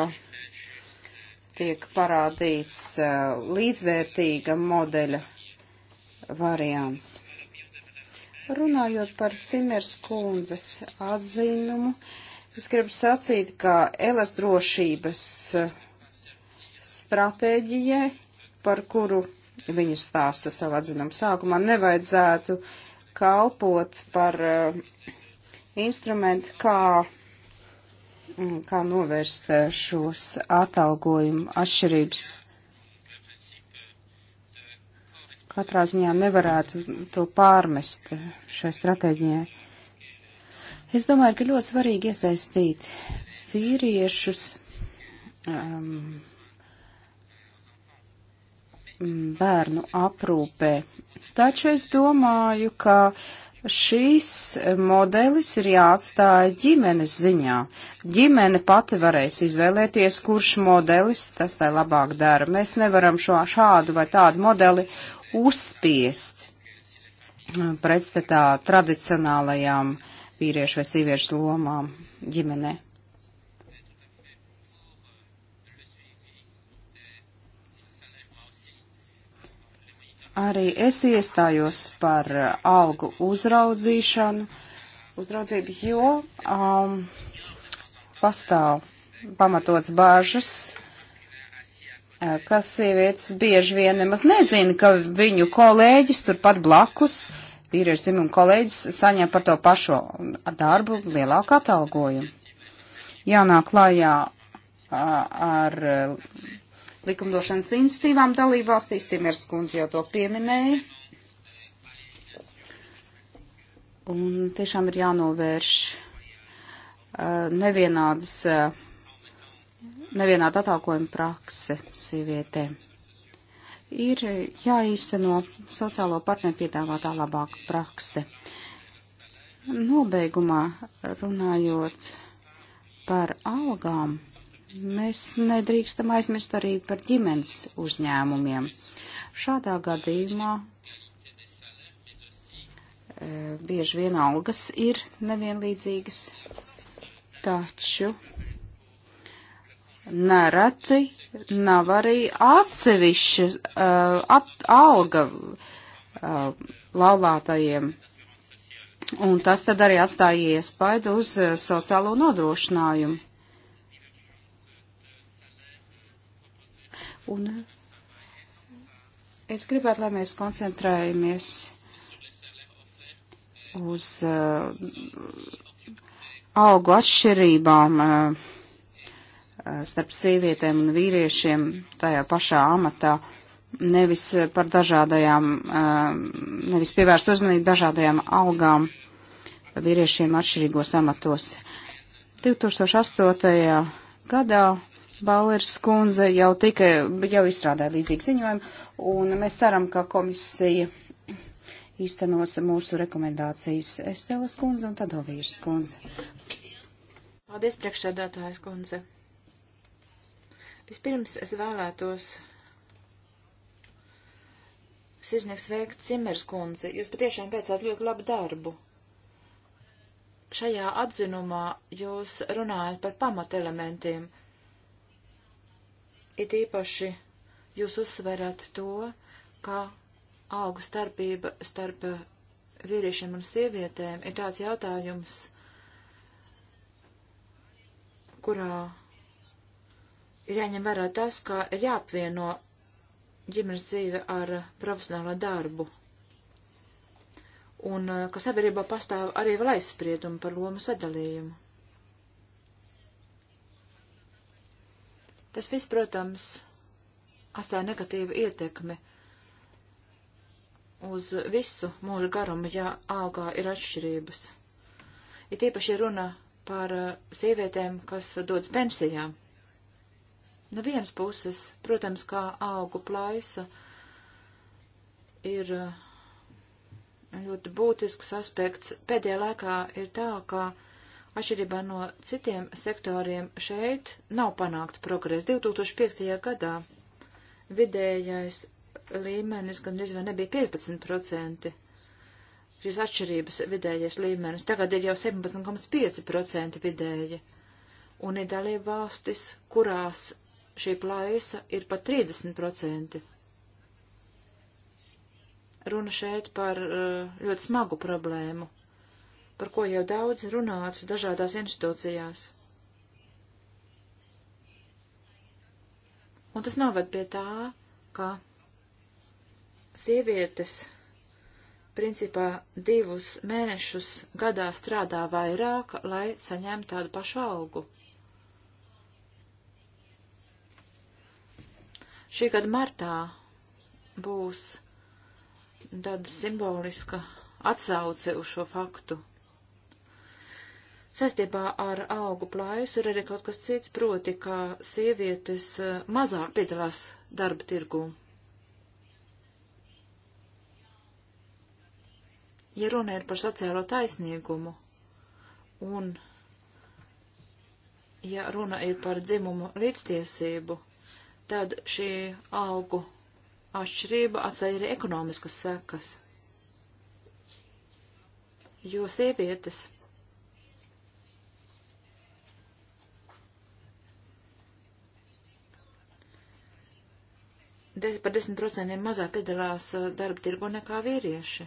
tiek parādīts uh, līdzvērtīga modeļa variants. Runājot par Cimers kundzes atzinumu, es gribu sacīt, ka elastrošības uh, stratēģijai, par kuru viņa stāsta savā dzinam sākumā, nevajadzētu kalpot par uh, instrumentu, kā, mm, kā novērst eh, šos atalgojumu atšķirības. Katrā ziņā nevarētu to pārmest eh, šai stratēģijai. Es domāju, ka ļoti svarīgi iesaistīt vīriešus um, bērnu aprūpē. Taču es domāju, ka šīs modelis ir jāatstāja ģimenes ziņā. Ģimene pati varēs izvēlēties, kurš modelis tas tai labāk dara. Mēs nevaram šo šādu vai tādu modeli uzspiest pretstatā tradicionālajām vīriešu vai sieviešu lomām ģimenei. Arī es iestājos par uh, algu uzraudzīšanu, uzraudzību, jo um, pastāv pamatots bāžas, uh, ka sievietes bieži vien nemaz nezina, ka viņu kolēģis turpat blakus, vīriešu dzimuma kolēģis, saņem par to pašo darbu lielāku atalgojumu. Jānāk klājā uh, ar likumdošanas institīvām dalību valstīs. Cimers kundze jau to pieminēja. Un tiešām ir jānovērš uh, nevienādas, uh, nevienāda atalkojuma prakse sievietēm. Ir jāīsteno sociālo partneru piedāvātā labāka prakse. Nobeigumā runājot par algām Mēs nedrīkstam aizmirst arī par ģimenes uzņēmumiem. Šādā gadījumā e, bieži vien algas ir nevienlīdzīgas, taču nereti nav arī atsevišķa uh, at, alga uh, laulātajiem. Un tas tad arī atstāja iespaidu uz sociālo nodrošinājumu. Un es gribētu, lai mēs koncentrējamies uz uh, algu atšķirībām uh, starp sievietēm un vīriešiem tajā pašā amatā, nevis par dažādajām, uh, nevis pievērst uzmanību dažādajām algām vīriešiem atšķirīgos amatos. 2008. gadā Bauers kundze jau tika, jau izstrādāja līdzīgu ziņojumu, un mēs ceram, ka komisija īstenos mūsu rekomendācijas Estelas kundze un Tadovīras kundze. Paldies, priekšsēdētājas kundze. Vispirms es vēlētos sirsnieks veikt Cimers kundze. Jūs patiešām veicāt ļoti labu darbu šajā atzinumā jūs runājat par pamatelementiem, It īpaši jūs uzsverat to, ka augu starpība starp eh, vīriešiem un sievietēm ir tāds jautājums, kurā ir jāņem vērā tas, ka ir jāapvieno ģimenes dzīve ar profesionālo darbu. Un eh, ka sabiedrībā pastāv arī vēl aizspriedumi par lomu sadalījumu. Tas viss, protams, atstāja negatīvu ietekmi uz visu mūža garumu, ja algā ir atšķirības. Ir tīpaši runa par uh, sievietēm, kas dodas pensijā. No vienas puses, protams, kā augu plaisa ir uh, ļoti būtisks aspekts. Pēdējā laikā ir tā, ka Atšķirībā no citiem sektoriem šeit nav panākt progres. 2005. gadā vidējais līmenis gandrīz vai nebija 15%. Šīs atšķirības vidējais līmenis tagad ir jau 17,5% vidēji. Un ir dalība valstis, kurās šī plaisa ir pat 30%. Runa šeit par uh, ļoti smagu problēmu par ko jau daudz runāts dažādās institūcijās. Un tas novad pie tā, ka sievietes principā divus mēnešus gadā strādā vairāk, lai saņemtu tādu pašu algu. Šī gada martā būs tāda simboliska atsauce uz šo faktu. Saistībā ar augu plājus ir arī kaut kas cits, proti, ka sievietes eh, mazāk piedalās darba tirgū. Ja runa ir par sociālo taisnīgumu un ja runa ir par dzimumu līdztiesību, tad šī augu atšķirība atstāja arī ekonomiskas sekas. Jo sievietes par 10% mazāk piedalās uh, darba tirgu nekā vīrieši.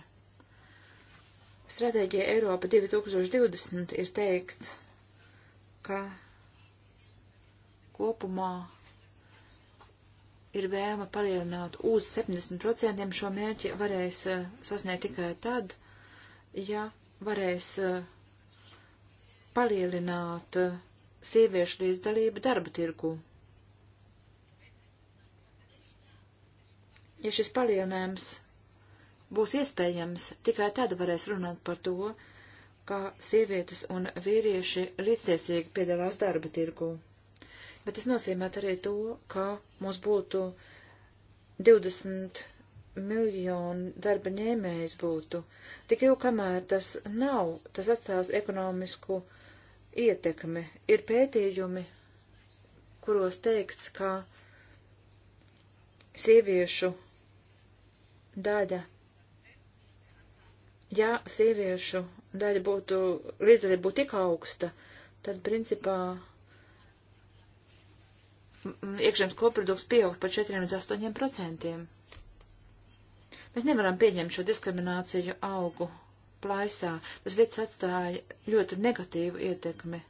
Stratēģija Eiropa 2020 ir teikts, ka kopumā ir vēlme palielināt uz 70% šo mērķi varēs uh, sasniegt tikai tad, ja varēs uh, palielināt uh, sieviešu līdzdalību darba tirgu. ja šis palielinājums būs iespējams, tikai tad varēs runāt par to, kā sievietes un vīrieši līdztiesīgi piedalās darba tirgu. Bet tas nozīmē arī to, ka mums būtu 20 miljonu darba ņēmējs būtu. Tik jau kamēr tas nav, tas atstās ekonomisku ietekmi. Ir pētījumi, kuros teikts, ka sieviešu daļa, ja sieviešu daļa būtu, līdzdalība būtu tik augsta, tad principā iekšzemes koprodukts pieaug par 4 līdz 8 procentiem. Mēs nevaram pieņemt šo diskrimināciju augu plaisā. Tas viss atstāja ļoti negatīvu ietekmi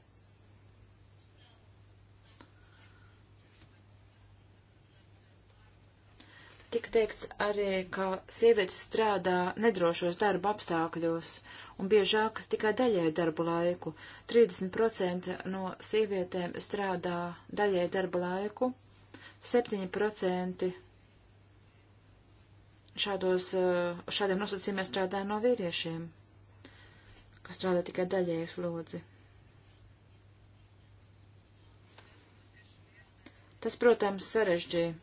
Tik teikts arī, ka sievietes strādā nedrošos darba apstākļos un biežāk tikai daļēju darbu laiku. 30% no sievietēm strādā daļēju darbu laiku, 7% šādos, šādiem nosacījumiem strādā no vīriešiem, kas strādā tikai daļēju slodzi. Tas, protams, sarežģīja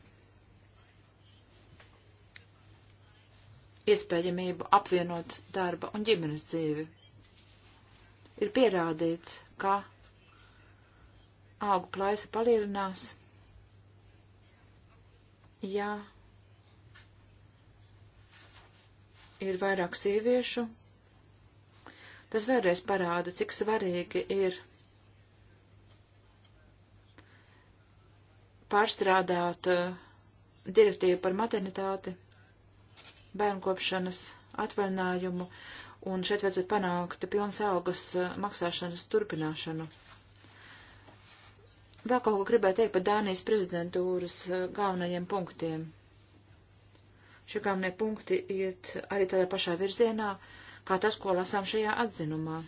iespējamību apvienot darba un ģimenes dzīvi. Ir pierādīts, ka augu plaisa palielinās, ja ir vairāk sieviešu. Tas vēlreiz parāda, cik svarīgi ir pārstrādāt uh, direktīvu par maternitāti bērnu kopšanas atvaļinājumu, un šeit vajadzētu panākt pilnas augas eh, maksāšanas turpināšanu. Vēl kaut ko gribēju teikt par Dānijas prezidentūras eh, galvenajiem punktiem. Šie galvenie punkti iet arī tādā pašā virzienā, kā tas, ko lasām šajā atzinumā.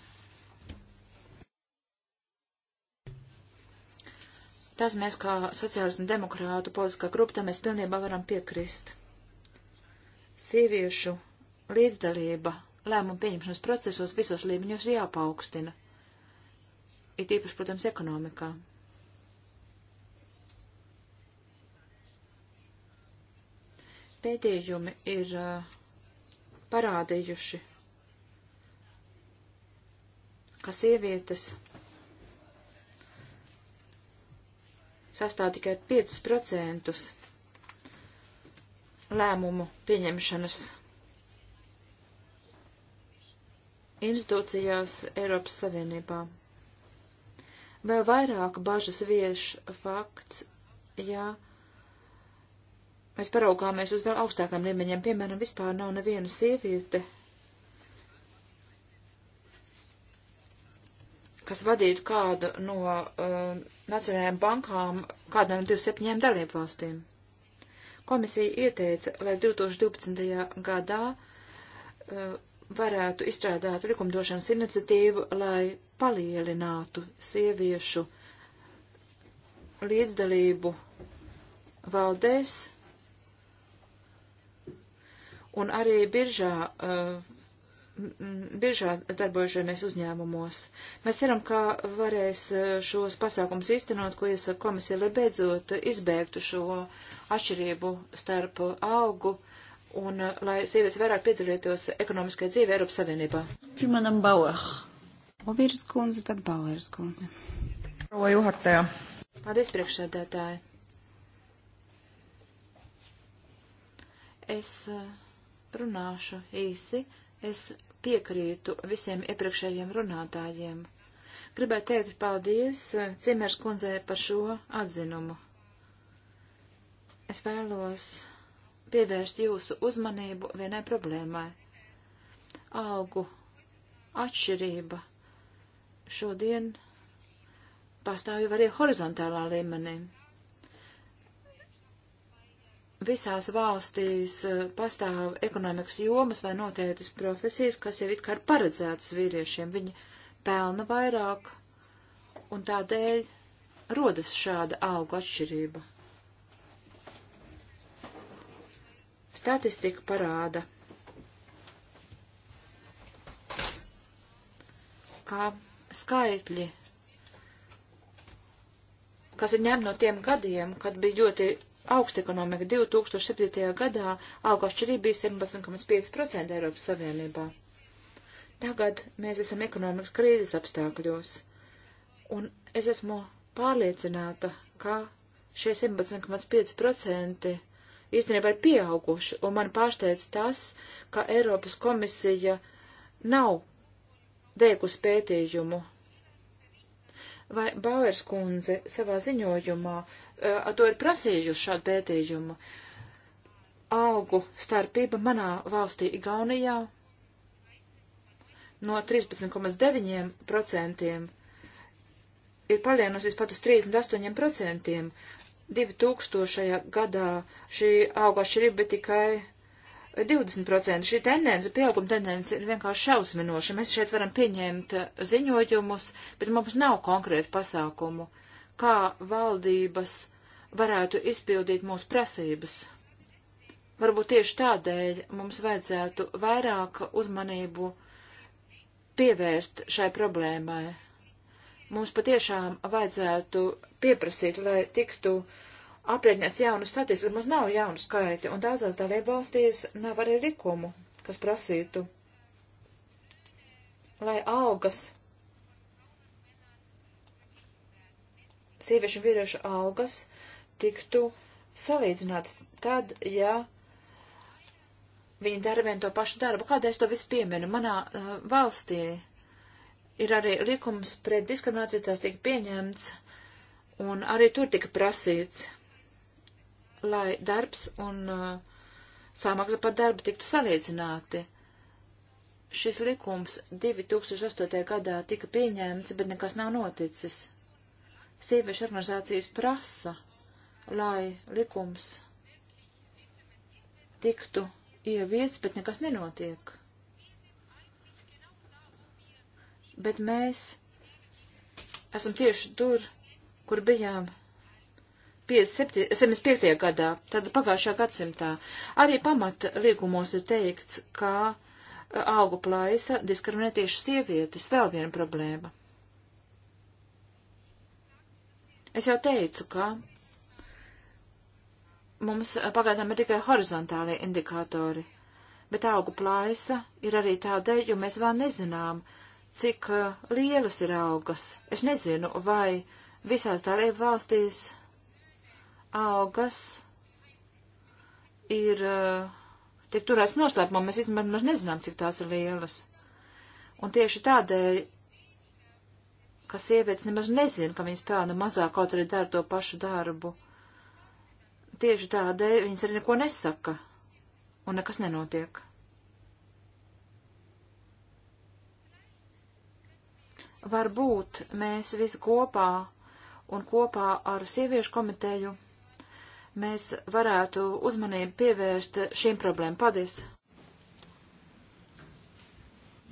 Tas mēs kā sociālistu un demokrātu politiskā grupa, tam mēs pilnībā varam piekrist sieviešu līdzdalība lēmumu pieņemšanas procesos visos līmeņos ir jāpaukstina. It īpaši, protams, ekonomikā. Pētījumi ir uh, parādījuši, ka sievietes sastāv tikai 5% lēmumu pieņemšanas institūcijās Eiropas Savienībā. Vēl vairāk bažas vieš fakts, ja mēs paraugāmies uz vēl augstākām līmeņiem, piemēram, vispār nav neviena sieviete, kas vadītu kādu no uh, nacionālajām bankām, kādām no 27 dalībvalstīm. Komisija ieteica, lai 2012. gadā uh, varētu izstrādāt likumdošanas iniciatīvu, lai palielinātu sieviešu līdzdalību valdēs un arī biržā, uh, biržā darbojušamies uzņēmumos. Mēs ceram, ka varēs uh, šos pasākums īstenot, ko iesaka komisija, lai beidzot izbēgtu šo uh, atšķirību starp augu un eh, lai sievietes vairāk piedalītos ekonomiskajā dzīvē Eiropas Savienībā. Pirmanam Bauer. Ovirs kundze, tad Bauers kundze. Proua juhataja. Paldies priekšsēdētāji. Es eh, runāšu īsi. Es piekrītu visiem iepriekšējiem runātājiem. Gribētu teikt paldies eh, Cimers kundzei par šo atzinumu es vēlos pievērst jūsu uzmanību vienai problēmai. Augu atšķirība šodien pastāv jau arī horizontālā līmenī. Visās valstīs eh, pastāv ekonomikas jomas vai noteiktas profesijas, kas jau it kā ir paredzētas vīriešiem. Viņi pelna vairāk, un tādēļ rodas šāda auga atšķirība. Statistika parāda, kā skaitļi, kas ir ņemti no tiem gadiem, kad bija ļoti augsta ekonomika 2007. gadā, auga atšķirība bija 17,5% Eiropas Savienībā. Tagad mēs esam ekonomikas krīzes apstākļos, un es esmu pārliecināta, ka šie 17,5% īstenībā ir pieauguši, un man pārsteidz tas, ka Eiropas komisija nav veikusi pētījumu. Vai Bauers kundze savā ziņojumā eh, ar to ir prasījusi šādu pētījumu? Algu starpība manā valstī Igaunijā no 13,9% ir palienusies pat uz 38%, 2000. gadā šī auga šķirība tikai 20%. Šī tendence, pieauguma tendence ir vienkārši šausminoša. Mēs šeit varam pieņemt ziņojumus, bet mums nav konkrētu pasākumu, kā valdības varētu izpildīt mūsu prasības. Varbūt tieši tādēļ mums vajadzētu vairāk uzmanību pievērst šai problēmai mums patiešām vajadzētu pieprasīt, lai tiktu aprēķināts jauna statistika. Mums nav jaunu skaiti, un daudzās dalībvalstīs nav arī likumu, kas prasītu, lai algas, sieviešu un vīriešu algas, tiktu salīdzināts tad, ja viņi dara vien to pašu darbu. Kādēļ es to visu pieminu? Manā uh, valstī ir arī likums pret diskrimināciju, tas tika pieņemts, un arī tur tika prasīts, lai darbs un uh, samaksa par darbu tiktu salīdzināti. Šis likums 2008. gadā tika pieņemts, bet nekas nav noticis. Sieviešu organizācijas prasa, lai likums tiktu ieviests, bet nekas nenotiek. bet mēs esam tieši tur, kur bijām 57, 75. gadā, tad pagājušā gadsimtā. Arī pamata līgumos ir teikts, ka e, augu plaisa diskriminē tieši sievietes, vēl viena problēma. Es jau teicu, ka mums pagaidām ir tikai horizontālie indikātori, bet augu plaisa ir arī tādēļ, jo mēs vēl nezinām, uh, cik uh, lielas ir augas. Es nezinu, vai visās dalību valstīs augas ir uh, tiek turēts noslēpumā, mēs īstenībā nezinām, cik tās ir lielas. Un tieši tādēļ, ka sievietes nemaz nezina, ka viņas pelna mazāk, kaut arī dara to pašu darbu, tieši tādēļ viņas arī neko nesaka, un nekas nenotiek. varbūt mēs visi kopā un kopā ar sieviešu komiteju mēs varētu uzmanību pievērst šīm problēmām. Paldies!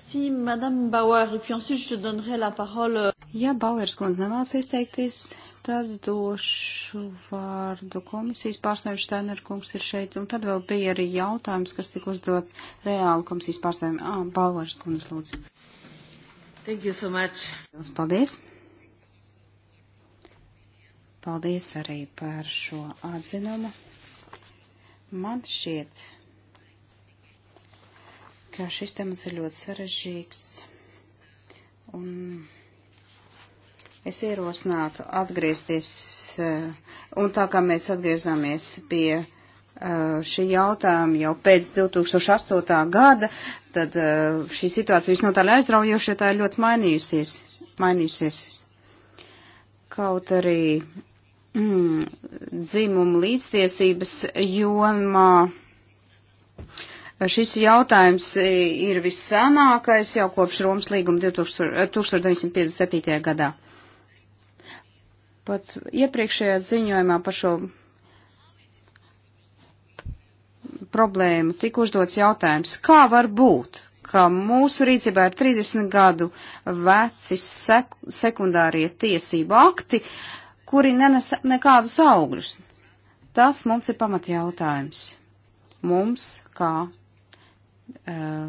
Si, Madame Bauer, et puis ensuite je donnerai la parole. Ja Bauers kundze nevēlas izteikties, tad došu vārdu komisijas pārstāvju Steiner kungs ir šeit, un tad vēl bija arī jautājums, kas tika uzdots reāli komisijas pārstāvjiem. Ah, Bauers kundze, lūdzu. Thank you so much. Paldies. Paldies arī par šo atzinumu. Man šķiet, ka šis temats ir ļoti sarežģīts. Un es ierosinātu atgriezties, eh, un tā kā mēs atgriezāmies pie eh, šī jautājuma jau pēc 2008. gada, tad eh, šī situācija visnotaļ aizraujoša, tā ir ļoti mainījusies. mainījusies. Kaut arī mm, dzimuma līdztiesības jomā. Šis jautājums eh, ir vissanākais jau kopš Romas līguma 2000, 1957. Eh, gadā. Pat iepriekšējā ziņojumā par šo problēmu tika uzdots jautājums, kā var būt, ka mūsu rīcībā ir 30 gadu veci sek sekundārie tiesību akti, kuri nenes nekādus augļus. Tas mums ir pamatjautājums. Mums, kā uh,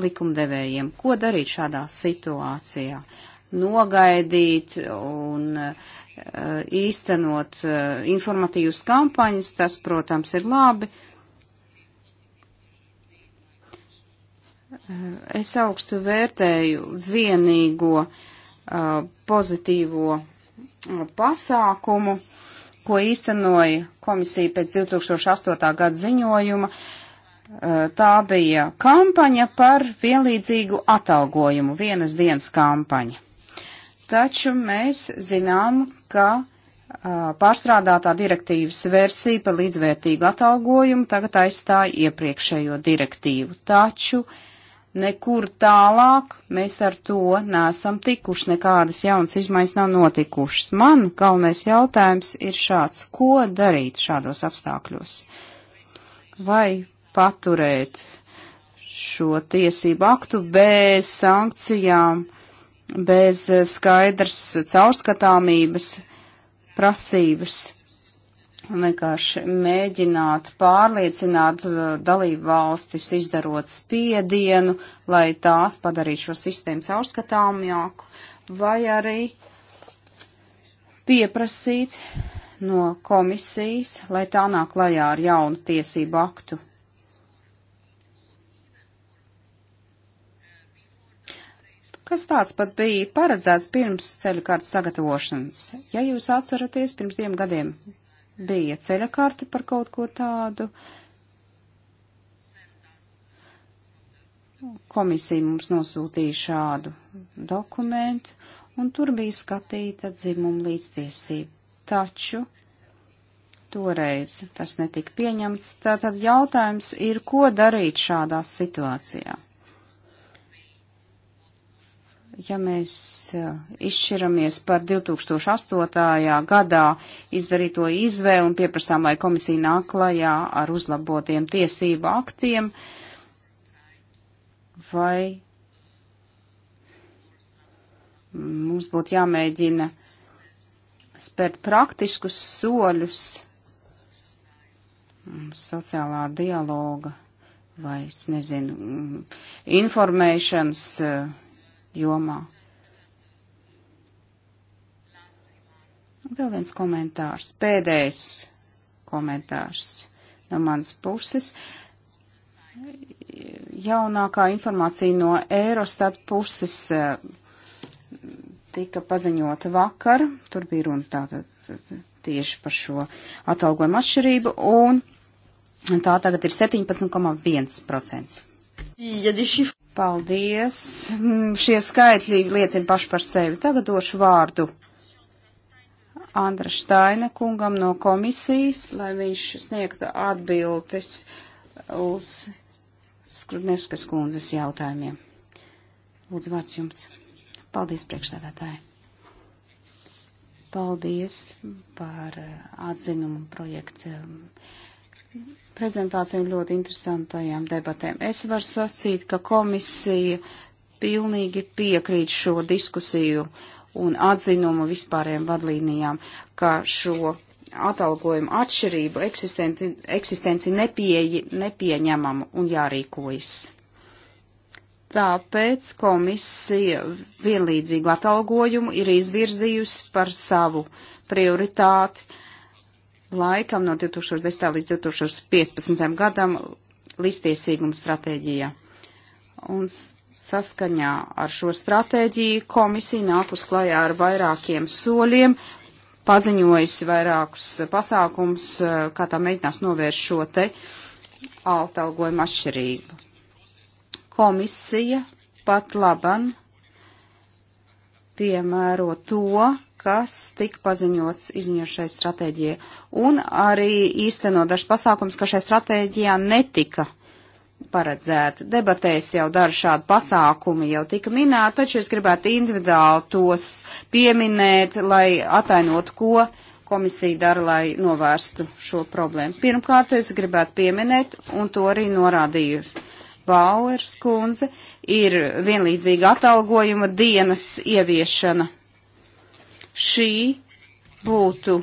likumdevējiem, ko darīt šādā situācijā? Nogaidīt un uh, Eh, īstenot eh, informatīvas kampaņas, tas, protams, ir labi. Eh, es augstu vērtēju vienīgo pozitīvo pasākumu, ko īstenoja komisija pēc 2008. gada ziņojuma. Tā bija kampaņa par vienlīdzīgu atalgojumu, vienas dienas kampaņa. Taču mēs zinām, ka pārstrādātā direktīvas versija par līdzvērtīgu atalgojumu tagad aizstāja iepriekšējo direktīvu, taču nekur tālāk mēs ar to nesam tikuši, nekādas jaunas izmaiņas nav notikušas. Man galvenais jautājums ir šāds, ko darīt šādos apstākļos? Vai paturēt šo tiesību aktu bez sankcijām? bez eh, skaidrs caurskatāmības prasības vienkārši mēģināt pārliecināt eh, dalību valstis, izdarot spiedienu, lai tās padarītu šo sistēmu caurskatāmāku, vai arī pieprasīt no komisijas, lai tā nāk lajā ar jaunu tiesību aktu. kas tāds pat bija paredzēts pirms ceļu kārtas sagatavošanas. Ja jūs atceraties, pirms diviem gadiem bija ceļa kārta par kaut ko tādu. Komisija mums nosūtīja šādu dokumentu, un tur bija skatīta dzimuma līdztiesība. Taču toreiz tas netika pieņemts. Tātad jautājums ir, ko darīt šādā situācijā? ja mēs eh, izšķiramies par 2008. gadā izdarīto izvēlu un pieprasām, lai komisija nāk klajā ar uzlabotiem tiesību aktiem, vai mums būtu jāmēģina spērt praktiskus soļus sociālā dialoga vai, es nezinu, informēšanas eh, jomā. Vēl viens komentārs, pēdējais komentārs no manas puses. Jaunākā informācija no Eurostat puses eh, tika paziņota vakar, tur bija runa tātad tieši par šo atalgojumu atšķirību, un tā tagad ir 17,1%. Paldies. Mm, šie skaitļi liecina paši par sevi. Tagad došu vārdu Andra Štaina kungam no komisijas, lai viņš sniegtu atbildes uz Skrudnevskas kundzes jautājumiem. Lūdzu, vārds jums. Paldies, priekšsēdētāji. Paldies par atzinumu projektu prezentācijām ļoti interesantajām debatēm. Es varu sacīt, ka komisija pilnīgi piekrīt šo diskusiju un atzinumu vispārējiem vadlīnijām, ka šo atalgojumu atšķirību eksistenci nepie, nepieņemamu un jārīkojas. Tāpēc komisija vienlīdzīgu atalgojumu ir izvirzījusi par savu prioritāti laikam no 2010. līdz 2015. gadam līdztiesīguma stratēģijā. Un saskaņā ar šo stratēģiju komisija nāk uz klajā ar vairākiem soļiem, paziņojusi vairākus pasākums, eh, kā tā mēģinās novērst šo te altalgojumu atšķirību. Komisija pat laban piemēro to, kas tika paziņots izņošai stratēģijai, un arī īstenot dažs pasākums, ka šai stratēģijā netika paredzēti. Debatēs jau daži šādi pasākumi jau tika minēti, taču es gribētu individuāli tos pieminēt, lai atainot, ko komisija dara, lai novērstu šo problēmu. Pirmkārt, es gribētu pieminēt, un to arī norādīju Bauers kundze, ir vienlīdzīga atalgojuma dienas ieviešana šī būtu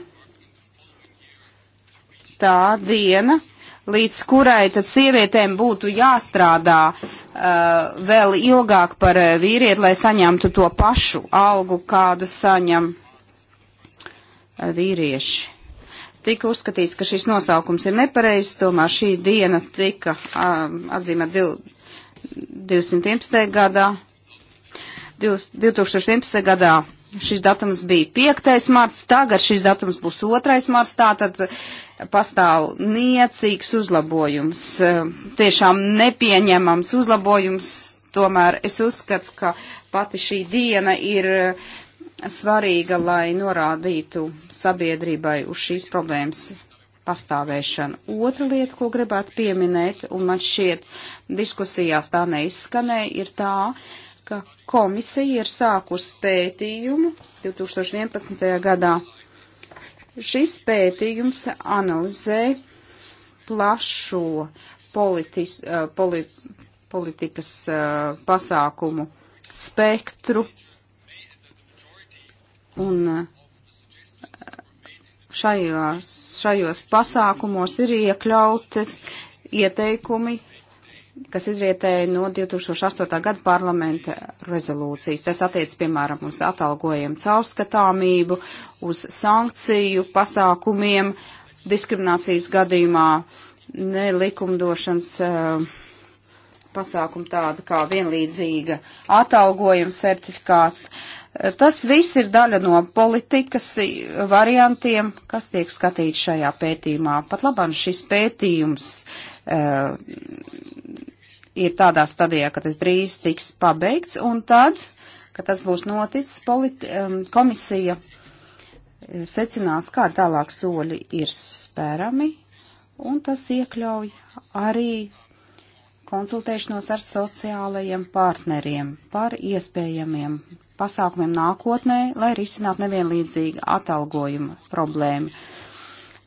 tā diena, līdz kurai tad sievietēm būtu jāstrādā uh, vēl ilgāk par uh, vīrieti, lai saņemtu to pašu algu, kādu saņem uh, vīrieši. Tika uzskatīts, ka šis nosaukums ir nepareizs, tomēr šī diena tika um, atzīmēta 211. gadā. 2011. gadā šis datums bija 5. marts, tagad šis datums būs 2. marts, tātad pastāv niecīgs uzlabojums, e, tiešām nepieņemams uzlabojums, tomēr es uzskatu, ka pati šī diena ir e, svarīga, lai norādītu sabiedrībai uz šīs problēmas pastāvēšanu. Otra lieta, ko gribētu pieminēt, un man šķiet diskusijās tā neizskanēja, ir tā, ka Komisija ir sākus pētījumu 2011. gadā. Šis pētījums analizē plašo politis, eh, polit, politikas eh, pasākumu spektru un eh, šajos, šajos pasākumos ir iekļauti ieteikumi kas izrietēja no 2008. gada parlamenta rezolūcijas. Tas attiec, piemēram, uz atalgojumu caurskatāmību, uz sankciju pasākumiem, diskriminācijas gadījumā, nelikumdošanas uh, pasākumu tādu kā vienlīdzīga atalgojuma certifikāts. Eh, tas viss ir daļa no politikas eh, variantiem, kas tiek skatīts šajā pētījumā. Pat labāk šis pētījums uh, ir tādā stadijā, ka tas drīz tiks pabeigts, un tad, kad tas būs noticis, politi, komisija eh, secinās, kā tālāk soļi ir spērami, un tas iekļauj arī konsultēšanos ar sociālajiem partneriem par iespējamiem pasākumiem nākotnē, lai risinātu nevienlīdzīgu atalgojumu problēmu.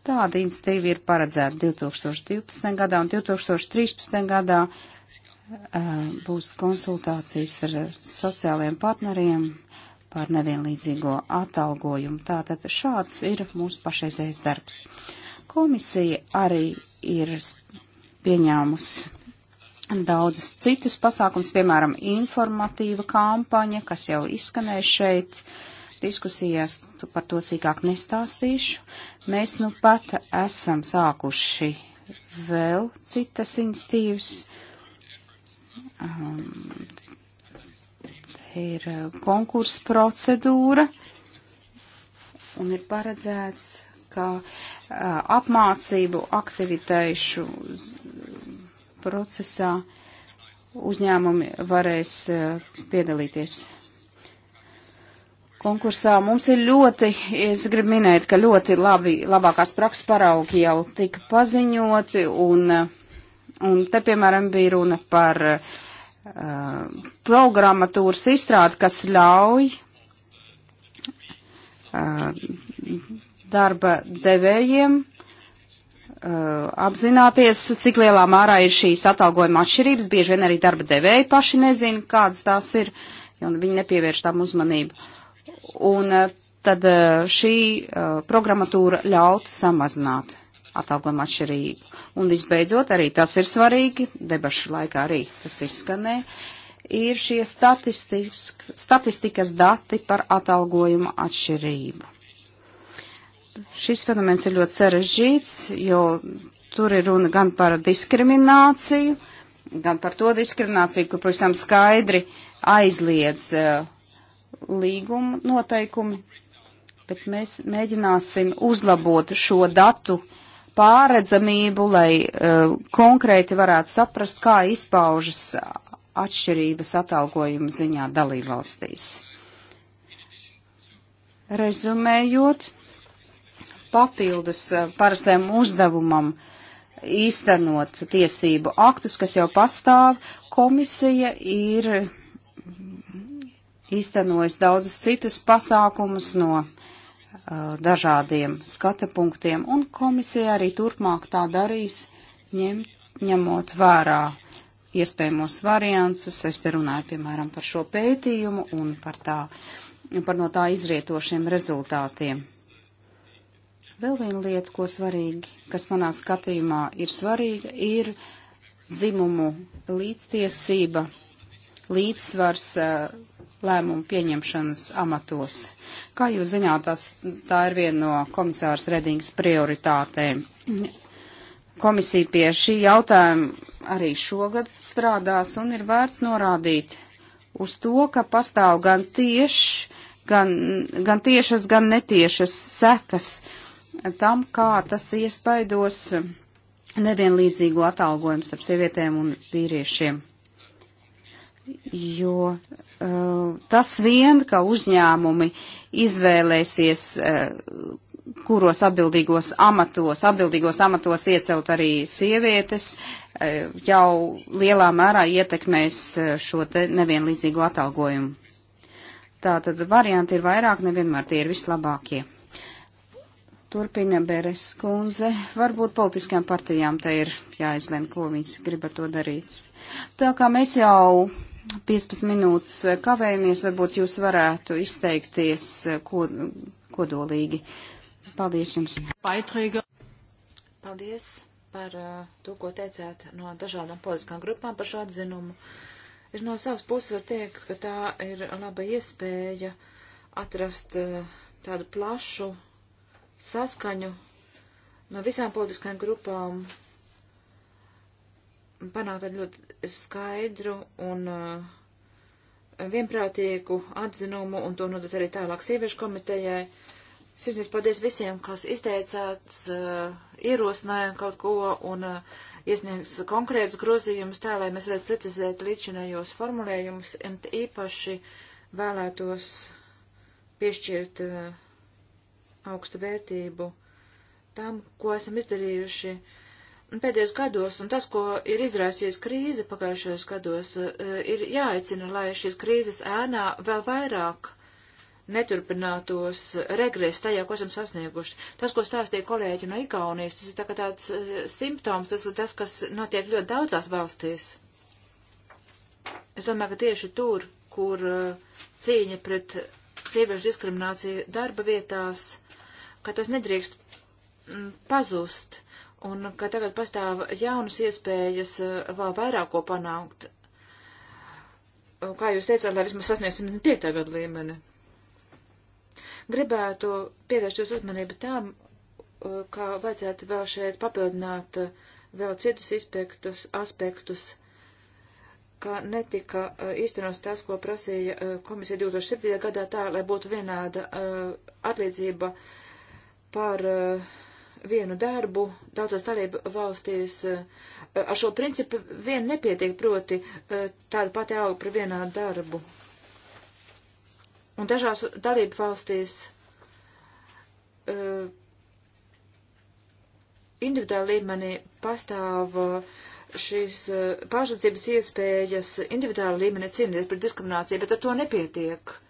Tāda institīva ir paredzēta 2012. gadā un 2013. gadā Eh, būs konsultācijas ar sociālajiem partneriem par nevienlīdzīgo atalgojumu. Tātad šāds ir mūsu pašreizējais darbs. Komisija arī ir pieņēmusi daudzus citus pasākums, piemēram, informatīva kampaņa, kas jau izskanēja šeit diskusijās, tu par to sīkāk nestāstīšu. Mēs nu pat esam sākuši vēl citas institīvas Um, ir uh, konkursa procedūra un ir paredzēts, ka uh, apmācību aktivitēšu procesā uzņēmumi varēs uh, piedalīties. Konkursā mums ir ļoti, es gribu minēt, ka ļoti labi, labākās prakses paraugi jau tika paziņoti, un, uh, un te, piemēram, bija runa par uh, Uh, programmatūras izstrādi, kas ļauj uh, darba devējiem uh, apzināties, cik lielā mērā ir šīs atalgojuma atšķirības. Bieži vien arī darba devēji paši nezina, kādas tās ir, un viņi nepievērš tam uzmanību. Un tad šī programmatūra ļautu samazināt atalgojuma atšķirību. Un visbeidzot, arī tas ir svarīgi, debašu laikā arī tas izskanē, ir šie statistikas dati par atalgojuma atšķirību. Šis fenomens ir ļoti sarežģīts, jo tur ir runa gan par diskrimināciju, gan par to diskrimināciju, kur, protams, skaidri aizliedz uh, līguma noteikumi, bet mēs mēģināsim uzlabot šo datu pāredzamību, lai uh, konkrēti varētu saprast, kā izpaužas atšķirības atalgojuma ziņā dalībvalstīs. Rezumējot, papildus eh, parastajam uzdevumam īstenot tiesību aktus, kas jau pastāv, komisija ir īstenojis daudzas citus pasākumus no Uh, dažādiem skata punktiem, un komisija arī turpmāk tā darīs, ņem, ņemot vērā iespējamos variantus. Es te runāju, piemēram, par šo pētījumu un par, tā, par no tā izrietošiem rezultātiem. Vēl viena lieta, ko svarīgi, kas manā skatījumā ir svarīga, ir dzimumu līdztiesība, līdzsvars uh, lēmumu pieņemšanas amatos. Kā jūs zināt, tas, tā ir viena no komisārs Redingas prioritātēm. Komisija pie šī jautājuma arī šogad strādās un ir vērts norādīt uz to, ka pastāv gan tieši, gan, gan tiešas, gan netiešas sekas tam, kā tas iespaidos nevienlīdzīgo atalgojumu starp sievietēm un vīriešiem jo uh, tas vien, ka uzņēmumi izvēlēsies, uh, kuros atbildīgos amatos, atbildīgos amatos iecelt arī sievietes, uh, jau lielā mērā ietekmēs uh, šo te nevienlīdzīgo atalgojumu. Tātad varianti ir vairāk, nevienmēr tie ir vislabākie. Turpina Beres kundze. Varbūt politiskajām partijām te ir jāizlem, ko viņas grib ar to darīt. Tā kā mēs jau 15 minūtes eh, kavējamies, varbūt jūs varētu izteikties eh, kod, kodolīgi. Paldies jums. Paitrīga. Paldies par eh, to, ko teicāt no dažādām politiskām grupām par šo atzinumu. Es no savas puses varu teikt, ka tā ir laba iespēja atrast tādu plašu saskaņu no visām politiskajām grupām panākt tādu ļoti skaidru un uh, vienprātīgu atzinumu un to nodot arī tālāk sieviešu komitejai. Sirsnīgs paldies visiem, kas izteicāts, uh, ierosināja kaut ko un uh, iesniegs konkrētus grozījumus tā, lai mēs varētu precizēt līdzinējos formulējumus un īpaši vēlētos piešķirt uh, augstu vērtību tam, ko esam izdarījuši uh, pēdējos gados un tas, ko ir izraisījis krīze pagājušajos gados, eh, ir jāaicina, lai šīs krīzes ēnā vēl vairāk neturpinātos regres tajā, ko esam sasnieguši. Tas, ko stāstīja kolēģi no Igaunijas, tas ir tā kā tāds eh, simptoms, tas ir tas, kas notiek ļoti daudzās valstīs. Es domāju, ka tieši tur, kur eh, cīņa pret sieviešu diskrimināciju darba vietās, ka tas nedrīkst mm, pazust un ka tagad pastāv jaunas iespējas eh, vēl vairāk ko panākt. Kā jūs teicāt, lai vismaz sasniegsim 5. gadu līmeni. Gribētu pievērst jūsu uzmanību tām, eh, kā vajadzētu vēl šeit papildināt eh, vēl citus aspektus, aspektus ka netika īstenos tas, ko prasīja komisija 2007. gadā tā, lai būtu vienāda atlīdzība par uh, vienu darbu daudzās dalību valstīs. Eh, ar šo principu vien nepietiek proti eh, tāda pati auga par vienādu darbu. Un dažās dalību valstīs eh, individuāli līmenī pastāv šīs pārsūdzības iespējas individuāli līmenī cīnīties par diskrimināciju, bet ar to nepietiek. Uh,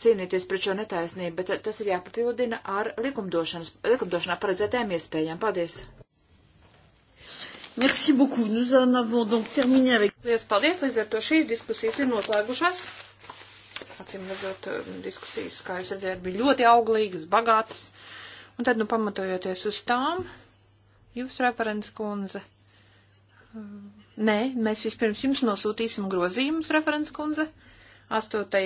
cīnīties pret šo netaisnību, bet tas ir jāpapildina ar likumdošanā paredzētajām iespējām. Paldies! Merci beaucoup. Nous en avons donc terminé avec. Liels paldies, līdz ar to šīs diskusijas ir noslēgušās. Acīm redzot, um, diskusijas, kā jūs redzējāt, bija ļoti auglīgas, bagātas. Un tad, nu, pamatojoties uz tām, jūs, referents kundze, um, nē, mēs vispirms jums nosūtīsim grozījumus, referents kundze. 8.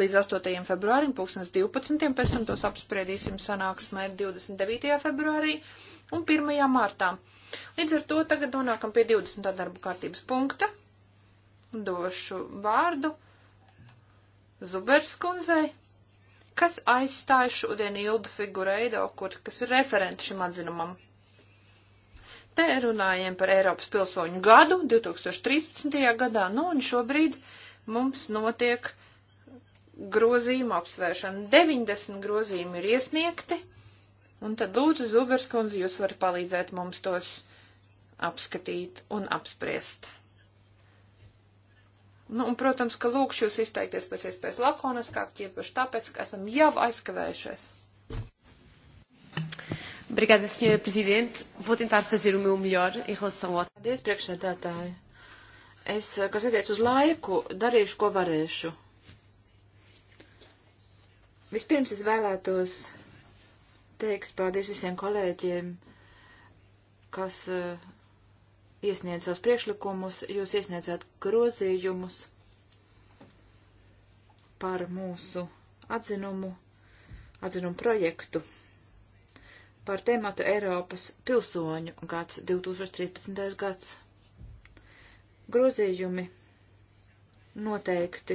līdz 8. februārim, 2012. pēc tam tos apspriedīsim sanāksmē 29. februārī un 1. martā. Līdz ar to tagad nonākam pie 20. darba kārtības punkta. Došu vārdu Zuberskundzei, kas aizstāja šodien Ildu Figureido, kur, kas ir referenti šim atzinumam. Te runājam par Eiropas pilsoņu gadu 2013. gadā, nu un šobrīd uh, mums notiek grozījuma apsvēršana. 90 grozījumi ir iesniegti, un tad lūdzu, Zuberskundze, jūs varat palīdzēt mums tos apskatīt un apspriest. Nu, un, protams, ka lūkšu jūs izteikties pēc iespējas lakoniskāk, tiepaši tāpēc, ka esam jau aizkavējušies. Obrigada, Sra. Presidente. Vou tentar fazer o meu melhor em relação ao... Adeus, priekšsēdētāji es, eh, kas attiec uz laiku, darīšu, ko varēšu. Vispirms es vēlētos teikt paldies visiem kolēģiem, kas uh, iesniedz savus priekšlikumus, jūs iesniedzāt grozījumus par mūsu atzinumu, atzinumu projektu par tēmatu Eiropas pilsoņu gads 2013. gads. Grozījumi noteikti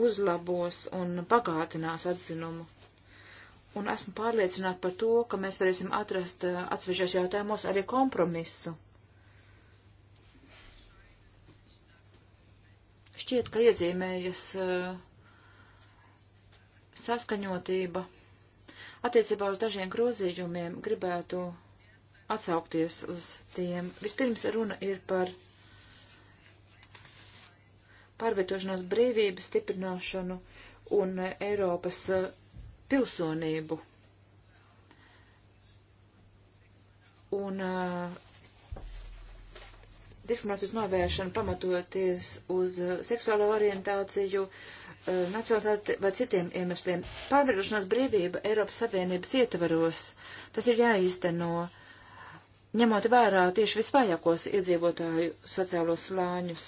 uzlabos un pagātinās atzinumu. Un esmu pārliecināta par to, ka mēs varēsim atrast eh, atsevišķos jautājumos arī kompromisu. Šķiet, ka iezīmējas eh, saskaņotība. Attiecībā uz dažiem grozījumiem gribētu atsaukties uz tiem. Vispirms runa ir par pārvietošanās brīvības stiprināšanu un Eiropas eh, pilsonību. Un uh, diskriminācijas novēršana pamatoties uz eh, seksuālo orientāciju, uh, nacionalitāti vai citiem iemesliem. Pārvietošanās brīvība Eiropas Savienības ietvaros, tas ir jāīsteno. Uh, ņemot vērā tieši visvājākos iedzīvotāju sociālos slāņus.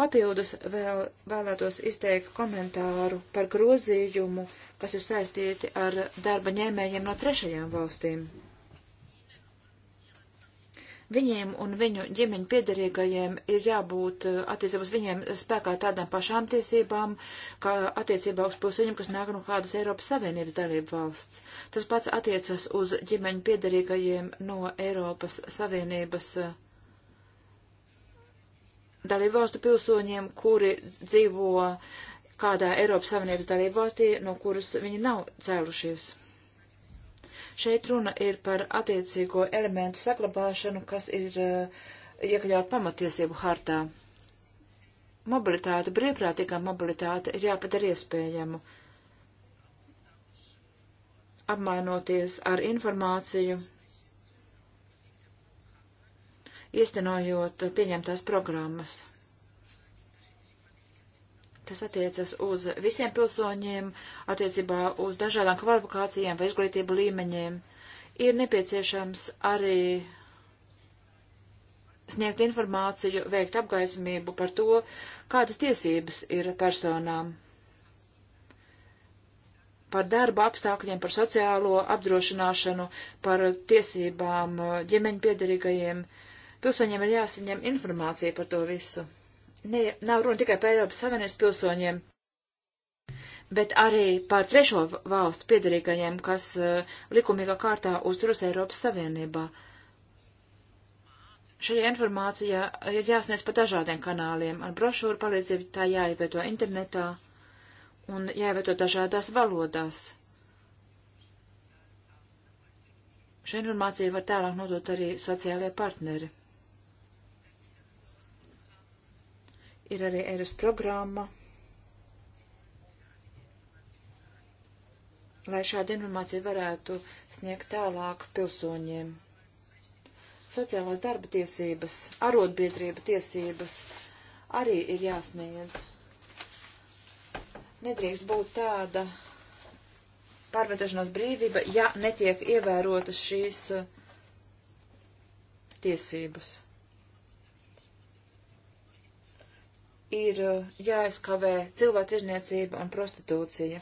Papildus vēl vēlētos izteikt komentāru par grozījumu, kas ir saistīti ar darba ņēmējiem no trešajām valstīm. Viņiem un viņu ģimeņu piedarīgajiem ir jābūt eh, attiecībā uz viņiem spēkā tādām pašām tiesībām, kā attiecībā uz pusiņiem, kas nāk no kādas Eiropas Savienības dalību valsts. Tas pats attiecas uz ģimeņu piedarīgajiem no Eiropas Savienības eh, dalību valstu pilsoņiem, kuri dzīvo kādā Eiropas Savienības dalību valstī, no kuras viņi nav cēlušies. Šeit runa ir par attiecīgo elementu saglabāšanu, kas ir uh, iekļaut pamatiesību hartā. Mobilitāte, brīvprātīgā mobilitāte ir jāpadara iespējamu. Apmainoties ar informāciju, iestenojot pieņemtās programmas. Tas attiecas uz visiem pilsoņiem, attiecībā uz dažādām kvalifikācijām vai izglītību līmeņiem. Ir nepieciešams arī sniegt informāciju, veikt apgaismību par to, kādas tiesības ir personām par darba apstākļiem, par sociālo apdrošināšanu, par tiesībām ģimeņu piedarīgajiem. Pilsoņiem ir jāsaņem informācija par to visu ne, nav runa tikai par Eiropas Savienības pilsoņiem, bet arī par trešo valstu piedarīgajiem, kas uh, likumīgā kārtā uzturas Eiropas Savienībā. Šajā informācijā ir jāsniedz pa dažādiem kanāliem, ar brošūru palīdzību tā jāievieto internetā un jāievieto dažādās valodās. Šo informāciju var tālāk nodot arī sociālajie partneri. ir arī Eiras programma, lai šādu informāciju varētu sniegt tālāk pilsoņiem. Sociālās darba tiesības, arotbiedrība tiesības arī ir jāsniedz. Nedrīkst būt tāda pārvietošanās brīvība, ja netiek ievērotas šīs eh, tiesības. ir eh, jāizkavē cilvēktirniecība un prostitūcija.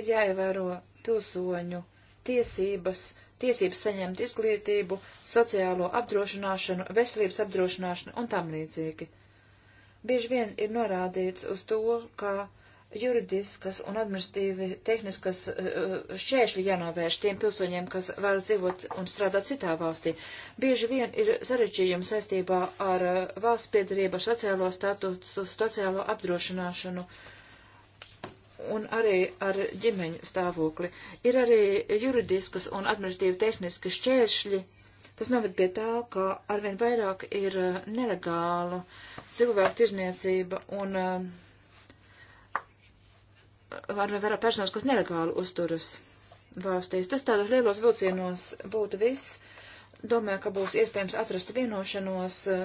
Ir jāievēro pilsoņu tiesības, tiesības saņemt izglītību, sociālo apdrošināšanu, veselības apdrošināšanu un tam līdzīgi. Bieži vien ir norādīts uz to, ka juridiskas un administratīvi tehniskas eh, šķēršļi jānovērš tiem pilsoņiem, kas vēl dzīvot un strādāt citā valstī. Bieži vien ir sarežģījumi saistībā ar eh, valsts piedarību, sociālo statusu, sociālo apdrošināšanu un arī ar ģimeņu stāvokli. Ir arī juridiskas un administratīvi tehniski šķēršļi. Tas noved pie tā, ka arvien vairāk ir eh, nelegāla cilvēku tirzniecība un uh, arvien vairāk personas, kas nelegāli uzturas valstīs. Tas tādos lielos vilcienos būtu viss. Domāju, ka būs iespējams atrast vienošanos eh,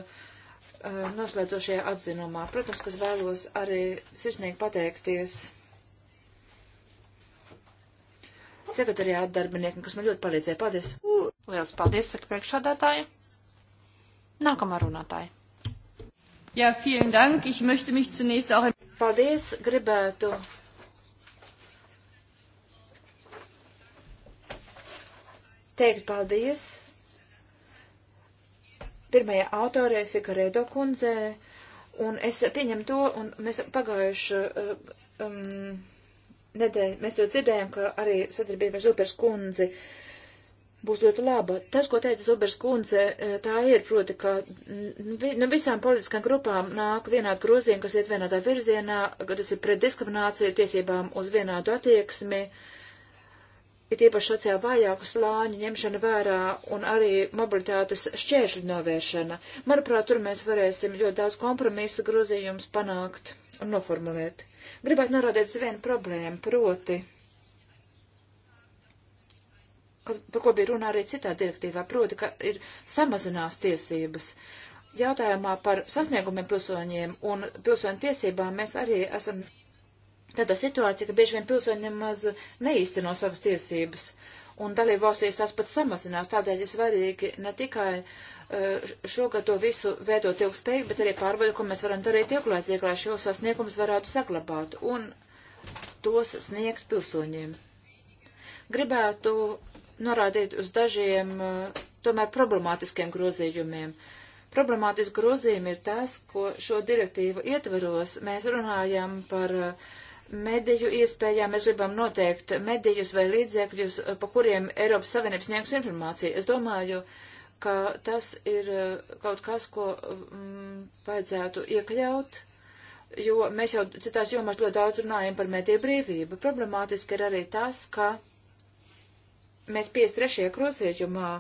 eh, noslēdzošajā atzinumā. Protams, kas vēlos arī sirsnīgi pateikties sekretariāta darbiniekam, kas man ļoti palīdzēja. Paldies! Lielas paldies, saka priekšādātāja. Nākamā runātāja. Jā, ja, vielen dank. Ich möchte mich zunächst auch. Paldies, gribētu teikt paldies pirmajai autorei Figuredo kundzē, un es pieņemu to, un mēs pagājuši eh, um, nedēļu, mēs to dzirdējām, ka arī sadarbība ar Zubers kundzi būs ļoti laba. Tas, ko teica Zubers kundze, eh, tā ir, proti, ka nu, visām politiskām grupām nāk vienādi grozījumi, kas iet vienādā virzienā, ka tas ir pret diskrimināciju, tiesībām uz vienādu attieksmi. Uh, ir īpaši sociāli vājāku slāņu ņemšana vērā un arī mobilitātes šķēršļu novēršana. Manuprāt, tur mēs varēsim ļoti daudz kompromisa grozījumus panākt un noformulēt. Gribētu norādīt uz vienu problēmu, proti, kas, par ko bija runā arī citā direktīvā, proti, ka ir samazinās tiesības. Jautājumā par sasniegumiem pilsoņiem un pilsoņu tiesībām mēs arī esam tādā situācijā, ka bieži vien pilsoņi nemaz neīsteno savas tiesības. Un dalību valstīs tās pat samazinās, tādēļ ir svarīgi ne tikai eh, šogad to visu veidot ilgspējīgi, bet arī pārbaudīt, ko mēs varam darīt ilglaicīgi, lai šo sasniegumus varētu saglabāt un tos sniegt pilsoņiem. Gribētu norādīt uz dažiem eh, tomēr problemātiskiem grozījumiem. Problemātiski grozījumi ir tas, ko šo direktīvu ietveros mēs runājam par uh, mediju iespējām. Mēs gribam noteikt medijus vai līdzekļus, pa kuriem Eiropas Savienības sniegs informāciju. Es domāju, ka tas ir uh, kaut kas, ko mm, vajadzētu iekļaut, jo mēs jau citās jomās ļoti daudz runājam par mediju brīvību. Problemātiski ir arī tas, ka mēs 53. krosieģumā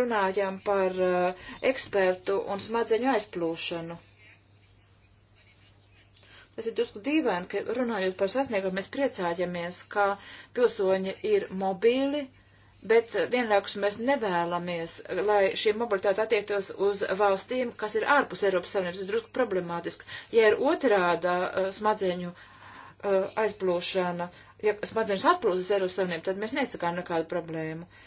runājam par uh, ekspertu un smadzeņu aizplūšanu Tas ir drusku dīvaini, ka runājot par sasniegumiem, mēs priecājamies, ka pilsoņi ir mobīli, bet vienlaikus mēs nevēlamies, lai šī mobilitāte attiektos uz valstīm, kas ir ārpus Eiropas Savienības. Tas ir drusku problemātiski. Ja ir otrāda uh, smadzeņu uh, aizplūšana, ja smadzenes atplūst uz Eiropas Savienību, tad mēs nesakām nekādu problēmu. Uh,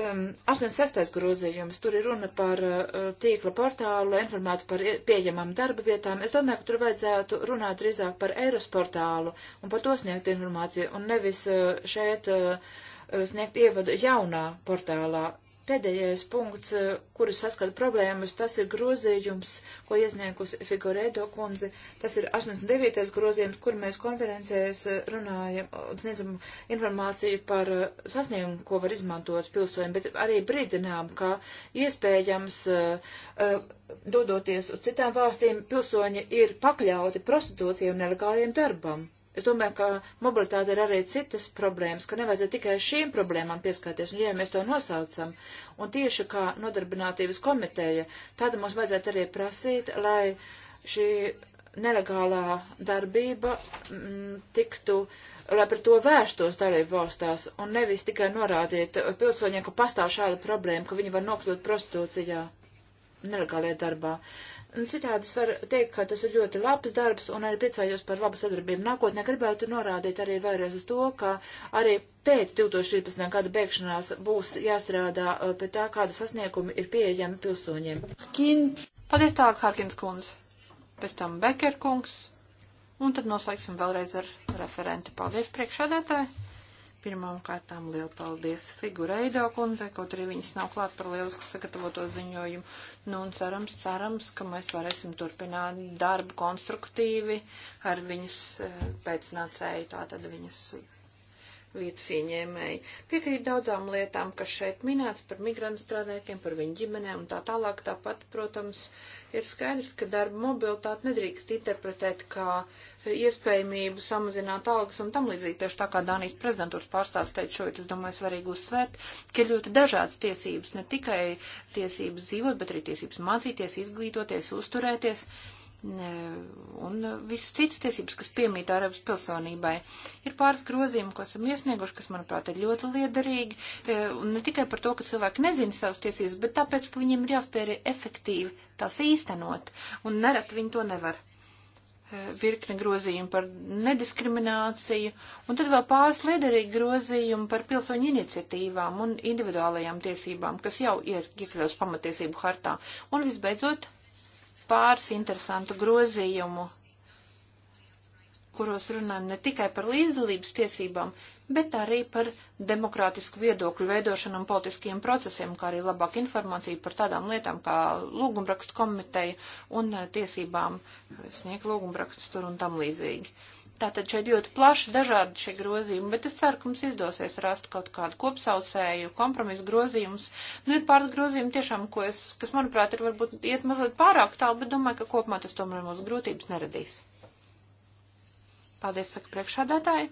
um, 86. grozījums, tur ir runa par uh, tīkla portālu, lai informētu par pieejamām darba vietām. Es domāju, ka tur vajadzētu runāt drīzāk par Eiros portālu un par to sniegt informāciju, un nevis uh, šeit uh, sniegt ievadu jaunā portālā. Pēdējais punkts, eh, kuras saskata problēmas, tas ir grozījums, ko iesniegus Figuredo kundze. Tas ir 89. grozījums, kur mēs konferencēs eh, runājam, sniedzam informāciju par eh, sasniegumu, ko var izmantot pilsoņiem, bet arī brīdinām, ka iespējams, dodoties uz citām valstīm, pilsoņi ir pakļauti prostitūcijai un nelegāliem darbam. Es domāju, ka mobilitāte ir arī citas problēmas, ka nevajadzētu tikai šīm problēmām pieskarties, un ja mēs to nosaucam, un tieši kā nodarbinātības komiteja, tad mums vajadzētu arī prasīt, lai šī nelegālā darbība m, mm, tiktu, lai par to vērstos dalību valstās, un nevis tikai norādīt pilsoņiem, ka pastāv šāda problēma, ka viņi var nokļūt prostitūcijā, nelegālajā darbā. Nu, citādi es varu teikt, ka tas ir ļoti labs darbs un arī priecājos par labu sadarbību. Nākotnē gribētu norādīt arī vēlreiz uz to, ka arī pēc 2013. gada beigšanās būs jāstrādā uh, pie tā, kāda sasniegumi ir pieejami pilsoņiem. Paldies tālāk, Harkins kundze. Pēc tam Beker kungs. Un tad noslēgsim vēlreiz ar referenti. Paldies priekšādātāji. Pirmām kārtām liela paldies figureido kundzei, kaut arī viņas nav klāt par lielisku sagatavoto ziņojumu. Nu un cerams, cerams, ka mēs varēsim turpināt darbu konstruktīvi ar viņas eh, pēcnācēju, tātad viņas vietas ieņēmēji. Piekrīt daudzām lietām, kas šeit minēts par migrantu strādniekiem, par viņu ģimenēm un tā tālāk. Tāpat, protams, ir skaidrs, ka darba mobilitāte nedrīkst interpretēt kā iespējamību samazināt algas un tam līdzīgi. Tieši tā kā Dānijas prezidentūras pārstāvs teica šeit, es domāju, svarīgi uzsvērt, ka ir ļoti dažādas tiesības, ne tikai tiesības dzīvot, bet arī tiesības mācīties, izglītoties, uzturēties. Uh, un visas citas tiesības, kas piemīt Arabas pilsonībai. Ir pāris grozījumi, ko esam iesnieguši, kas, manuprāt, ir ļoti liederīgi, e, un ne tikai par to, ka cilvēki nezina savas tiesības, bet tāpēc, ka viņiem ir jāspēj efektīvi tās īstenot, un nerad viņi to nevar e, virkni grozījumu par nediskrimināciju, un tad vēl pāris liederīgi grozījumu par pilsoņu iniciatīvām un individuālajām tiesībām, kas jau ir iekļauts pamatiesību hartā. Un visbeidzot, pāris interesantu grozījumu, kuros runājam ne tikai par līdzdalības tiesībām, bet arī par demokrātisku viedokļu veidošanu un politiskiem procesiem, kā arī labāk informāciju par tādām lietām kā lūgumrakstu komiteja un eh, tiesībām sniegt lūgumrakstus tur un tam līdzīgi. Tātad šeit ļoti plaši dažādi šie grozījumi, bet es ceru, ka mums izdosies rast kaut kādu kopsaucēju, kompromisu grozījumus. Nu, ir pāris grozījumi tiešām, ko es, kas, manuprāt, ir varbūt iet mazliet pārāk tālu, bet domāju, ka kopumā tas tomēr mums grūtības neradīs. Paldies, saka priekšādātāji.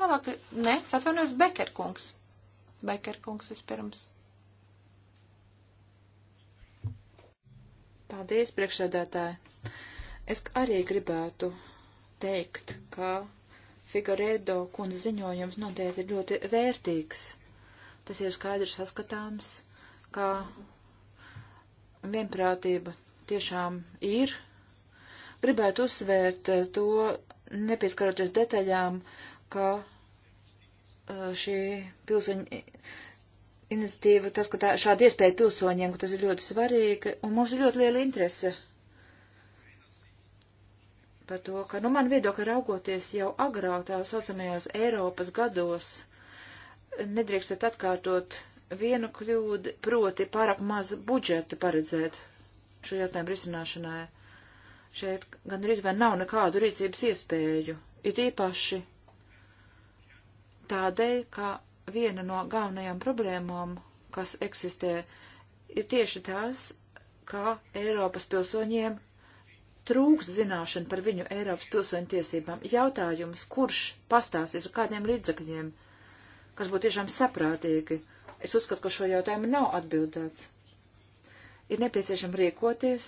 Tālāk, ne, es atvainojos, Bekerkungs. Bekerkungs vispirms. Paldies, priekšsēdētāji. Es arī gribētu teikt, ka Figaredo kundze ziņojums noteikti ir ļoti vērtīgs. Tas ir skaidrs saskatāms, ka vienprātība tiešām ir. Gribētu uzsvērt eh, to, nepieskaroties detaļām, ka eh, šī pilsoņa iniciatīva, tas, ka tā, šāda iespēja pilsoņiem, ka tas ir ļoti svarīgi, un mums ir ļoti liela interese par to, ka, nu, man viedokļi raugoties jau agrāk tā saucamajās Eiropas gados, nedrīkstat atkārtot vienu kļūdu, proti pārāk maz budžeta paredzēt šo jautājumu risināšanai. Šeit gan arī vai nav nekādu rīcības iespēju. Ir īpaši tādēļ, ka viena no galvenajām problēmām, kas eksistē, ir tieši tās, kā Eiropas pilsoņiem trūks zināšana par viņu Eiropas pilsoņu tiesībām. Jautājums, kurš pastāstīs ar kādiem līdzakļiem, kas būtu tiešām saprātīgi, es uzskatu, ka šo jautājumu nav atbildēts. Ir nepieciešama rīkoties.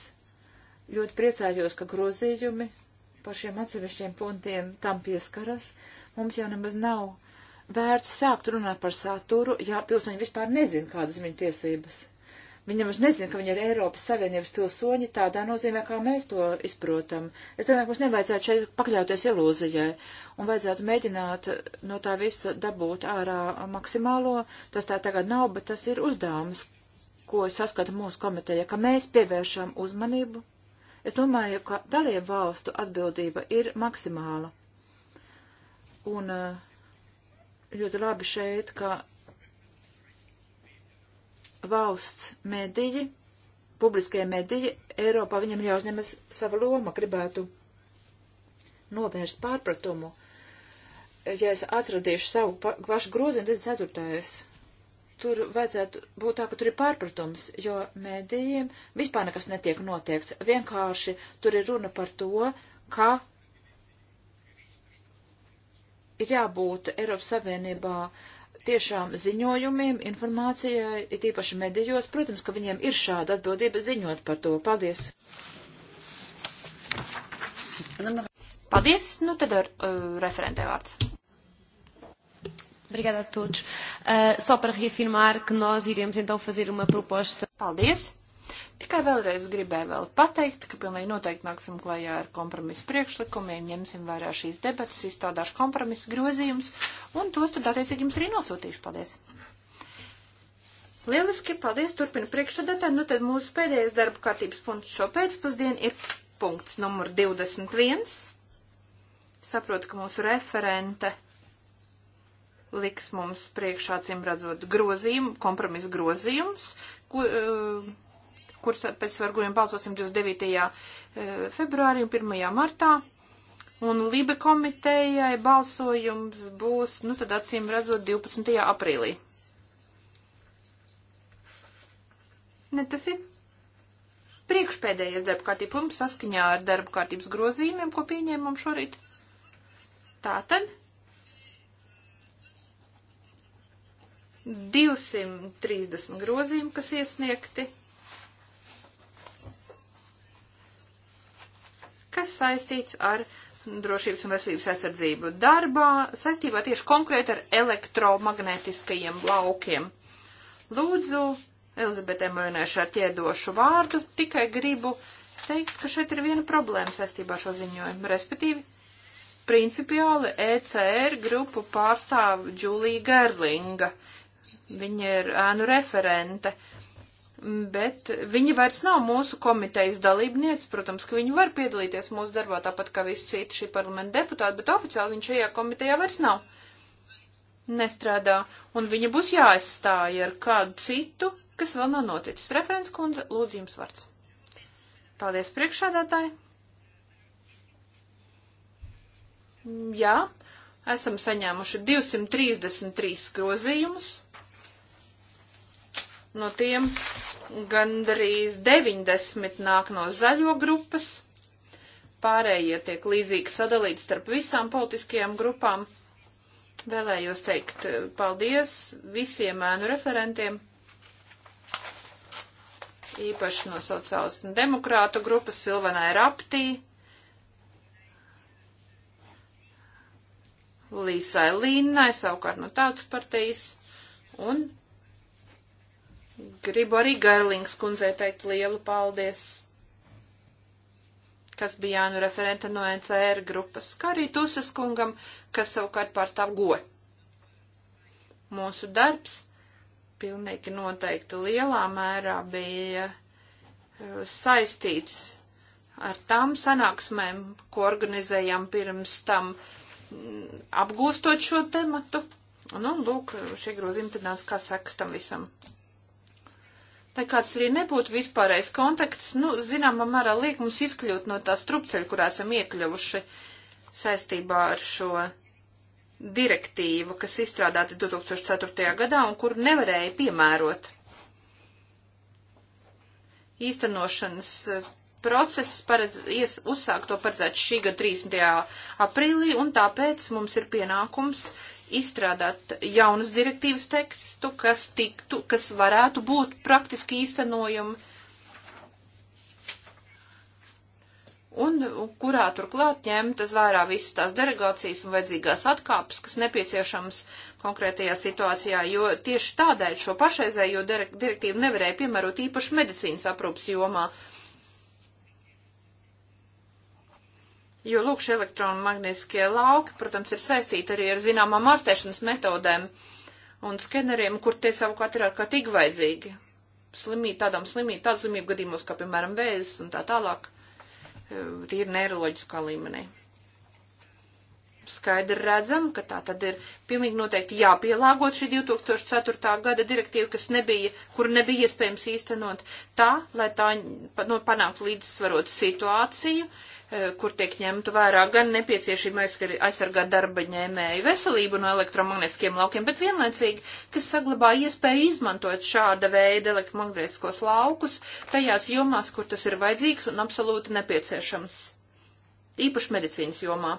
Ļoti priecājos, ka grozījumi par šiem atsevišķiem punktiem tam pieskaras. Mums jau nemaz nav vērts sākt runāt par saturu, ja pilsoņi vispār nezin, kādas viņu tiesības Viņi nemaz nezina, ka viņi ir Eiropas Savienības pilsoņi tādā nozīmē, kā mēs to izprotam. Es domāju, ka mums nevajadzētu šeit pakļauties ilūzijai un vajadzētu mēģināt no tā visa dabūt ārā maksimālo. Tas tā tagad nav, bet tas ir uzdevums, ko saskata mūsu komiteja, ka mēs pievēršam uzmanību. Es domāju, ka dalību valstu atbildība ir maksimāla. Un eh, ļoti labi šeit, ka valsts mediji, publiskie mediji Eiropā, viņam jāuzņemas sava loma, gribētu novērst pārpratumu. Ja es atradīšu savu pašu grozījumu 24. Tur vajadzētu būt tā, ka tur ir pārpratums, jo mēdījiem vispār nekas netiek noteikts. Vienkārši tur ir runa par to, ka ir jābūt Eiropas Savienībā uh, tiešām ziņojumiem, informācijai, it īpaši medijos. Protams, ka viņiem ir šāda atbildība ziņot par to. Paldies! Paldies! Nu tad ar uh, referentē vārds. Obrigada a todos. Uh, só para reafirmar que nós iremos então fazer uma proposta. Paldies! Tikai vēlreiz gribēju vēl pateikt, ka pilnīgi noteikti nāksim klajā ar kompromisu priekšlikumiem, ņemsim vērā šīs debatas, izstādāšu kompromisu grozījumus un tos tad attiecīgi jums arī nosūtīšu. Paldies! Lieliski, paldies, turpina priekšsadatāji. Nu tad mūsu pēdējais darba kārtības punkts šo pēcpusdienu ir punkts numur 21. Saprotu, ka mūsu referente liks mums priekšā, cim redzot, grozījumu, kompromisu grozījumus, ko, uh, kur, pēc, par kuriem balsosim 29. Eh, februārī un 1. martā. Un Libe komitejai balsojums būs, nu tad acīm redzot, 12. aprīlī. Ne, tas ir priekšpēdējais darba kārtība punkts saskaņā ar darba kārtības grozījumiem, ko pieņēmām šorīt. Tātad 230 grozījumi, kas iesniegti, kas saistīts ar drošības un veselības aizsardzību darbā, saistībā tieši konkrēti ar elektromagnētiskajiem laukiem. Lūdzu, Elizabetē Marinēšu ar tiedošu vārdu, tikai gribu teikt, ka šeit ir viena problēma saistībā ar šo ziņojumu, respektīvi, principiāli ECR grupu pārstāv Džulija Gerlinga. Viņa ir ēnu referente. Uh, Bet viņi vairs nav mūsu komitejas dalībniece, protams, ka viņi var piedalīties mūsu darbā, tāpat kā visi citi šī parlamenta deputāti, bet oficiāli viņš šajā komitejā vairs nav. Nestrādā, un viņa būs jāaizstāja ar kādu citu, kas vēl nav noticis. Referents kundze, lūdzu jums vārds. Paldies priekšādātāji. Jā, esam saņēmuši 233 grozījumus. No tiem gandrīz 90 nāk no zaļo grupas, pārējie tiek līdzīgi sadalīti starp visām politiskajām grupām. Vēlējos teikt eh, paldies visiem ēnu referentiem, īpaši no sociālistu un demokrātu grupas Silvanai Raptī, Līsai Līnai, savukārt no tautas partijas, un Gribu arī Garlings kundzei teikt lielu paldies, kas bija jānu referenta no NCR grupas, kā arī Tusas kungam, kas savukārt pārstāv goju. E. Mūsu darbs pilnīgi noteikti lielā mērā bija uh, saistīts ar tām sanāksmēm, ko organizējām pirms tam, apgūstot šo tematu. Nu, lūk, šie grozījumi tad nāca kā sekas tam visam lai kāds arī nebūtu vispārējais kontakts, nu, zināmā mērā liek mums izkļūt no tā strupceļa, kurā esam iekļuvuši saistībā ar šo direktīvu, kas izstrādāta 2004. gadā un kur nevarēja piemērot. Īstenošanas eh, process paredz, ies, uzsākt to paredzēt šī gada 30. aprīlī, un tāpēc mums ir pienākums izstrādāt jaunas direktīvas tekstu, kas, tiktu, kas varētu būt praktiski īstenojumi un kurā turklāt ņemtas vērā visas tās derogācijas un vajadzīgās atkāpes, kas nepieciešams konkrētajā situācijā, jo tieši tādēļ šo pašreizējo direktīvu nevarēja piemērot īpaši medicīnas aprūpas jomā. Jo Jo, lūk, šie elektromagnetiskie lauki, protams, ir saistīti arī ar zināmām ārstēšanas metodēm un skeneriem, kur tie savukārt ir ārkārtīgi vajadzīgi. Slimību, tādām slimībām, tādu slimību gadījumos, kā, piemēram, vēzis un tā tālāk, eh, tīri neiroloģiskā līmenī skaidri redzam, ka tā tad ir pilnīgi noteikti jāpielāgot šī 2004. gada direktīva, kas nebija, kur nebija iespējams īstenot tā, lai tā no, nu, panāktu līdzsvarot situāciju, Eh, kur tiek ņemtu vērā gan nepieciešība aizsargāt darba ņēmēju veselību no elektromagnetiskiem laukiem, bet vienlaicīgi, kas saglabā iespēju izmantot šāda veida elektromagnētiskos laukus tajās jomās, kur tas ir vajadzīgs un absolūti nepieciešams. Īpaši medicīnas jomā.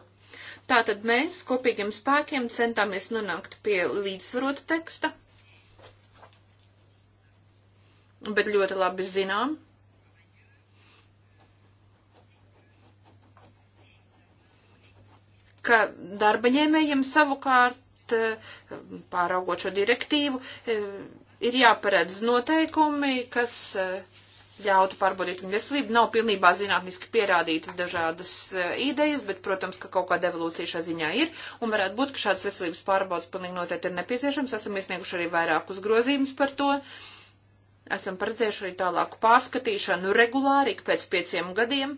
Tātad mēs kopīgiem spēkiem centāmies nonākt pie līdzsvarota teksta, bet ļoti labi zinām, ka darba ņēmējiem savukārt, eh, pāraugot šo direktīvu, eh, ir jāparedz noteikumi, kas eh, ļautu pārbaudīt viņu veselību. Nav pilnībā zinātniski pierādītas dažādas idejas, bet, protams, ka kaut kāda evolūcija šā ziņā ir, un varētu būt, ka šāds veselības pārbaudas pilnīgi noteikti ir nepieciešams. Esam iesnieguši arī vairākus grozījumus par to. Esam paredzējuši arī tālāku pārskatīšanu regulāri, ik pēc pieciem gadiem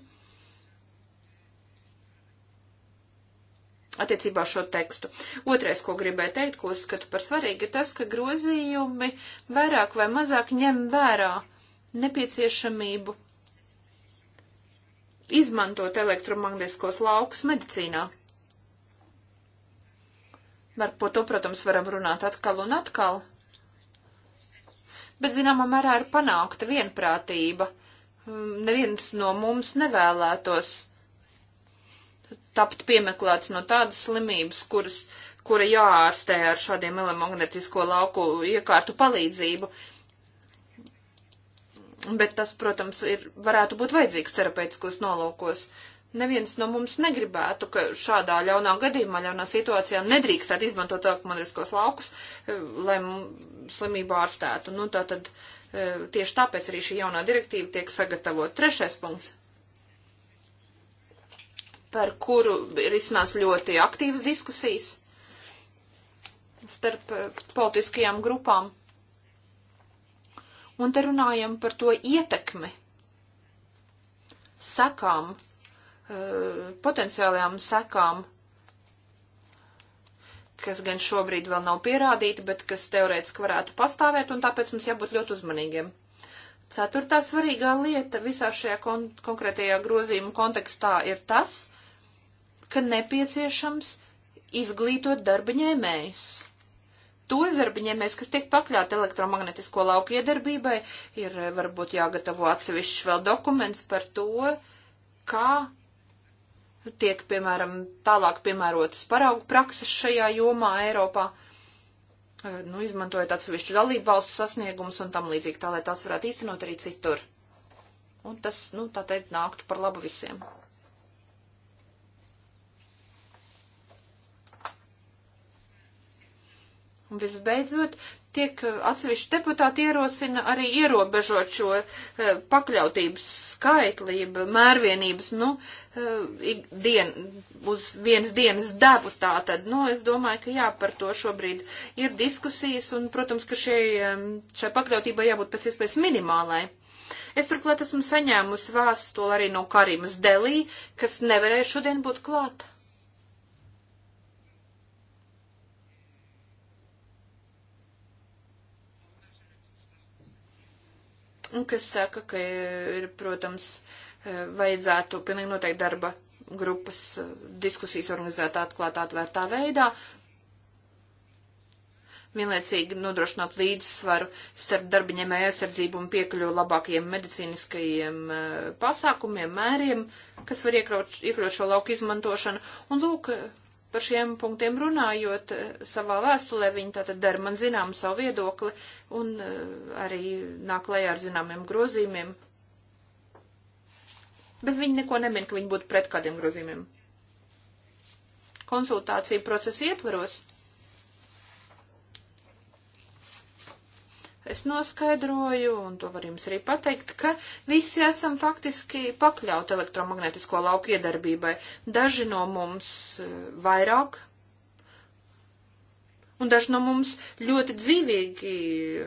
attiecībā šo tekstu. Otrais, ko gribēju teikt, ko uzskatu par svarīgi, ir tas, ka grozījumi vairāk vai mazāk ņem vērā nepieciešamību izmantot elektromagnētiskos laukus medicīnā. Par to, protams, varam runāt atkal un atkal, bet zināmā mērā ir panākta vienprātība. Mm, neviens no mums nevēlētos tapt piemeklēts no tādas slimības, kuras, kura jāārstē ar šādiem elektromagnetisko lauku iekārtu palīdzību. Bet tas, protams, ir, varētu būt vajadzīgs terapeitiskos nolūkos. Neviens no mums negribētu, ka šādā ļaunā gadījumā, ļaunā situācijā nedrīkstētu izmantot elektromagnetiskos laukus, eh, lai slimību ārstētu. Nu, tā tad eh, tieši tāpēc arī šī jaunā direktīva tiek sagatavot. Trešais punkts par kuru ir iznās ļoti aktīvas diskusijas starp eh, politiskajām grupām. Un te runājam par to ietekmi, sekām, eh, potenciālajām sekām, kas gan šobrīd vēl nav pierādīti, bet kas teorētiski varētu pastāvēt, un tāpēc mums jābūt ļoti uzmanīgiem. Ceturtā svarīgā lieta visā šajā kon konkrētajā grozījuma kontekstā ir tas, ka nepieciešams izglītot darba ņēmējus. Tos darba ņēmējus, kas tiek pakļauti elektromagnetisko lauku iedarbībai, ir eh, varbūt jāgatavo atsevišķs vēl dokuments par to, kā tiek, piemēram, tālāk piemērotas paraugu prakses šajā jomā Eiropā eh, nu, izmantojot atsevišķu dalību valstu sasniegumus un tam līdzīgi, tā lai tās varētu īstenot arī citur. Un tas, nu, tā teikt, nāktu par labu visiem. Un visbeidzot, tiek eh, atsevišķi deputāti ierosina arī ierobežot šo e, pakļautības skaitlību, mērvienības, nu, e, dien, uz vienas dienas devu tā tad. Nu, es domāju, ka jā, par to šobrīd ir diskusijas un, protams, ka šie, šai pakļautībai jābūt pēc iespējas minimālai. Es turklāt esmu saņēmusi vēstuli arī no Karimas Delī, kas nevarēja šodien būt klāta. kas saka, ka ir, protams, eh, vajadzētu pilnīgi noteikti darba grupas eh, diskusijas organizēt atklātā, atvērtā veidā, vienlaicīgi nodrošināt līdzsvaru starp darbiņēmēju aizsardzību un piekļuvu labākajiem medicīniskajiem eh, pasākumiem, mēriem, kas var iekļaut, iekļaut šo lauku izmantošanu. Un lūk, par šiem punktiem runājot eh, savā vēstulē, viņi tātad dara man zināmu savu viedokli un eh, arī nāk lejā ar zināmiem grozījumiem. Bet viņi neko nemin, ka viņi būtu pret kādiem grozījumiem. Konsultāciju procesa ietvaros es noskaidroju, un to var jums arī pateikt, ka visi esam faktiski pakļauti elektromagnētisko lauku iedarbībai. Daži no mums e, vairāk, un daži no mums ļoti dzīvīgi e,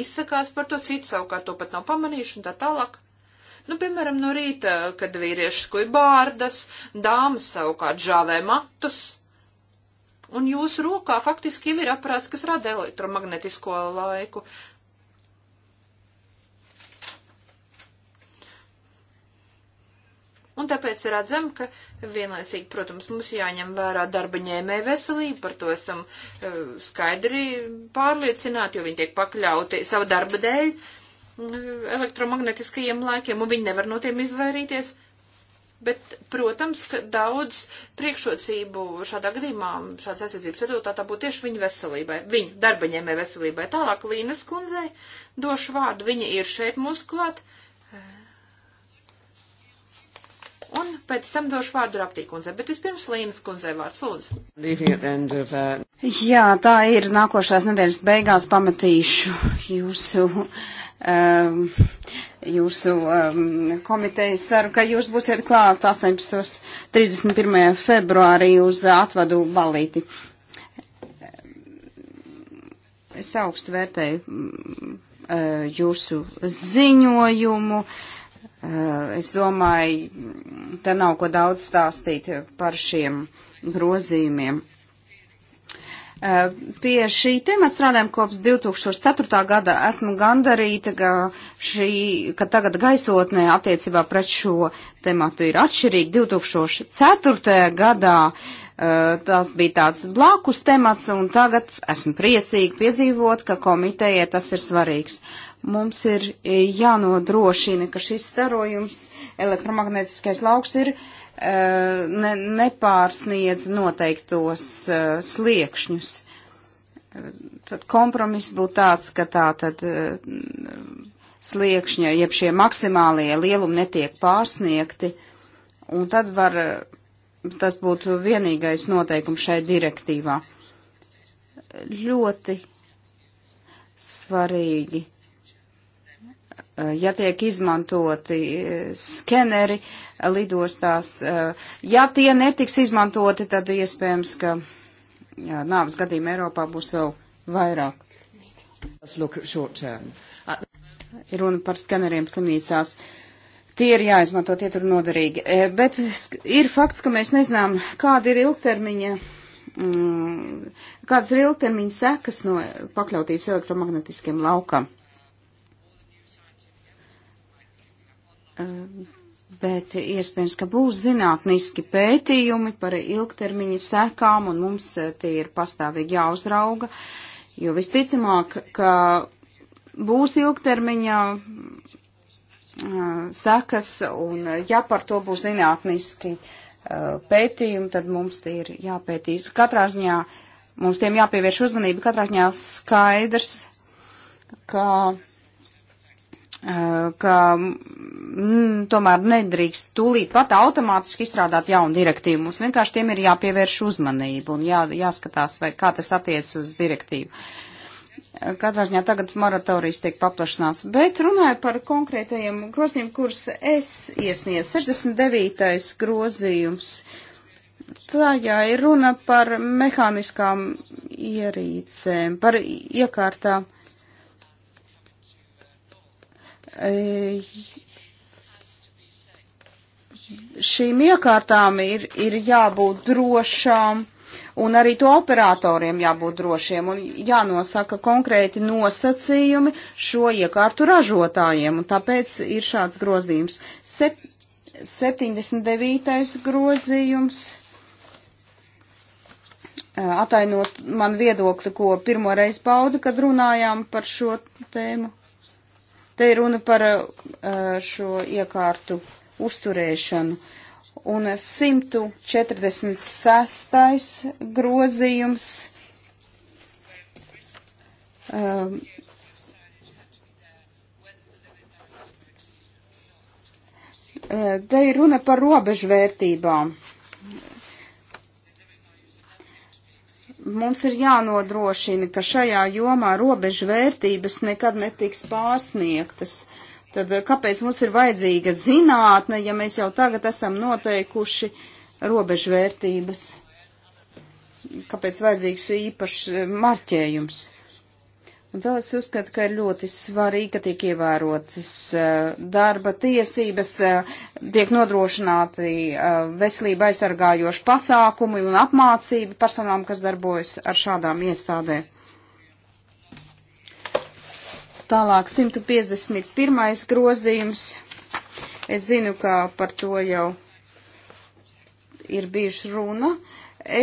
izsakās par to, citi savukārt to pat nav pamanījuši un tā tālāk. Nu, piemēram, no rīta, kad vīrieši skuja bārdas, dāmas savukārt žāvē matus un jūsu rokā faktiski jau ir aparāts, kas rada elektromagnetisko laiku. Un tāpēc redzam, ka vienlaicīgi, protams, mums jāņem vērā darba ņēmēja veselība, par to esam uh, skaidri pārliecināti, jo viņi tiek pakļauti sava darba dēļ eh, elektromagnetiskajiem laikiem, un viņi nevar no tiem izvairīties. Uh, Bet, protams, ka daudz priekšrocību šādā gadījumā, šādas aizsardzības rezultātā būtu tieši viņa veselībai, viņa darbaņēmē veselībai. Tālāk Līnas kundzei došu vārdu, viņa ir šeit mūsu klāt. Un pēc tam došu vārdu Raptī kundzei, bet vispirms Līnas kundzei vārds lūdzu. Uh, Jā, tā ir nākošās nedēļas beigās pamatīšu jūsu um, jūsu um, komitejas ceru, ka jūs būsiet klāt 18.31. februārī uz atvadu balīti. Es augstu vērtēju um, jūsu ziņojumu. Eh, es domāju, mm, te nav ko daudz stāstīt par šiem grozījumiem. Eh, pie šī tēma strādājam kopš 2004. gada. Esmu gandarīta, ka, šī, ka tagad gaisotnē attiecībā pret šo tematu ir atšķirīgi. 2004. gadā eh, tas bija tāds blakus temats, un tagad esmu priecīgi piedzīvot, ka komitejai tas ir svarīgs. Mums ir eh, jānodrošina, ka šis starojums elektromagnētiskais lauks ir. Uh, Eh, ne, nepārsniedz noteiktos eh, sliekšņus. Eh, tad kompromiss būtu tāds, ka tā tad sliekšņa, jeb šie maksimālie lielumi netiek pārsniegti, un tad var, tas būtu vienīgais noteikums šai direktīvā. Ļoti svarīgi Eh, ja tiek izmantoti eh, skeneri eh, lidostās, ja tie netiks izmantoti, tad iespējams, ka jā, nāves gadījumi Eiropā būs vēl vairāk. Ir runa par skeneriem slimnīcās. Tie ir jāizmanto, tie tur noderīgi. Bet ir fakts, ka mēs nezinām, kāda ir ilgtermiņa, mm, kādas ir ilgtermiņa sekas no pakļautības elektromagnetiskiem laukam. bet iespējams, ka būs zinātniski pētījumi par ilgtermiņa sekām, un mums eh, tie ir pastāvīgi jāuzrauga, jo visticamāk, ka būs ilgtermiņa eh, sekas, un eh, ja par to būs zinātniski pētījumi, tad mums tie ir jāpētīs. Katrā ziņā mums tiem jāpievērš uzmanība, katrā ziņā skaidrs, ka Eh, ka mm, tomēr nedrīkst tūlīt pat automātiski izstrādāt jaunu direktīvu. Mums vienkārši tiem ir jāpievērš uzmanība un jā, jāskatās, vai kā tas attiec uz direktīvu. Eh, katrā ziņā tagad moratorijas tiek paplašināts, bet runāju par konkrētajiem grozījumiem, kurus es iesniedzu. 69. grozījums. Tā jā, ir runa par mehāniskām ierīcēm, par iekārtām. Uh, E, šīm iekārtām ir, ir jābūt drošām, un arī to operatoriem jābūt drošiem, un jānosaka konkrēti nosacījumi šo iekārtu ražotājiem, un tāpēc ir šāds grozījums. Sep 79. grozījums e, atainot man viedokli, ko pirmo reizi pauda, kad runājām par šo tēmu. Te ir runa par uh, šo iekārtu uzturēšanu. Un 146. grozījums. Um, te ir runa par robežvērtībām. vērtībām Mums ir jānodrošina, ka šajā jomā robežu vērtības nekad netiks pārsniegtas. Tad eh, kāpēc mums ir vajadzīga zinātne, ja mēs jau tagad esam noteikuši robežu vērtības? Kāpēc vajadzīgs īpašs eh, marķējums? Un vēl es uzskatu, ka ir ļoti svarīgi, ka tiek ievērotas eh, darba tiesības, eh, tiek nodrošināti eh, veselība aizsargājoši pasākumi un apmācība personām, kas darbojas ar šādām iestādēm. Tālāk 151. grozījums. Es zinu, ka par to jau ir bijuši runa.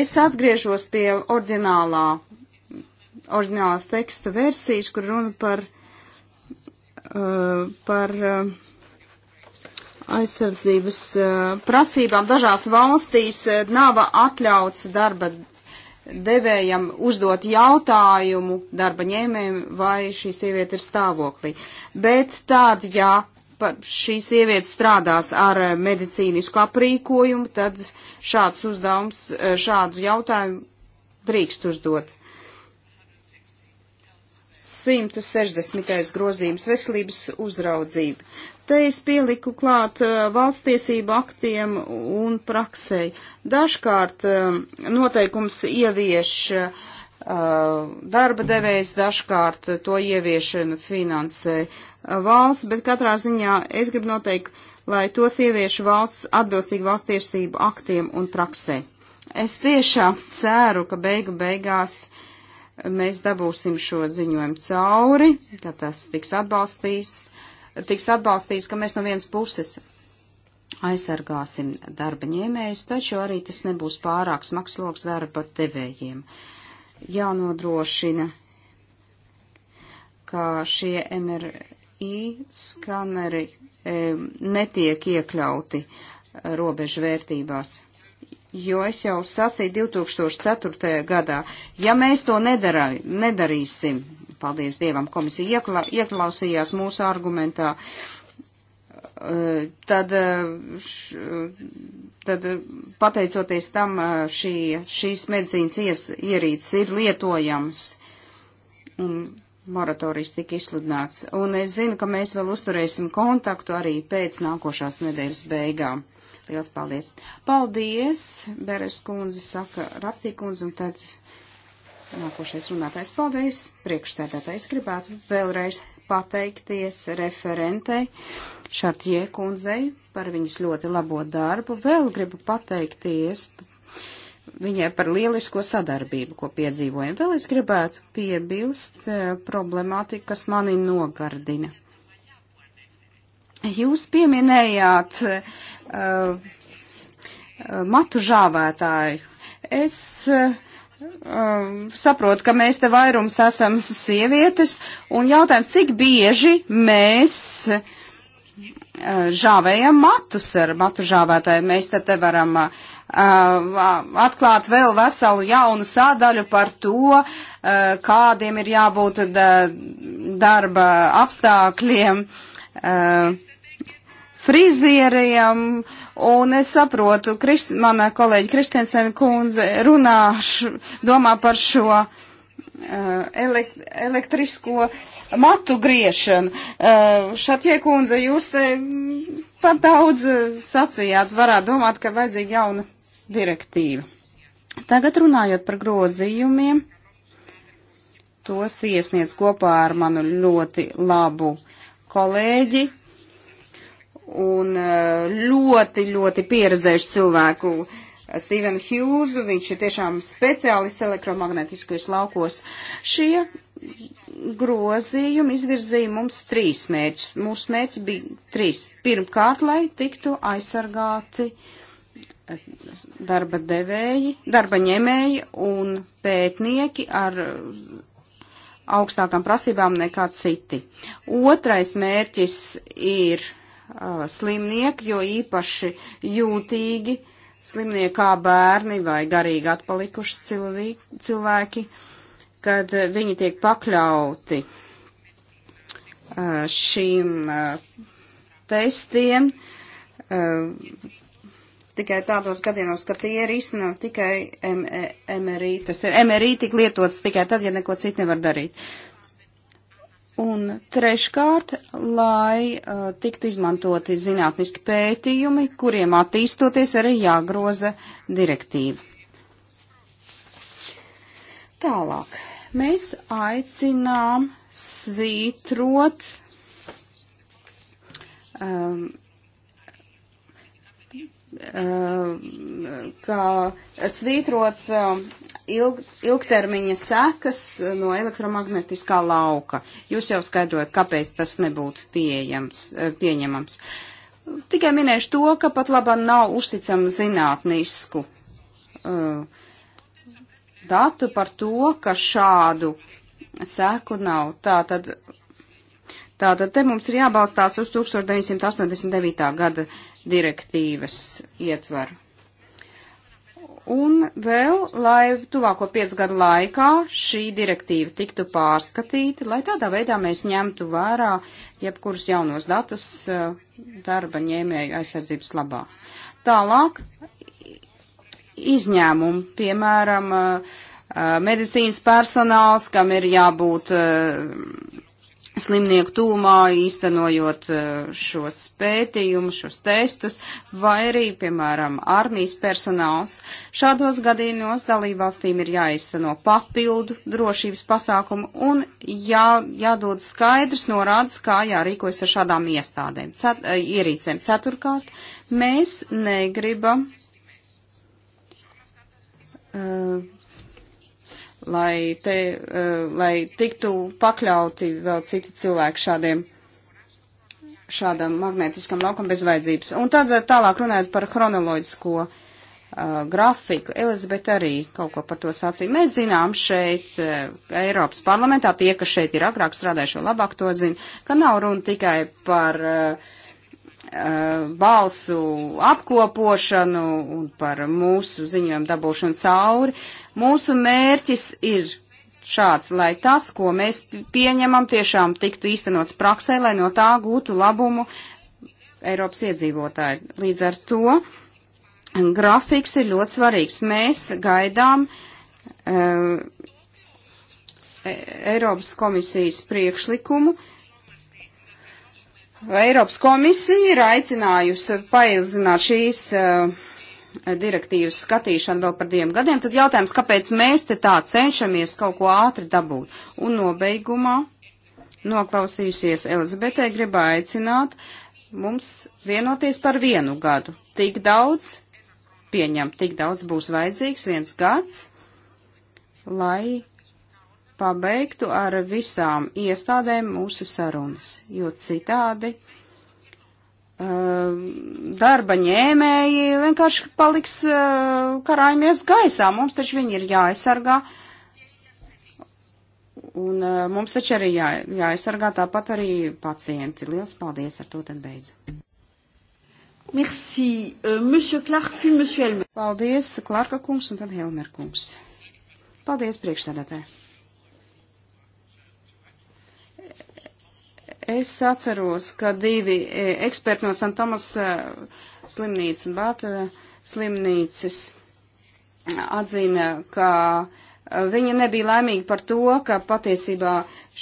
Es atgriežos pie ordinālā oriģinālās teksta versijas, kur runa par, uh, par uh, aizsardzības uh, prasībām. Dažās valstīs nav atļauts darba devējam uzdot jautājumu darba ņēmējiem, vai šī sieviete ir stāvoklī. Bet tād, ja šī sieviete strādās ar medicīnisku aprīkojumu, tad šāds uzdevums, šādu jautājumu drīkst uzdot. 160. grozījums veselības uzraudzība. Te es pieliku klāt eh, valsts tiesību aktiem un praksei. Dažkārt eh, noteikums ievieš eh, darba devējs, dažkārt to ieviešanu finansē valsts, bet katrā ziņā es gribu noteikt, lai tos ievieš valsts atbilstīgi valsts tiesību aktiem un praksē. Es tiešām ceru, ka beigu beigās uh, mēs dabūsim šo ziņojumu cauri, ka tas tiks atbalstīs, tiks atbalstīs, ka mēs no vienas puses aizsargāsim darba ņēmējus, taču arī tas nebūs pārāk smags loks darba devējiem. Jānodrošina, ka šie MRI skaneri e, netiek iekļauti robežu vērtībās. Jo es jau sacīju 2004. gadā, ja mēs to nedara, nedarīsim, paldies Dievam, komisija iekla, ieklausījās mūsu argumentā, eh, tad, eh, tad eh, pateicoties tam šī, šīs medicīnas ies, ierīces ir lietojams. Un moratorijas tika izsludināts. Un es zinu, ka mēs vēl uzturēsim kontaktu arī pēc nākošās nedēļas beigām. Liels paldies! Paldies, Beres kundze, saka Raptī kundze, un tad nākošais runātājs. Paldies, priekšsēdētājs gribētu vēlreiz pateikties referentei Šartie kundzei par viņas ļoti labo darbu. Vēl gribu pateikties viņai par lielisko sadarbību, ko piedzīvojam. Vēl es gribētu piebilst eh, problemātiku, kas mani nogardina. Jūs pieminējāt eh, Uh, uh, matu žāvētāju. Es uh, um, saprotu, ka mēs te vairums esam sievietes, un jautājums, cik bieži mēs uh, žāvējam matus ar matu žāvētāju. Mēs te, te varam uh, uh, atklāt vēl veselu jaunu sādaļu par to, uh, kādiem ir jābūt da darba apstākļiem. Uh, frizieriem, un es saprotu, Krist, mana kolēģi Kristensen kundze runāšu, domā par šo uh, elekt, elektrisko matu griešanu. Uh, Šatie kundze, jūs te par daudz uh, sacījāt, varētu domāt, ka vajadzīga jauna direktīva. Tagad runājot par grozījumiem, tos iesniedz kopā ar manu ļoti labu kolēģi un eh, ļoti, ļoti pieredzējušu cilvēku. Stevenu Hughesu, viņš ir tiešām speciālists elektromagnetiskajos laukos. Šie grozījumi izvirzīja mums trīs mērķus. Mūsu mērķi bija trīs. Pirmkārt, lai tiktu aizsargāti eh, darba devēji, darba ņemēji un pētnieki ar augstākām prasībām nekā citi. Otrais mērķis ir Uh, slimnieki, jo īpaši jūtīgi slimniekā bērni vai garīgi atpalikuši cilvēki, kad viņi tiek pakļauti uh, šīm uh, testiem tikai tādos gadījumos, ka tie ir īstenībā tikai MRI. E, tas ir MRI tik lietots tikai tad, ja neko citu nevar darīt. Uh, Un treškārt, lai uh, tiktu izmantoti zinātniski pētījumi, kuriem attīstoties arī jāgroza direktīva. Tālāk, mēs aicinām svītrot um, uh, kā svītrot uh, ilg, ilgtermiņa sekas eh, no elektromagnetiskā lauka. Jūs jau skaidrojat, kāpēc tas nebūtu pieejams, eh, pieņemams. Tikai minēšu to, ka pat labā nav uzticama zinātnisku uh, datu par to, ka šādu seku nav. Tātad, tātad te mums ir jābalstās uz 1989. gada direktīvas ietvaru. Un vēl, lai tuvāko piecu gadu laikā šī direktīva tiktu pārskatīta, lai tādā veidā mēs ņemtu vērā jebkurus jaunos datus eh, darba ņēmēju aizsardzības labā. Tālāk izņēmumi, piemēram, eh, eh, medicīnas personāls, kam ir jābūt slimnieku tūmā īstenojot eh, šos pētījumus, šos testus, vai arī, piemēram, armijas personāls. Šādos gadījumos dalībvalstīm ir jāizteno papildu drošības pasākumu un jā, jādod skaidrs norādes, kā jārīkojas ar šādām iestādēm, cet, eh, ierīcēm. Ceturkārt, mēs negribam. Uh, lai, te, eh, lai tiktu pakļauti vēl citi cilvēki šādiem, šādam magnetiskam laukam bez vajadzības. Un tad eh, tālāk runājot par chronoloģisko uh, grafiku, Elizabete arī kaut ko par to sacīja. Mēs zinām šeit, uh, Eiropas parlamentā, tie, kas šeit ir agrāk strādājuši, labāk to zina, ka nav runa tikai par uh, Uh, balsu apkopošanu un par mūsu ziņojumu dabūšanu cauri. Mūsu mērķis ir šāds, lai tas, ko mēs pieņemam, tiešām tiktu īstenots praksē, lai no tā gūtu labumu Eiropas iedzīvotāji. Līdz ar to grafiks ir ļoti svarīgs. Mēs gaidām uh, e- Eiropas komisijas priekšlikumu Eiropas komisija ir aicinājusi paildzināt šīs uh, direktīvas skatīšanu vēl par diviem gadiem, tad jautājums, kāpēc mēs te tā cenšamies kaut ko ātri dabūt. Un nobeigumā, noklausījusies Elizabetē, gribu aicināt mums vienoties par vienu gadu. Tik daudz pieņem, tik daudz būs vajadzīgs viens gads, lai pabeigtu ar visām iestādēm mūsu sarunas, jo citādi eh, darba ņēmēji vienkārši paliks eh, karājumies gaisā. Mums taču viņi ir jāaizsargā. Un eh, mums taču arī jā, jāaizsargā tāpat arī pacienti. Liels paldies, ar to tad beidzu. Merci, uh, monsieur Clark, puis monsieur Helmer. Paldies, Klarka kungs un tad Helmer kungs. Paldies, priekšsēdētāji. Es atceros, ka divi e, eksperti no St. Tomas e, slimnīcas un Bārta slimnīcas e, atzina, ka Viņa nebija laimīga par to, ka patiesībā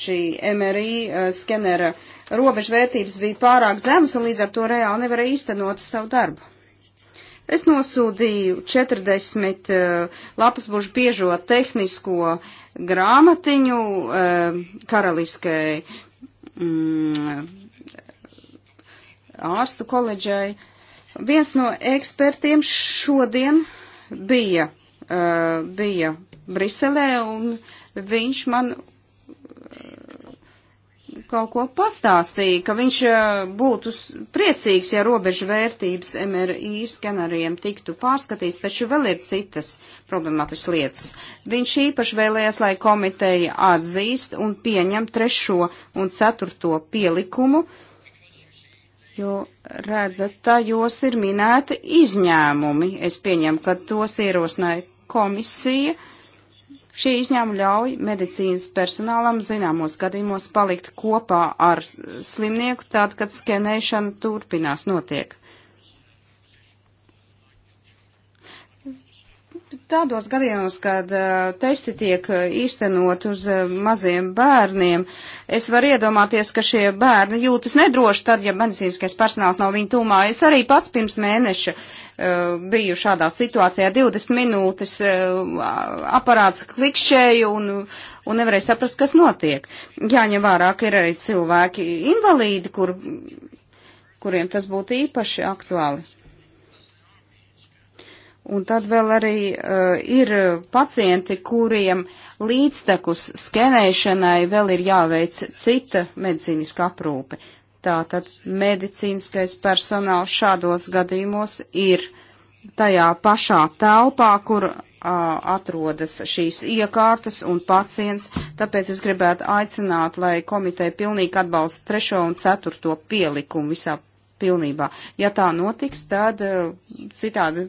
šī MRI skenera robežvērtības bija pārāk zemas un līdz ar to reāli nevarēja īstenot savu darbu. Es nosūdīju 40 uh, lapas bužu biežo tehnisko grāmatiņu uh, karaliskai mm, ārstu koledžai. Viens no ekspertiem šodien bija, uh, bija Briselē, un viņš man kaut ko pastāstīja, ka viņš eh, būtu priecīgs, ja robežu vērtības MRI skeneriem tiktu pārskatīts, taču vēl ir citas problemātiskas lietas. Viņš īpaši vēlējās, lai komiteja atzīst un pieņem trešo un ceturto pielikumu, jo, redzat, tajos ir minēti izņēmumi. Es pieņemu, ka tos ierosināja komisija Šī izņēma ļauj medicīnas personālam zināmos gadījumos palikt kopā ar slimnieku, tad, kad skenēšana turpinās notiek. Tādos gadījumos, kad uh, testi tiek uh, īstenot uz uh, maziem bērniem, es varu iedomāties, ka šie bērni jūtas nedroši tad, ja medicīniskais personāls nav viņu tūmā. Es arī pats pirms mēneša uh, biju šādā situācijā 20 minūtes uh, aparāts klikšķēju un, un nevarēju saprast, kas notiek. Jāņem vērā, ka ir arī cilvēki invalīdi, kur, kuriem tas būtu īpaši aktuāli. Un tad vēl arī uh, ir pacienti, kuriem līdztekus skenēšanai vēl ir jāveic cita medicīniska aprūpe. Tātad medicīniskais personāls šādos gadījumos ir tajā pašā telpā, kur uh, atrodas šīs iekārtas un pacients. Tāpēc es gribētu aicināt, lai komiteja pilnīgi atbalsta trešo un ceturto pielikumu visā pilnībā. Ja tā notiks, tad uh, citādi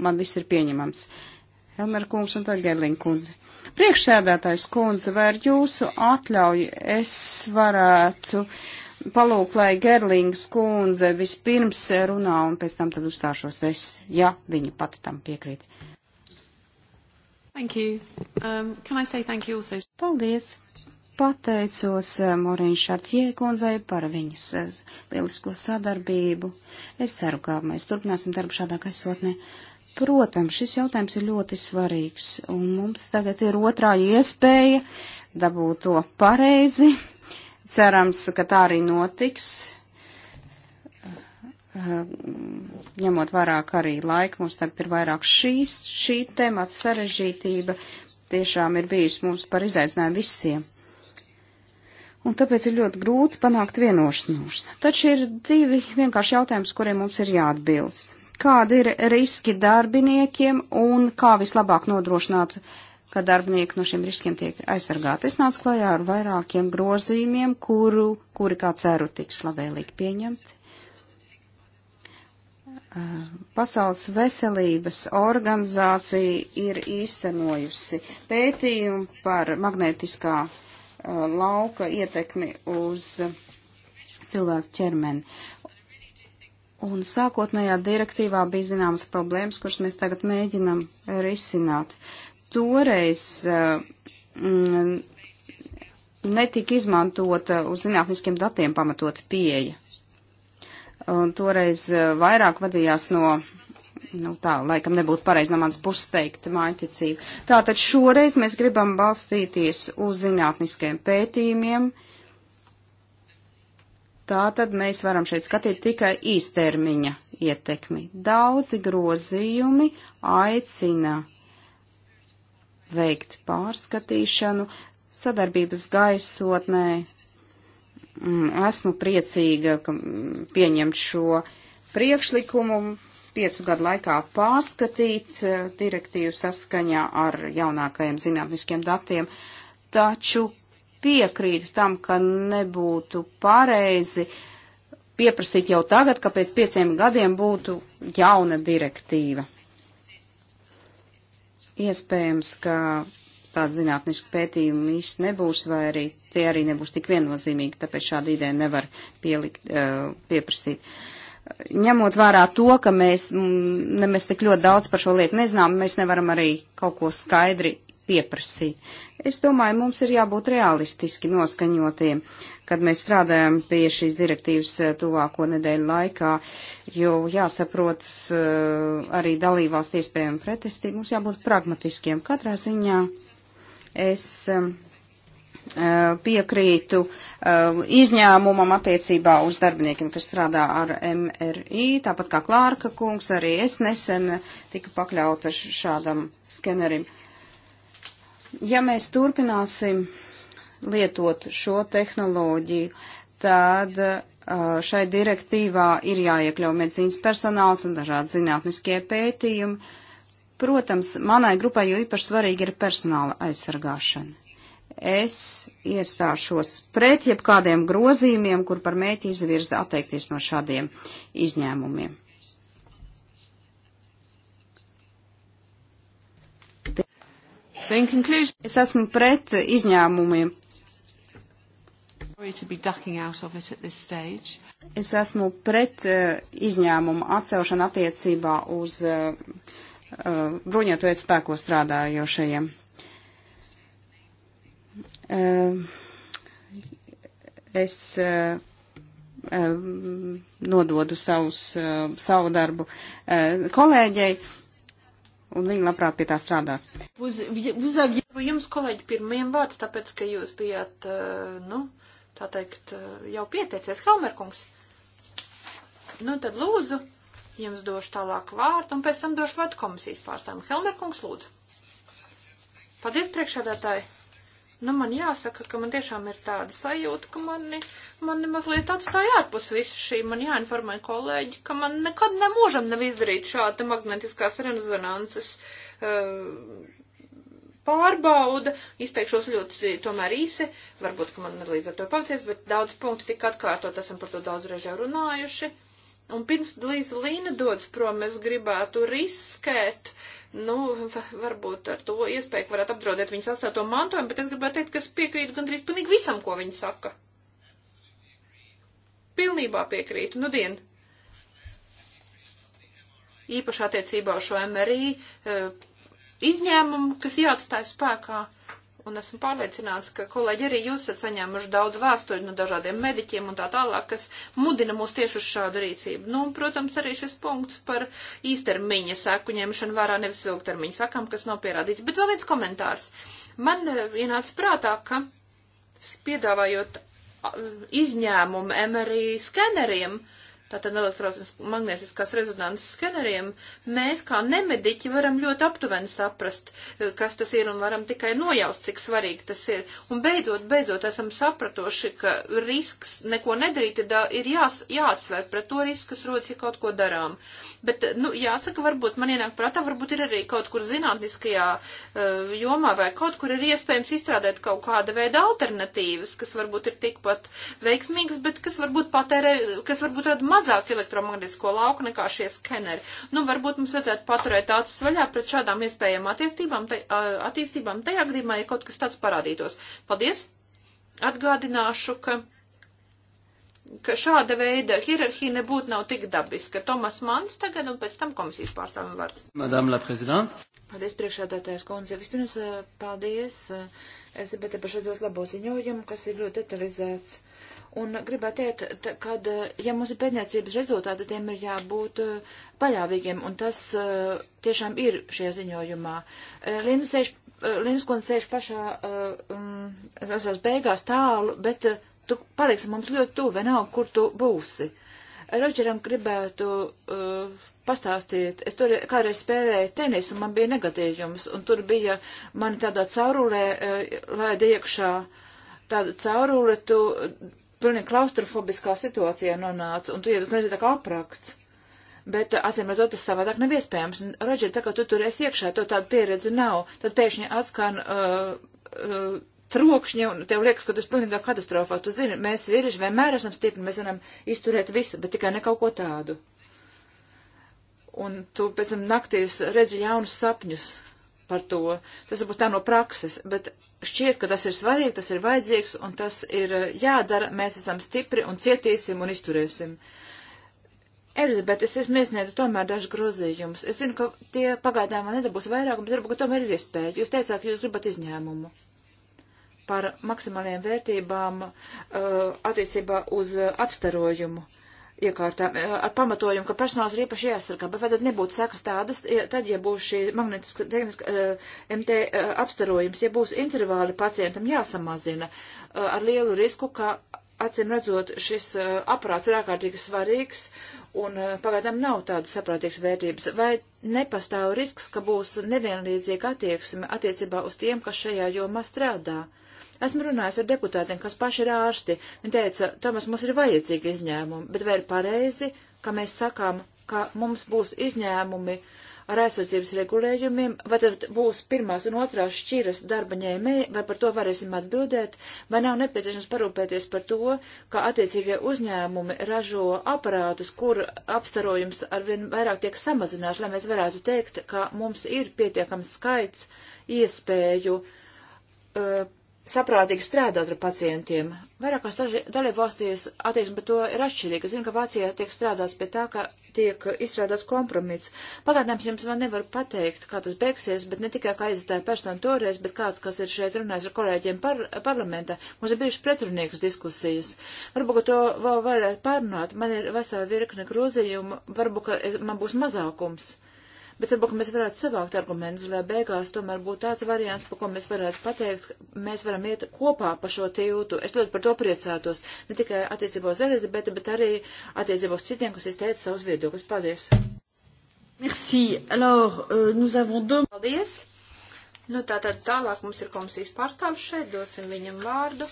man viss ir pieņemams. Helmer kungs un tad Gerling kundze. Priekšsēdētājs kundze, vai ar jūsu atļauju es varētu palūkt, lai Gerlings kundze vispirms runā un pēc tam tad uzstāšos es, ja viņa pati tam piekrīt. Thank you. Um, can I say thank you also? Paldies. Pateicos uh, Morīna Šartjē kundzei par viņas uh, lielisko sadarbību. Es ceru, ka mēs turpināsim darbu šādā gaisotnē. Uh, Protams, šis jautājums ir ļoti svarīgs, un mums tagad ir otrā iespēja dabūt to pareizi. Cerams, ka tā arī notiks, ņemot vairāk arī laika, mums tagad ir vairāk šīs, šī temata sarežģītība, tiešām ir bijusi mums par izaicinājumu visiem. Un tāpēc ir ļoti grūti panākt vienošanos. Taču ir divi vienkārši jautājums, kuriem mums ir jāatbilst kādi ir riski darbiniekiem un kā vislabāk nodrošināt, ka darbinieki no šiem riskiem tiek aizsargāti. Es nācu klajā ar vairākiem grozījumiem, kuru, kuri, kā ceru, tiks labvēlīgi pieņemti. Pasaules veselības organizācija ir īstenojusi pētījumu par magnetiskā uh, lauka ietekmi uz cilvēku ķermeni. Un sākotnējā direktīvā bija zināmas problēmas, kuras mēs tagad mēģinam risināt. Toreiz eh, mm, netika izmantota uz zinātniskiem datiem pamatota pieeja. Un toreiz eh, vairāk vadījās no, nu tā, laikam nebūtu pareizi no manas puses teikt, mājiņticība. Tātad šoreiz mēs gribam balstīties uz zinātniskiem pētījumiem, Tā tad mēs varam šeit skatīt tikai īstermiņa ietekmi. Daudzi grozījumi aicina veikt pārskatīšanu sadarbības gaisotnē. Mm, esmu priecīga, ka mm, pieņemt šo priekšlikumu piecu gadu laikā pārskatīt eh, direktīvu saskaņā ar jaunākajiem zinātniskiem datiem, taču piekrītu tam, ka nebūtu pareizi pieprasīt jau tagad, ka pēc pieciem gadiem būtu jauna direktīva. Iespējams, ka tāda zinātniska pētījuma īsti nebūs, vai arī tie arī nebūs tik viennozīmīgi, tāpēc šāda ideja nevar pielikt, eh, pieprasīt. Ņemot vērā to, ka mēs mm, nemaz tik ļoti daudz par šo lietu nezinām, mēs nevaram arī kaut ko skaidri pieprasīt. Es domāju, mums ir jābūt realistiski noskaņotiem, kad mēs strādājam pie šīs direktīvas eh, tuvāko nedēļu laikā, jo jāsaprot eh, arī dalībvalsts iespējami pretestīt, mums jābūt pragmatiskiem. Katrā ziņā es eh, piekrītu izņēmumam attiecībā uz darbiniekiem, kas strādā ar MRI, tāpat kā Klārka kungs, arī es nesen tika pakļauta šādam skenerim. Uh, Ja mēs turpināsim lietot šo tehnoloģiju, tad šai direktīvā ir jāiekļauj medicīnas personāls un dažādi zinātniskie pētījumi. Protams, manai grupai jau īpaši svarīgi ir personāla aizsargāšana. Es iestāšos pret jebkādiem grozījumiem, kur par mēķi izvirza atteikties no šādiem izņēmumiem. conclusion... Es esmu pret izņēmumiem. Es esmu pret uh, izņēmumu atcelšanu attiecībā uz uh, uh, bruņotojas spēko strādājošajiem. Uh, es uh, uh, nododu savus, uh, savu darbu uh, kolēģei. Uh, un viņi labprāt pie tā strādās. Jums, kolēģi, pirmajam vārds, tāpēc, ka jūs bijāt, eh, nu, tā teikt, eh, jau pieteicies Helmerkungs. Nu, tad lūdzu, jums došu tālāk vārdu, un pēc tam došu vārdu komisijas pārstāvam. Helmerkungs, lūdzu. Paldies, priekšādātāji! Nu, man jāsaka, ka man tiešām ir tāda sajūta, ka mani, mani mazliet atstāja ārpus visu šī. Man jāinformē kolēģi, ka man nekad nemožam nav izdarīt šāda magnetiskās rezonances uh, pārbauda. Izteikšos ļoti tomēr īsi, varbūt, ka man līdz ar to pavcies, bet daudz punktu tika atkārtot, esam par to daudz reižu runājuši. Uh, Un pirms līdz Līna dodas prom, es gribētu riskēt, nu, varbūt ar to iespēju varētu apdraudēt viņas astāto mantojumu, bet es gribētu teikt, ka es piekrītu gandrīz pilnīgi visam, ko viņa saka. Pilnībā piekrītu, nu dien. Īpaši attiecībā uz šo MRI eh, izņēmumu, kas jāatstāja spēkā. Uh, Un esmu pārliecināts, ka kolēģi arī jūs esat saņēmuši daudz vēstuļu no dažādiem mediķiem un tā tālāk, kas mudina mūs tieši uz šādu rīcību. Nu, un, protams, arī šis punkts par īstermiņa sēku ņemšanu vērā nevis ilgtermiņa sakām, kas nav pierādīts. Bet vēl viens komentārs. Man eh, ienāca prātā, ka piedāvājot izņēmumu MRI skeneriem, uh, tātad elektromagnētiskās rezonanses skeneriem, mēs kā nemediķi varam ļoti aptuveni saprast, eh, kas tas ir, un varam tikai nojaust, cik svarīgi tas ir. Un beidzot, beidzot esam sapratoši, ka risks neko nedarīt ir jās, jāatsver pret to risku, kas rodas, ja kaut ko darām. Bet, eh, nu, jāsaka, varbūt man ienāk prātā, varbūt ir arī kaut kur zinātniskajā uh, jomā vai kaut kur ir iespējams izstrādāt kaut kāda veida alternatīvas, kas varbūt ir tikpat veiksmīgas, bet kas varbūt patērē, kas varbūt rada maz mazāk elektromagnētisko lauku nekā šie skeneri. Nu, varbūt mums vajadzētu paturēt acis vaļā pret šādām iespējām attīstībām, tai, attīstībām tajā gadījumā, ja kaut kas tāds parādītos. Paldies! Atgādināšu, ka ka šāda veida hierarhija nebūtu nav tik dabiska. Tomas Mans tagad un pēc tam komisijas pārstāvim vārds. Madame la Prezidente. Paldies, priekšādātājs kundze. Vispirms eh, paldies Elizabete eh, par šo ļoti labo ziņojumu, kas ir ļoti detalizēts Un gribētu teikt, ka, eh, ja mums ir pētniecības rezultāti, tiem ir jābūt uh, paļāvīgiem, un tas uh, tiešām ir šajā ziņojumā. Uh, Līnas, sēž, Līnas kundze sēž pašā, um, es esmu beigās tālu, bet tu paliksi mums ļoti tuvu, vienalga, kur tu būsi. Rodžeram gribētu uh, pastāstīt, es tur kādreiz spēlēju tenisu, man bija negadījums, un tur bija mani tādā caurulē, uh, laida iekšā tāda caurule, tu pilnīgi klaustrofobiskā situācijā nonāca, un tu jau tas nezinu tā kā aprakts. Bet, acīm redzot, tas savādāk nav iespējams. Rodžer, tā kā tu tur esi iekšā, to tāda pieredze nav, tad pēkšņi atskan uh, uh, trokšņi, un tev liekas, ka tas pilnīgā katastrofā. Tu zini, mēs vīrieši vienmēr esam stipri, mēs varam izturēt visu, bet tikai ne kaut ko tādu. Un tu pēc tam naktīs redzi jaunus sapņus par to. Tas varbūt tā no prakses, bet šķiet, ka tas ir svarīgi, tas ir vajadzīgs un tas ir eh, jādara. Mēs esam stipri un cietīsim un izturēsim. Elizabete, es esmu iesniedzis tomēr dažu grozījumus. Es zinu, ka tie pagaidām man nedabūs vairāk, bet varbūt tomēr ir iespēja. Jūs teicāt, ka jūs gribat izņēmumu par maksimāliem vērtībām uh, attiecībā uz eh, apstarojumu. Uh, iekārtām ar pamatojumu, ka personāls ir īpaši jāsargā, bet vai tad nebūtu sekas tādas, ja, tad, ja būs šī magnetiska tehniska uh, MT uh, apstarojums, ja būs intervāli pacientam jāsamazina uh, ar lielu risku, ka acīm redzot šis uh, aparāts ir ārkārtīgi svarīgs un uh, pagaidām nav tādas saprātīgas vērtības. Vai nepastāv risks, ka būs nevienlīdzīga attieksme attiecībā uz tiem, kas šajā jomā strādā? Uh, Esmu runājis ar deputātiem, kas paši ir ārsti. Viņi teica, Tomas, mums ir vajadzīgi izņēmumi, bet vai ir pareizi, ka mēs sakām, ka mums būs izņēmumi ar aizsardzības regulējumiem, vai tad būs pirmās un otrās šķiras darba ņēmēji, vai par to varēsim atbildēt, vai nav nepieciešams parūpēties par to, ka attiecīgie uzņēmumi ražo aparātus, kur apstarojums arvien vairāk tiek samazināts, lai mēs varētu teikt, ka mums ir pietiekams skaits iespēju uh, saprātīgi strādāt ar pacientiem. Vairākās dalībvalstīs attieksme par to ir atšķirīga. Zinu, ka Vācijā tiek strādāts pie tā, ka tiek izstrādāts kompromiss. Pagādnēms jums vēl nevaru pateikt, kā tas beigsies, bet ne tikai kā aizstāja personu toreiz, bet kāds, kas ir šeit runājis ar kolēģiem par, parlamentā, mums ir bijušas pretrunīgas diskusijas. Varbūt, ka to vēl varētu pārnāt. Man ir vesela virkne grozījumu, varbūt, ka man būs mazākums. Uh, bet varbūt mēs varētu savākt argumentus, lai beigās tomēr būtu tāds variants, par ko mēs varētu pateikt, mēs varam iet kopā pa šo tiltu. Es ļoti par to priecātos, ne tikai attiecībā uz Elizabeti, bet arī attiecībā uz citiem, kas izteica savus viedokļus. Paldies! Merci. Alors, euh, nous avons deux... Paldies. Nu, tātad tālāk mums ir komisijas pārstāvis šeit, dosim viņam vārdu.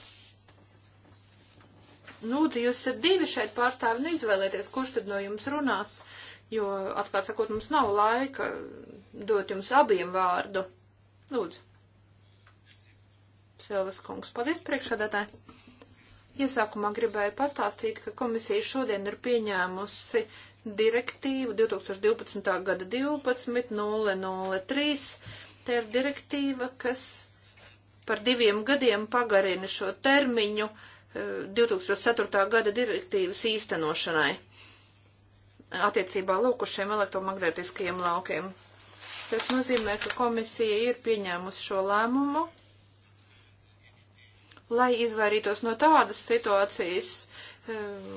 Lūdzu, jūs esat divi šeit pārstāvi, nu izvēlieties, kurš tad no jums runās. Uh, jo, atklāt sakot, mums nav laika dot jums abiem vārdu. Lūdzu. Silvas kungs, paldies priekšādātāji. Iesākumā gribēju pastāstīt, ka komisija šodien ir pieņēmusi direktīvu 2012. gada 12.003. Te ir direktīva, kas par diviem gadiem pagarina šo termiņu 2004. Eh, gada direktīvas īstenošanai attiecībā lūk uz šiem elektromagnētiskajiem laukiem. Tas nozīmē, ka komisija ir pieņēmusi šo lēmumu, lai izvairītos no tādas situācijas, eh,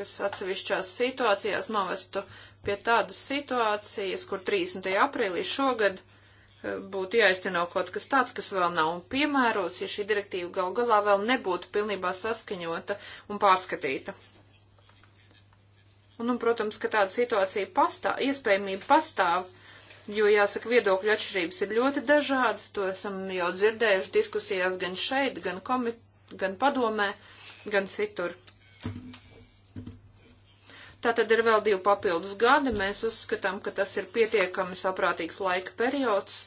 kas atsevišķās situācijās novestu pie tādas situācijas, kur 30. aprīlī šogad eh, būtu jāizteno kaut kas tāds, kas vēl nav piemērots, ja šī direktīva gal galā vēl nebūtu pilnībā saskaņota un pārskatīta. Un, nu, protams, ka tāda situācija pastāv, iespējamība pastāv, jo, jāsaka, viedokļu atšķirības ir ļoti dažādas, to esam jau dzirdējuši diskusijās gan šeit, gan komit, gan padomē, gan citur. Tā tad ir vēl divi papildus gadi, mēs uzskatām, ka tas ir pietiekami saprātīgs laika periods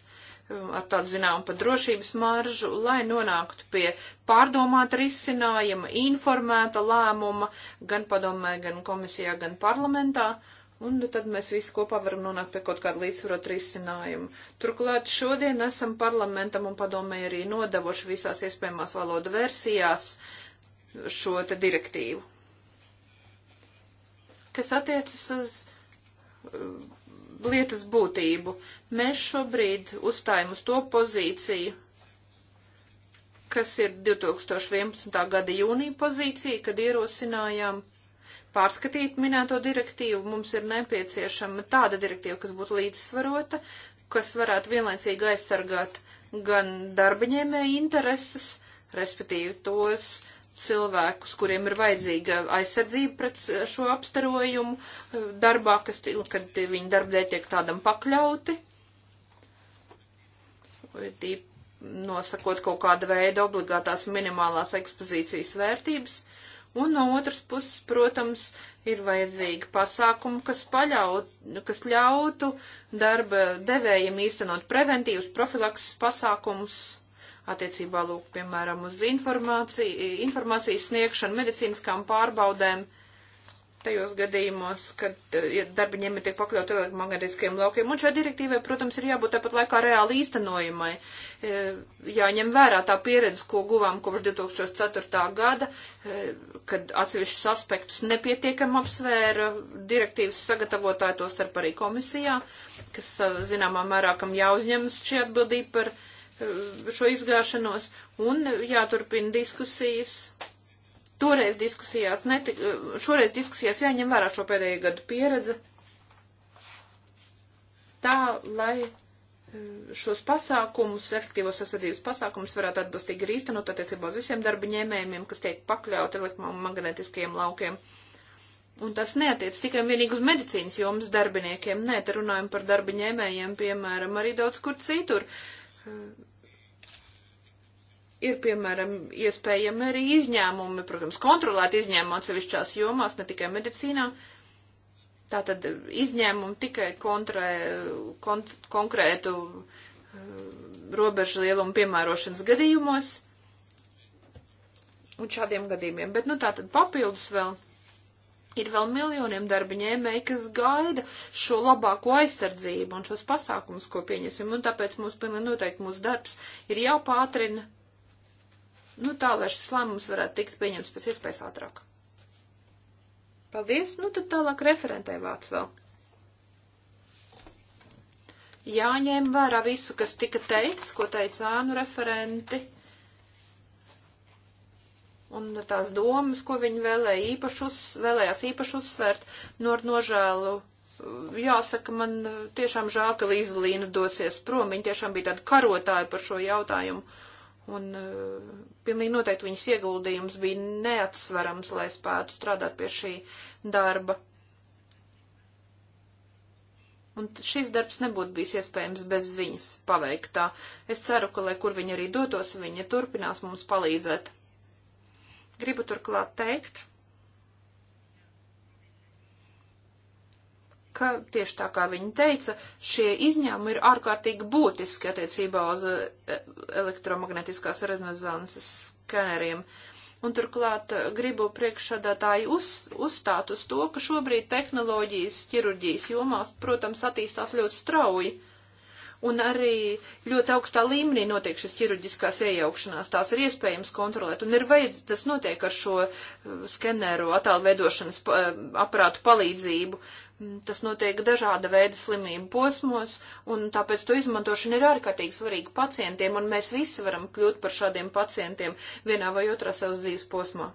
Um, ar tādu zinām pat drošības maržu, lai nonāktu pie pārdomāta risinājuma, informēta lēmuma gan padomē, gan komisijā, gan parlamentā. Un nu, tad mēs visi kopā varam nonākt pie kaut kāda līdzsvarot risinājuma. Turklāt šodien esam parlamentam un padomē arī nodevuši visās iespējamās valodu versijās šo te direktīvu. Kas attiecas uz um, lietas būtību. Mēs šobrīd uzstājam uz to pozīciju, kas ir 2011. gada jūnija pozīcija, kad ierosinājām pārskatīt minēto direktīvu. Mums ir nepieciešama tāda direktīva, kas būtu līdzsvarota, kas varētu vienlaicīgi aizsargāt gan darbaņēmēju intereses, respektīvi tos cilvēkus, kuriem ir vajadzīga aizsardzība pret šo apstarojumu e, darbā, kas, nu, kad viņi darbdē tiek tādam pakļauti, nosakot kaut kāda veida obligātās minimālās ekspozīcijas vērtības. Un no otras puses, protams, ir vajadzīga pasākuma, kas, paļaut, kas ļautu darba devējiem īstenot preventīvus profilakses pasākumus attiecībā, lūk, piemēram, uz informāciju, informācijas sniegšanu, medicīniskām pārbaudēm, tajos gadījumos, kad eh, darbiņiem ir tiek pakļaut elektromagnetiskiem laukiem. Un šai direktīvai, protams, ir jābūt tāpat laikā reāli īstenojumai. Eh, jāņem vērā tā pieredze, ko guvām kopš 2004. gada, eh, kad atsevišķus aspektus nepietiekam apsvēra direktīvas sagatavotāji, to starp arī komisijā, kas, zināmā mērā, kam jāuzņemas šī atbildība par Eh, šo izgāšanos un jāturpina diskusijas. Toreiz diskusijās, netik, eh, šoreiz diskusijās jāņem vērā šo pēdējo gadu pieredze. Tā, lai eh, šos pasākumus, efektīvos sasadības pasākumus varētu atbilstīgi arī īstenot attiecībā uz visiem darba ņēmējumiem, kas tiek pakļauti elektromagnetiskajiem laukiem. Un tas neatiec tikai vienīgi uz medicīnas jomas darbiniekiem, nē, te runājam par darba ņēmējiem, piemēram, arī daudz kur citur. Uh, Eh, ir, piemēram, iespējami arī izņēmumi, protams, kontrolēt izņēmumu atsevišķās jomās, ne tikai medicīnā. Tātad izņēmumi tikai kontrē, kont, konkrētu eh, robežu lielumu piemērošanas gadījumos un šādiem gadījumiem. Bet, nu, tātad papildus vēl Ir vēl miljoniem darba ņēmēji, kas gaida šo labāko aizsardzību un šos pasākumus, ko pieņemsim, un tāpēc mums pilnīgi noteikti mūsu darbs ir jāpātrina, nu tā, lai šis lēmums varētu tikt pieņemts pēc iespējas ātrāk. Paldies, nu tad tālāk referentē vārds vēl. Jāņem vērā visu, kas tika teikts, ko teica ānu referenti un tās domas, ko viņi vēlēja īpaši uz, vēlējās īpaši uzsvērt, no nu, nožēlu. Jāsaka, man eh, tiešām žēl, ka Līzelīna dosies prom. Viņa tiešām bija tāda karotāja par šo jautājumu. Un uh, pilnīgi noteikti viņas ieguldījums bija neatsverams, lai spētu strādāt pie šī darba. Un šis darbs nebūtu bijis iespējams bez viņas paveiktā. Es ceru, ka, lai kur viņa arī dotos, viņa turpinās mums palīdzēt. Gribu turklāt teikt, ka tieši tā kā viņi teica, šie izņēmumi ir ārkārtīgi būtiski attiecībā uz e, elektromagnetiskās rezonanses skaneriem. Un turklāt e, gribu priekšsādātāji uz, uzstāt uz to, ka šobrīd tehnoloģijas ķirurģijas jomās, protams, attīstās ļoti strauji. Uh, un arī ļoti augstā līmenī notiek šis ķirurģiskās iejaukšanās. Tās ir iespējams kontrolēt, un ir veids, tas notiek ar šo uh, skeneru attēlveidošanas uh, aparātu palīdzību. Mm, tas notiek dažāda veida slimību posmos, un tāpēc to izmantošana ir ārkārtīgi svarīga pacientiem, un mēs visi varam kļūt par šādiem pacientiem vienā vai otrā savas dzīves posmā.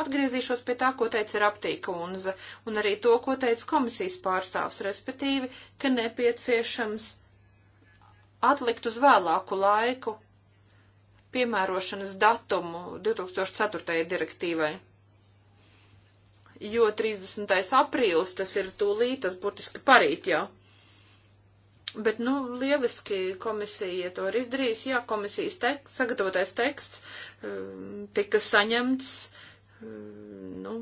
Atgriezīšos pie tā, ko teica Raptīka Unze, un arī to, ko teica komisijas pārstāvs, respektīvi, ka nepieciešams atlikt uz vēlāku laiku piemērošanas datumu 2004. direktīvai. Jo 30. aprīlis tas ir tūlīt, tas būtiski parīt jau. Bet, nu, lieliski komisija to ir izdarījusi. Jā, komisijas tek sagatavotais teksts um, tika saņemts nu,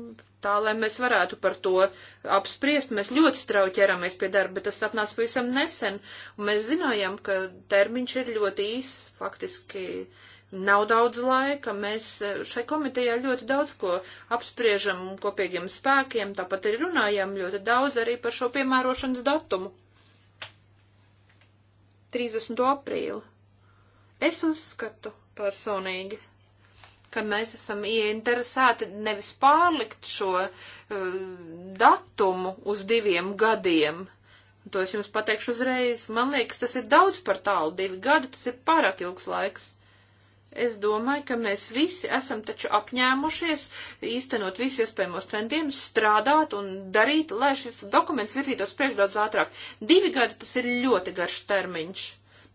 tā, lai mēs varētu par to apspriest. Mēs ļoti strauji ķeramies pie darba, bet tas atnāca pavisam nesen, un mēs zinājām, ka termiņš ir ļoti īss, faktiski nav daudz laika. Mēs e, šai komitejā ļoti daudz ko apspriežam kopīgiem spēkiem, tāpat arī runājam ļoti daudz arī par šo piemērošanas datumu. 30. aprīli. Es uzskatu personīgi ka mēs esam ieinteresēti nevis pārlikt šo uh, datumu uz diviem gadiem. To es jums pateikšu uzreiz. Man liekas, tas ir daudz par tālu. Divi gadi tas ir pārāk ilgs laiks. Es domāju, ka mēs visi esam taču apņēmušies īstenot visu iespējamos centienus, strādāt un darīt, lai šis dokuments virzītos priekš daudz ātrāk. Divi gadi tas ir ļoti garš termiņš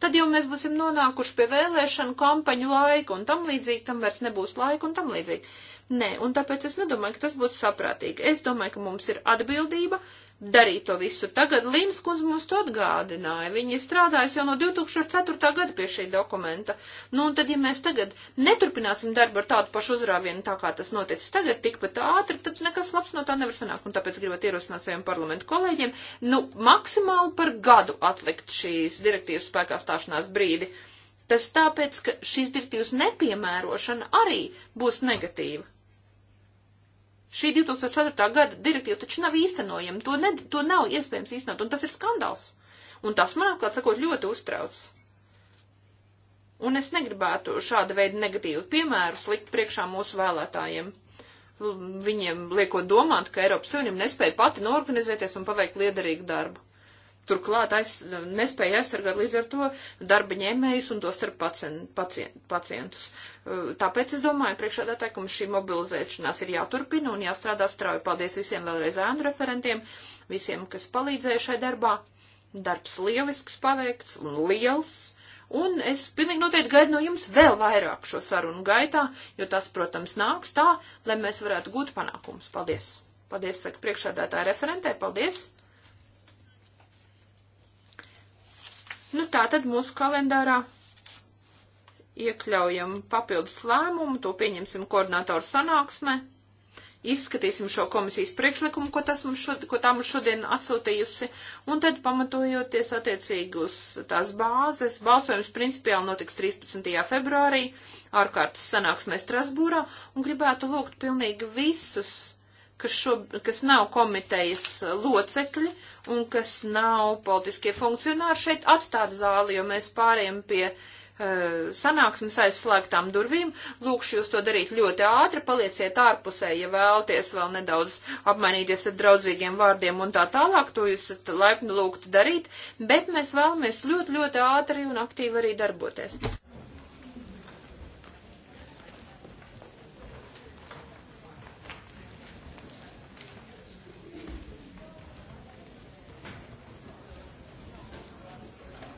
tad jau mēs būsim nonākuši pie vēlēšanu kampaņu laika un tam līdzīgi, tam vairs nebūs laika un tam līdzīgi. Nē, un tāpēc es nedomāju, ka tas būtu saprātīgi. Es domāju, ka mums ir atbildība darīt to visu. Tagad Līmas kundze mums to atgādināja. Viņa strādājas jau no 2004. gada pie šī dokumenta. Nu, un tad, ja mēs tagad neturpināsim darbu ar tādu pašu uzrāvienu, tā kā tas noticis tagad, tikpat ātri, tad nekas labs no tā nevar sanākt. Un tāpēc gribat ierosināt saviem parlamentu kolēģiem, nu, maksimāli par gadu atlikt šīs direktīvas spēkā stāšanās brīdi. Tas tāpēc, ka šīs direktīvas nepiemērošana arī būs negatīva. Šī 2004. gada direktīva taču nav īstenojama, to, ne, to nav iespējams īstenot, un tas ir skandāls. Un tas man, atklāt sakot, ļoti uztrauc. Un es negribētu šāda veida negatīvu piemēru slikt priekšā mūsu vēlētājiem. Viņiem liekot domāt, ka Eiropas Savienība nespēja pati norganizēties un paveikt liederīgu darbu. Turklāt aiz, nespēja aizsargāt līdz ar to darba ņēmējus un tos ar pacient, pacient, pacientus. Uh, tāpēc es domāju, priekšādātāji, ka mums šī mobilizēšanās ir jāturpina un jāstrādā strauji. Paldies visiem vēlreiz ēnu referentiem, visiem, kas palīdzēja šai darbā. Darbs lielisks paveikts un liels. Un es pilnīgi noteikti gaidu no jums vēl vairāk šo sarunu gaitā, jo tas, protams, nāks tā, lai mēs varētu gūt panākumus. Paldies! Paldies, saka priekšādātāja referentē, paldies! Nu, tā tad mūsu kalendārā iekļaujam papildus lēmumu, to pieņemsim koordinātoru sanāksmē, izskatīsim šo komisijas priekšlikumu, ko, mums šod, ko tā mums šodien atsūtījusi, un tad pamatojoties attiecīgi uz tās bāzes, balsojums principiāli notiks 13. februārī, ārkārtas sanāksmē Strasbūrā, un gribētu lūgt pilnīgi visus kas, šo, kas nav komitejas locekļi un kas nav politiskie funkcionāri šeit atstāt zāli, jo mēs pārējām pie uh, sanāksmes aizslēgtām durvīm. Lūkšu jūs to darīt ļoti ātri, palieciet ārpusē, ja vēlaties vēl nedaudz apmainīties ar draudzīgiem vārdiem un tā tālāk, to jūs esat laipni lūgti darīt, bet mēs vēlamies ļoti, ļoti ātri un aktīvi arī darboties.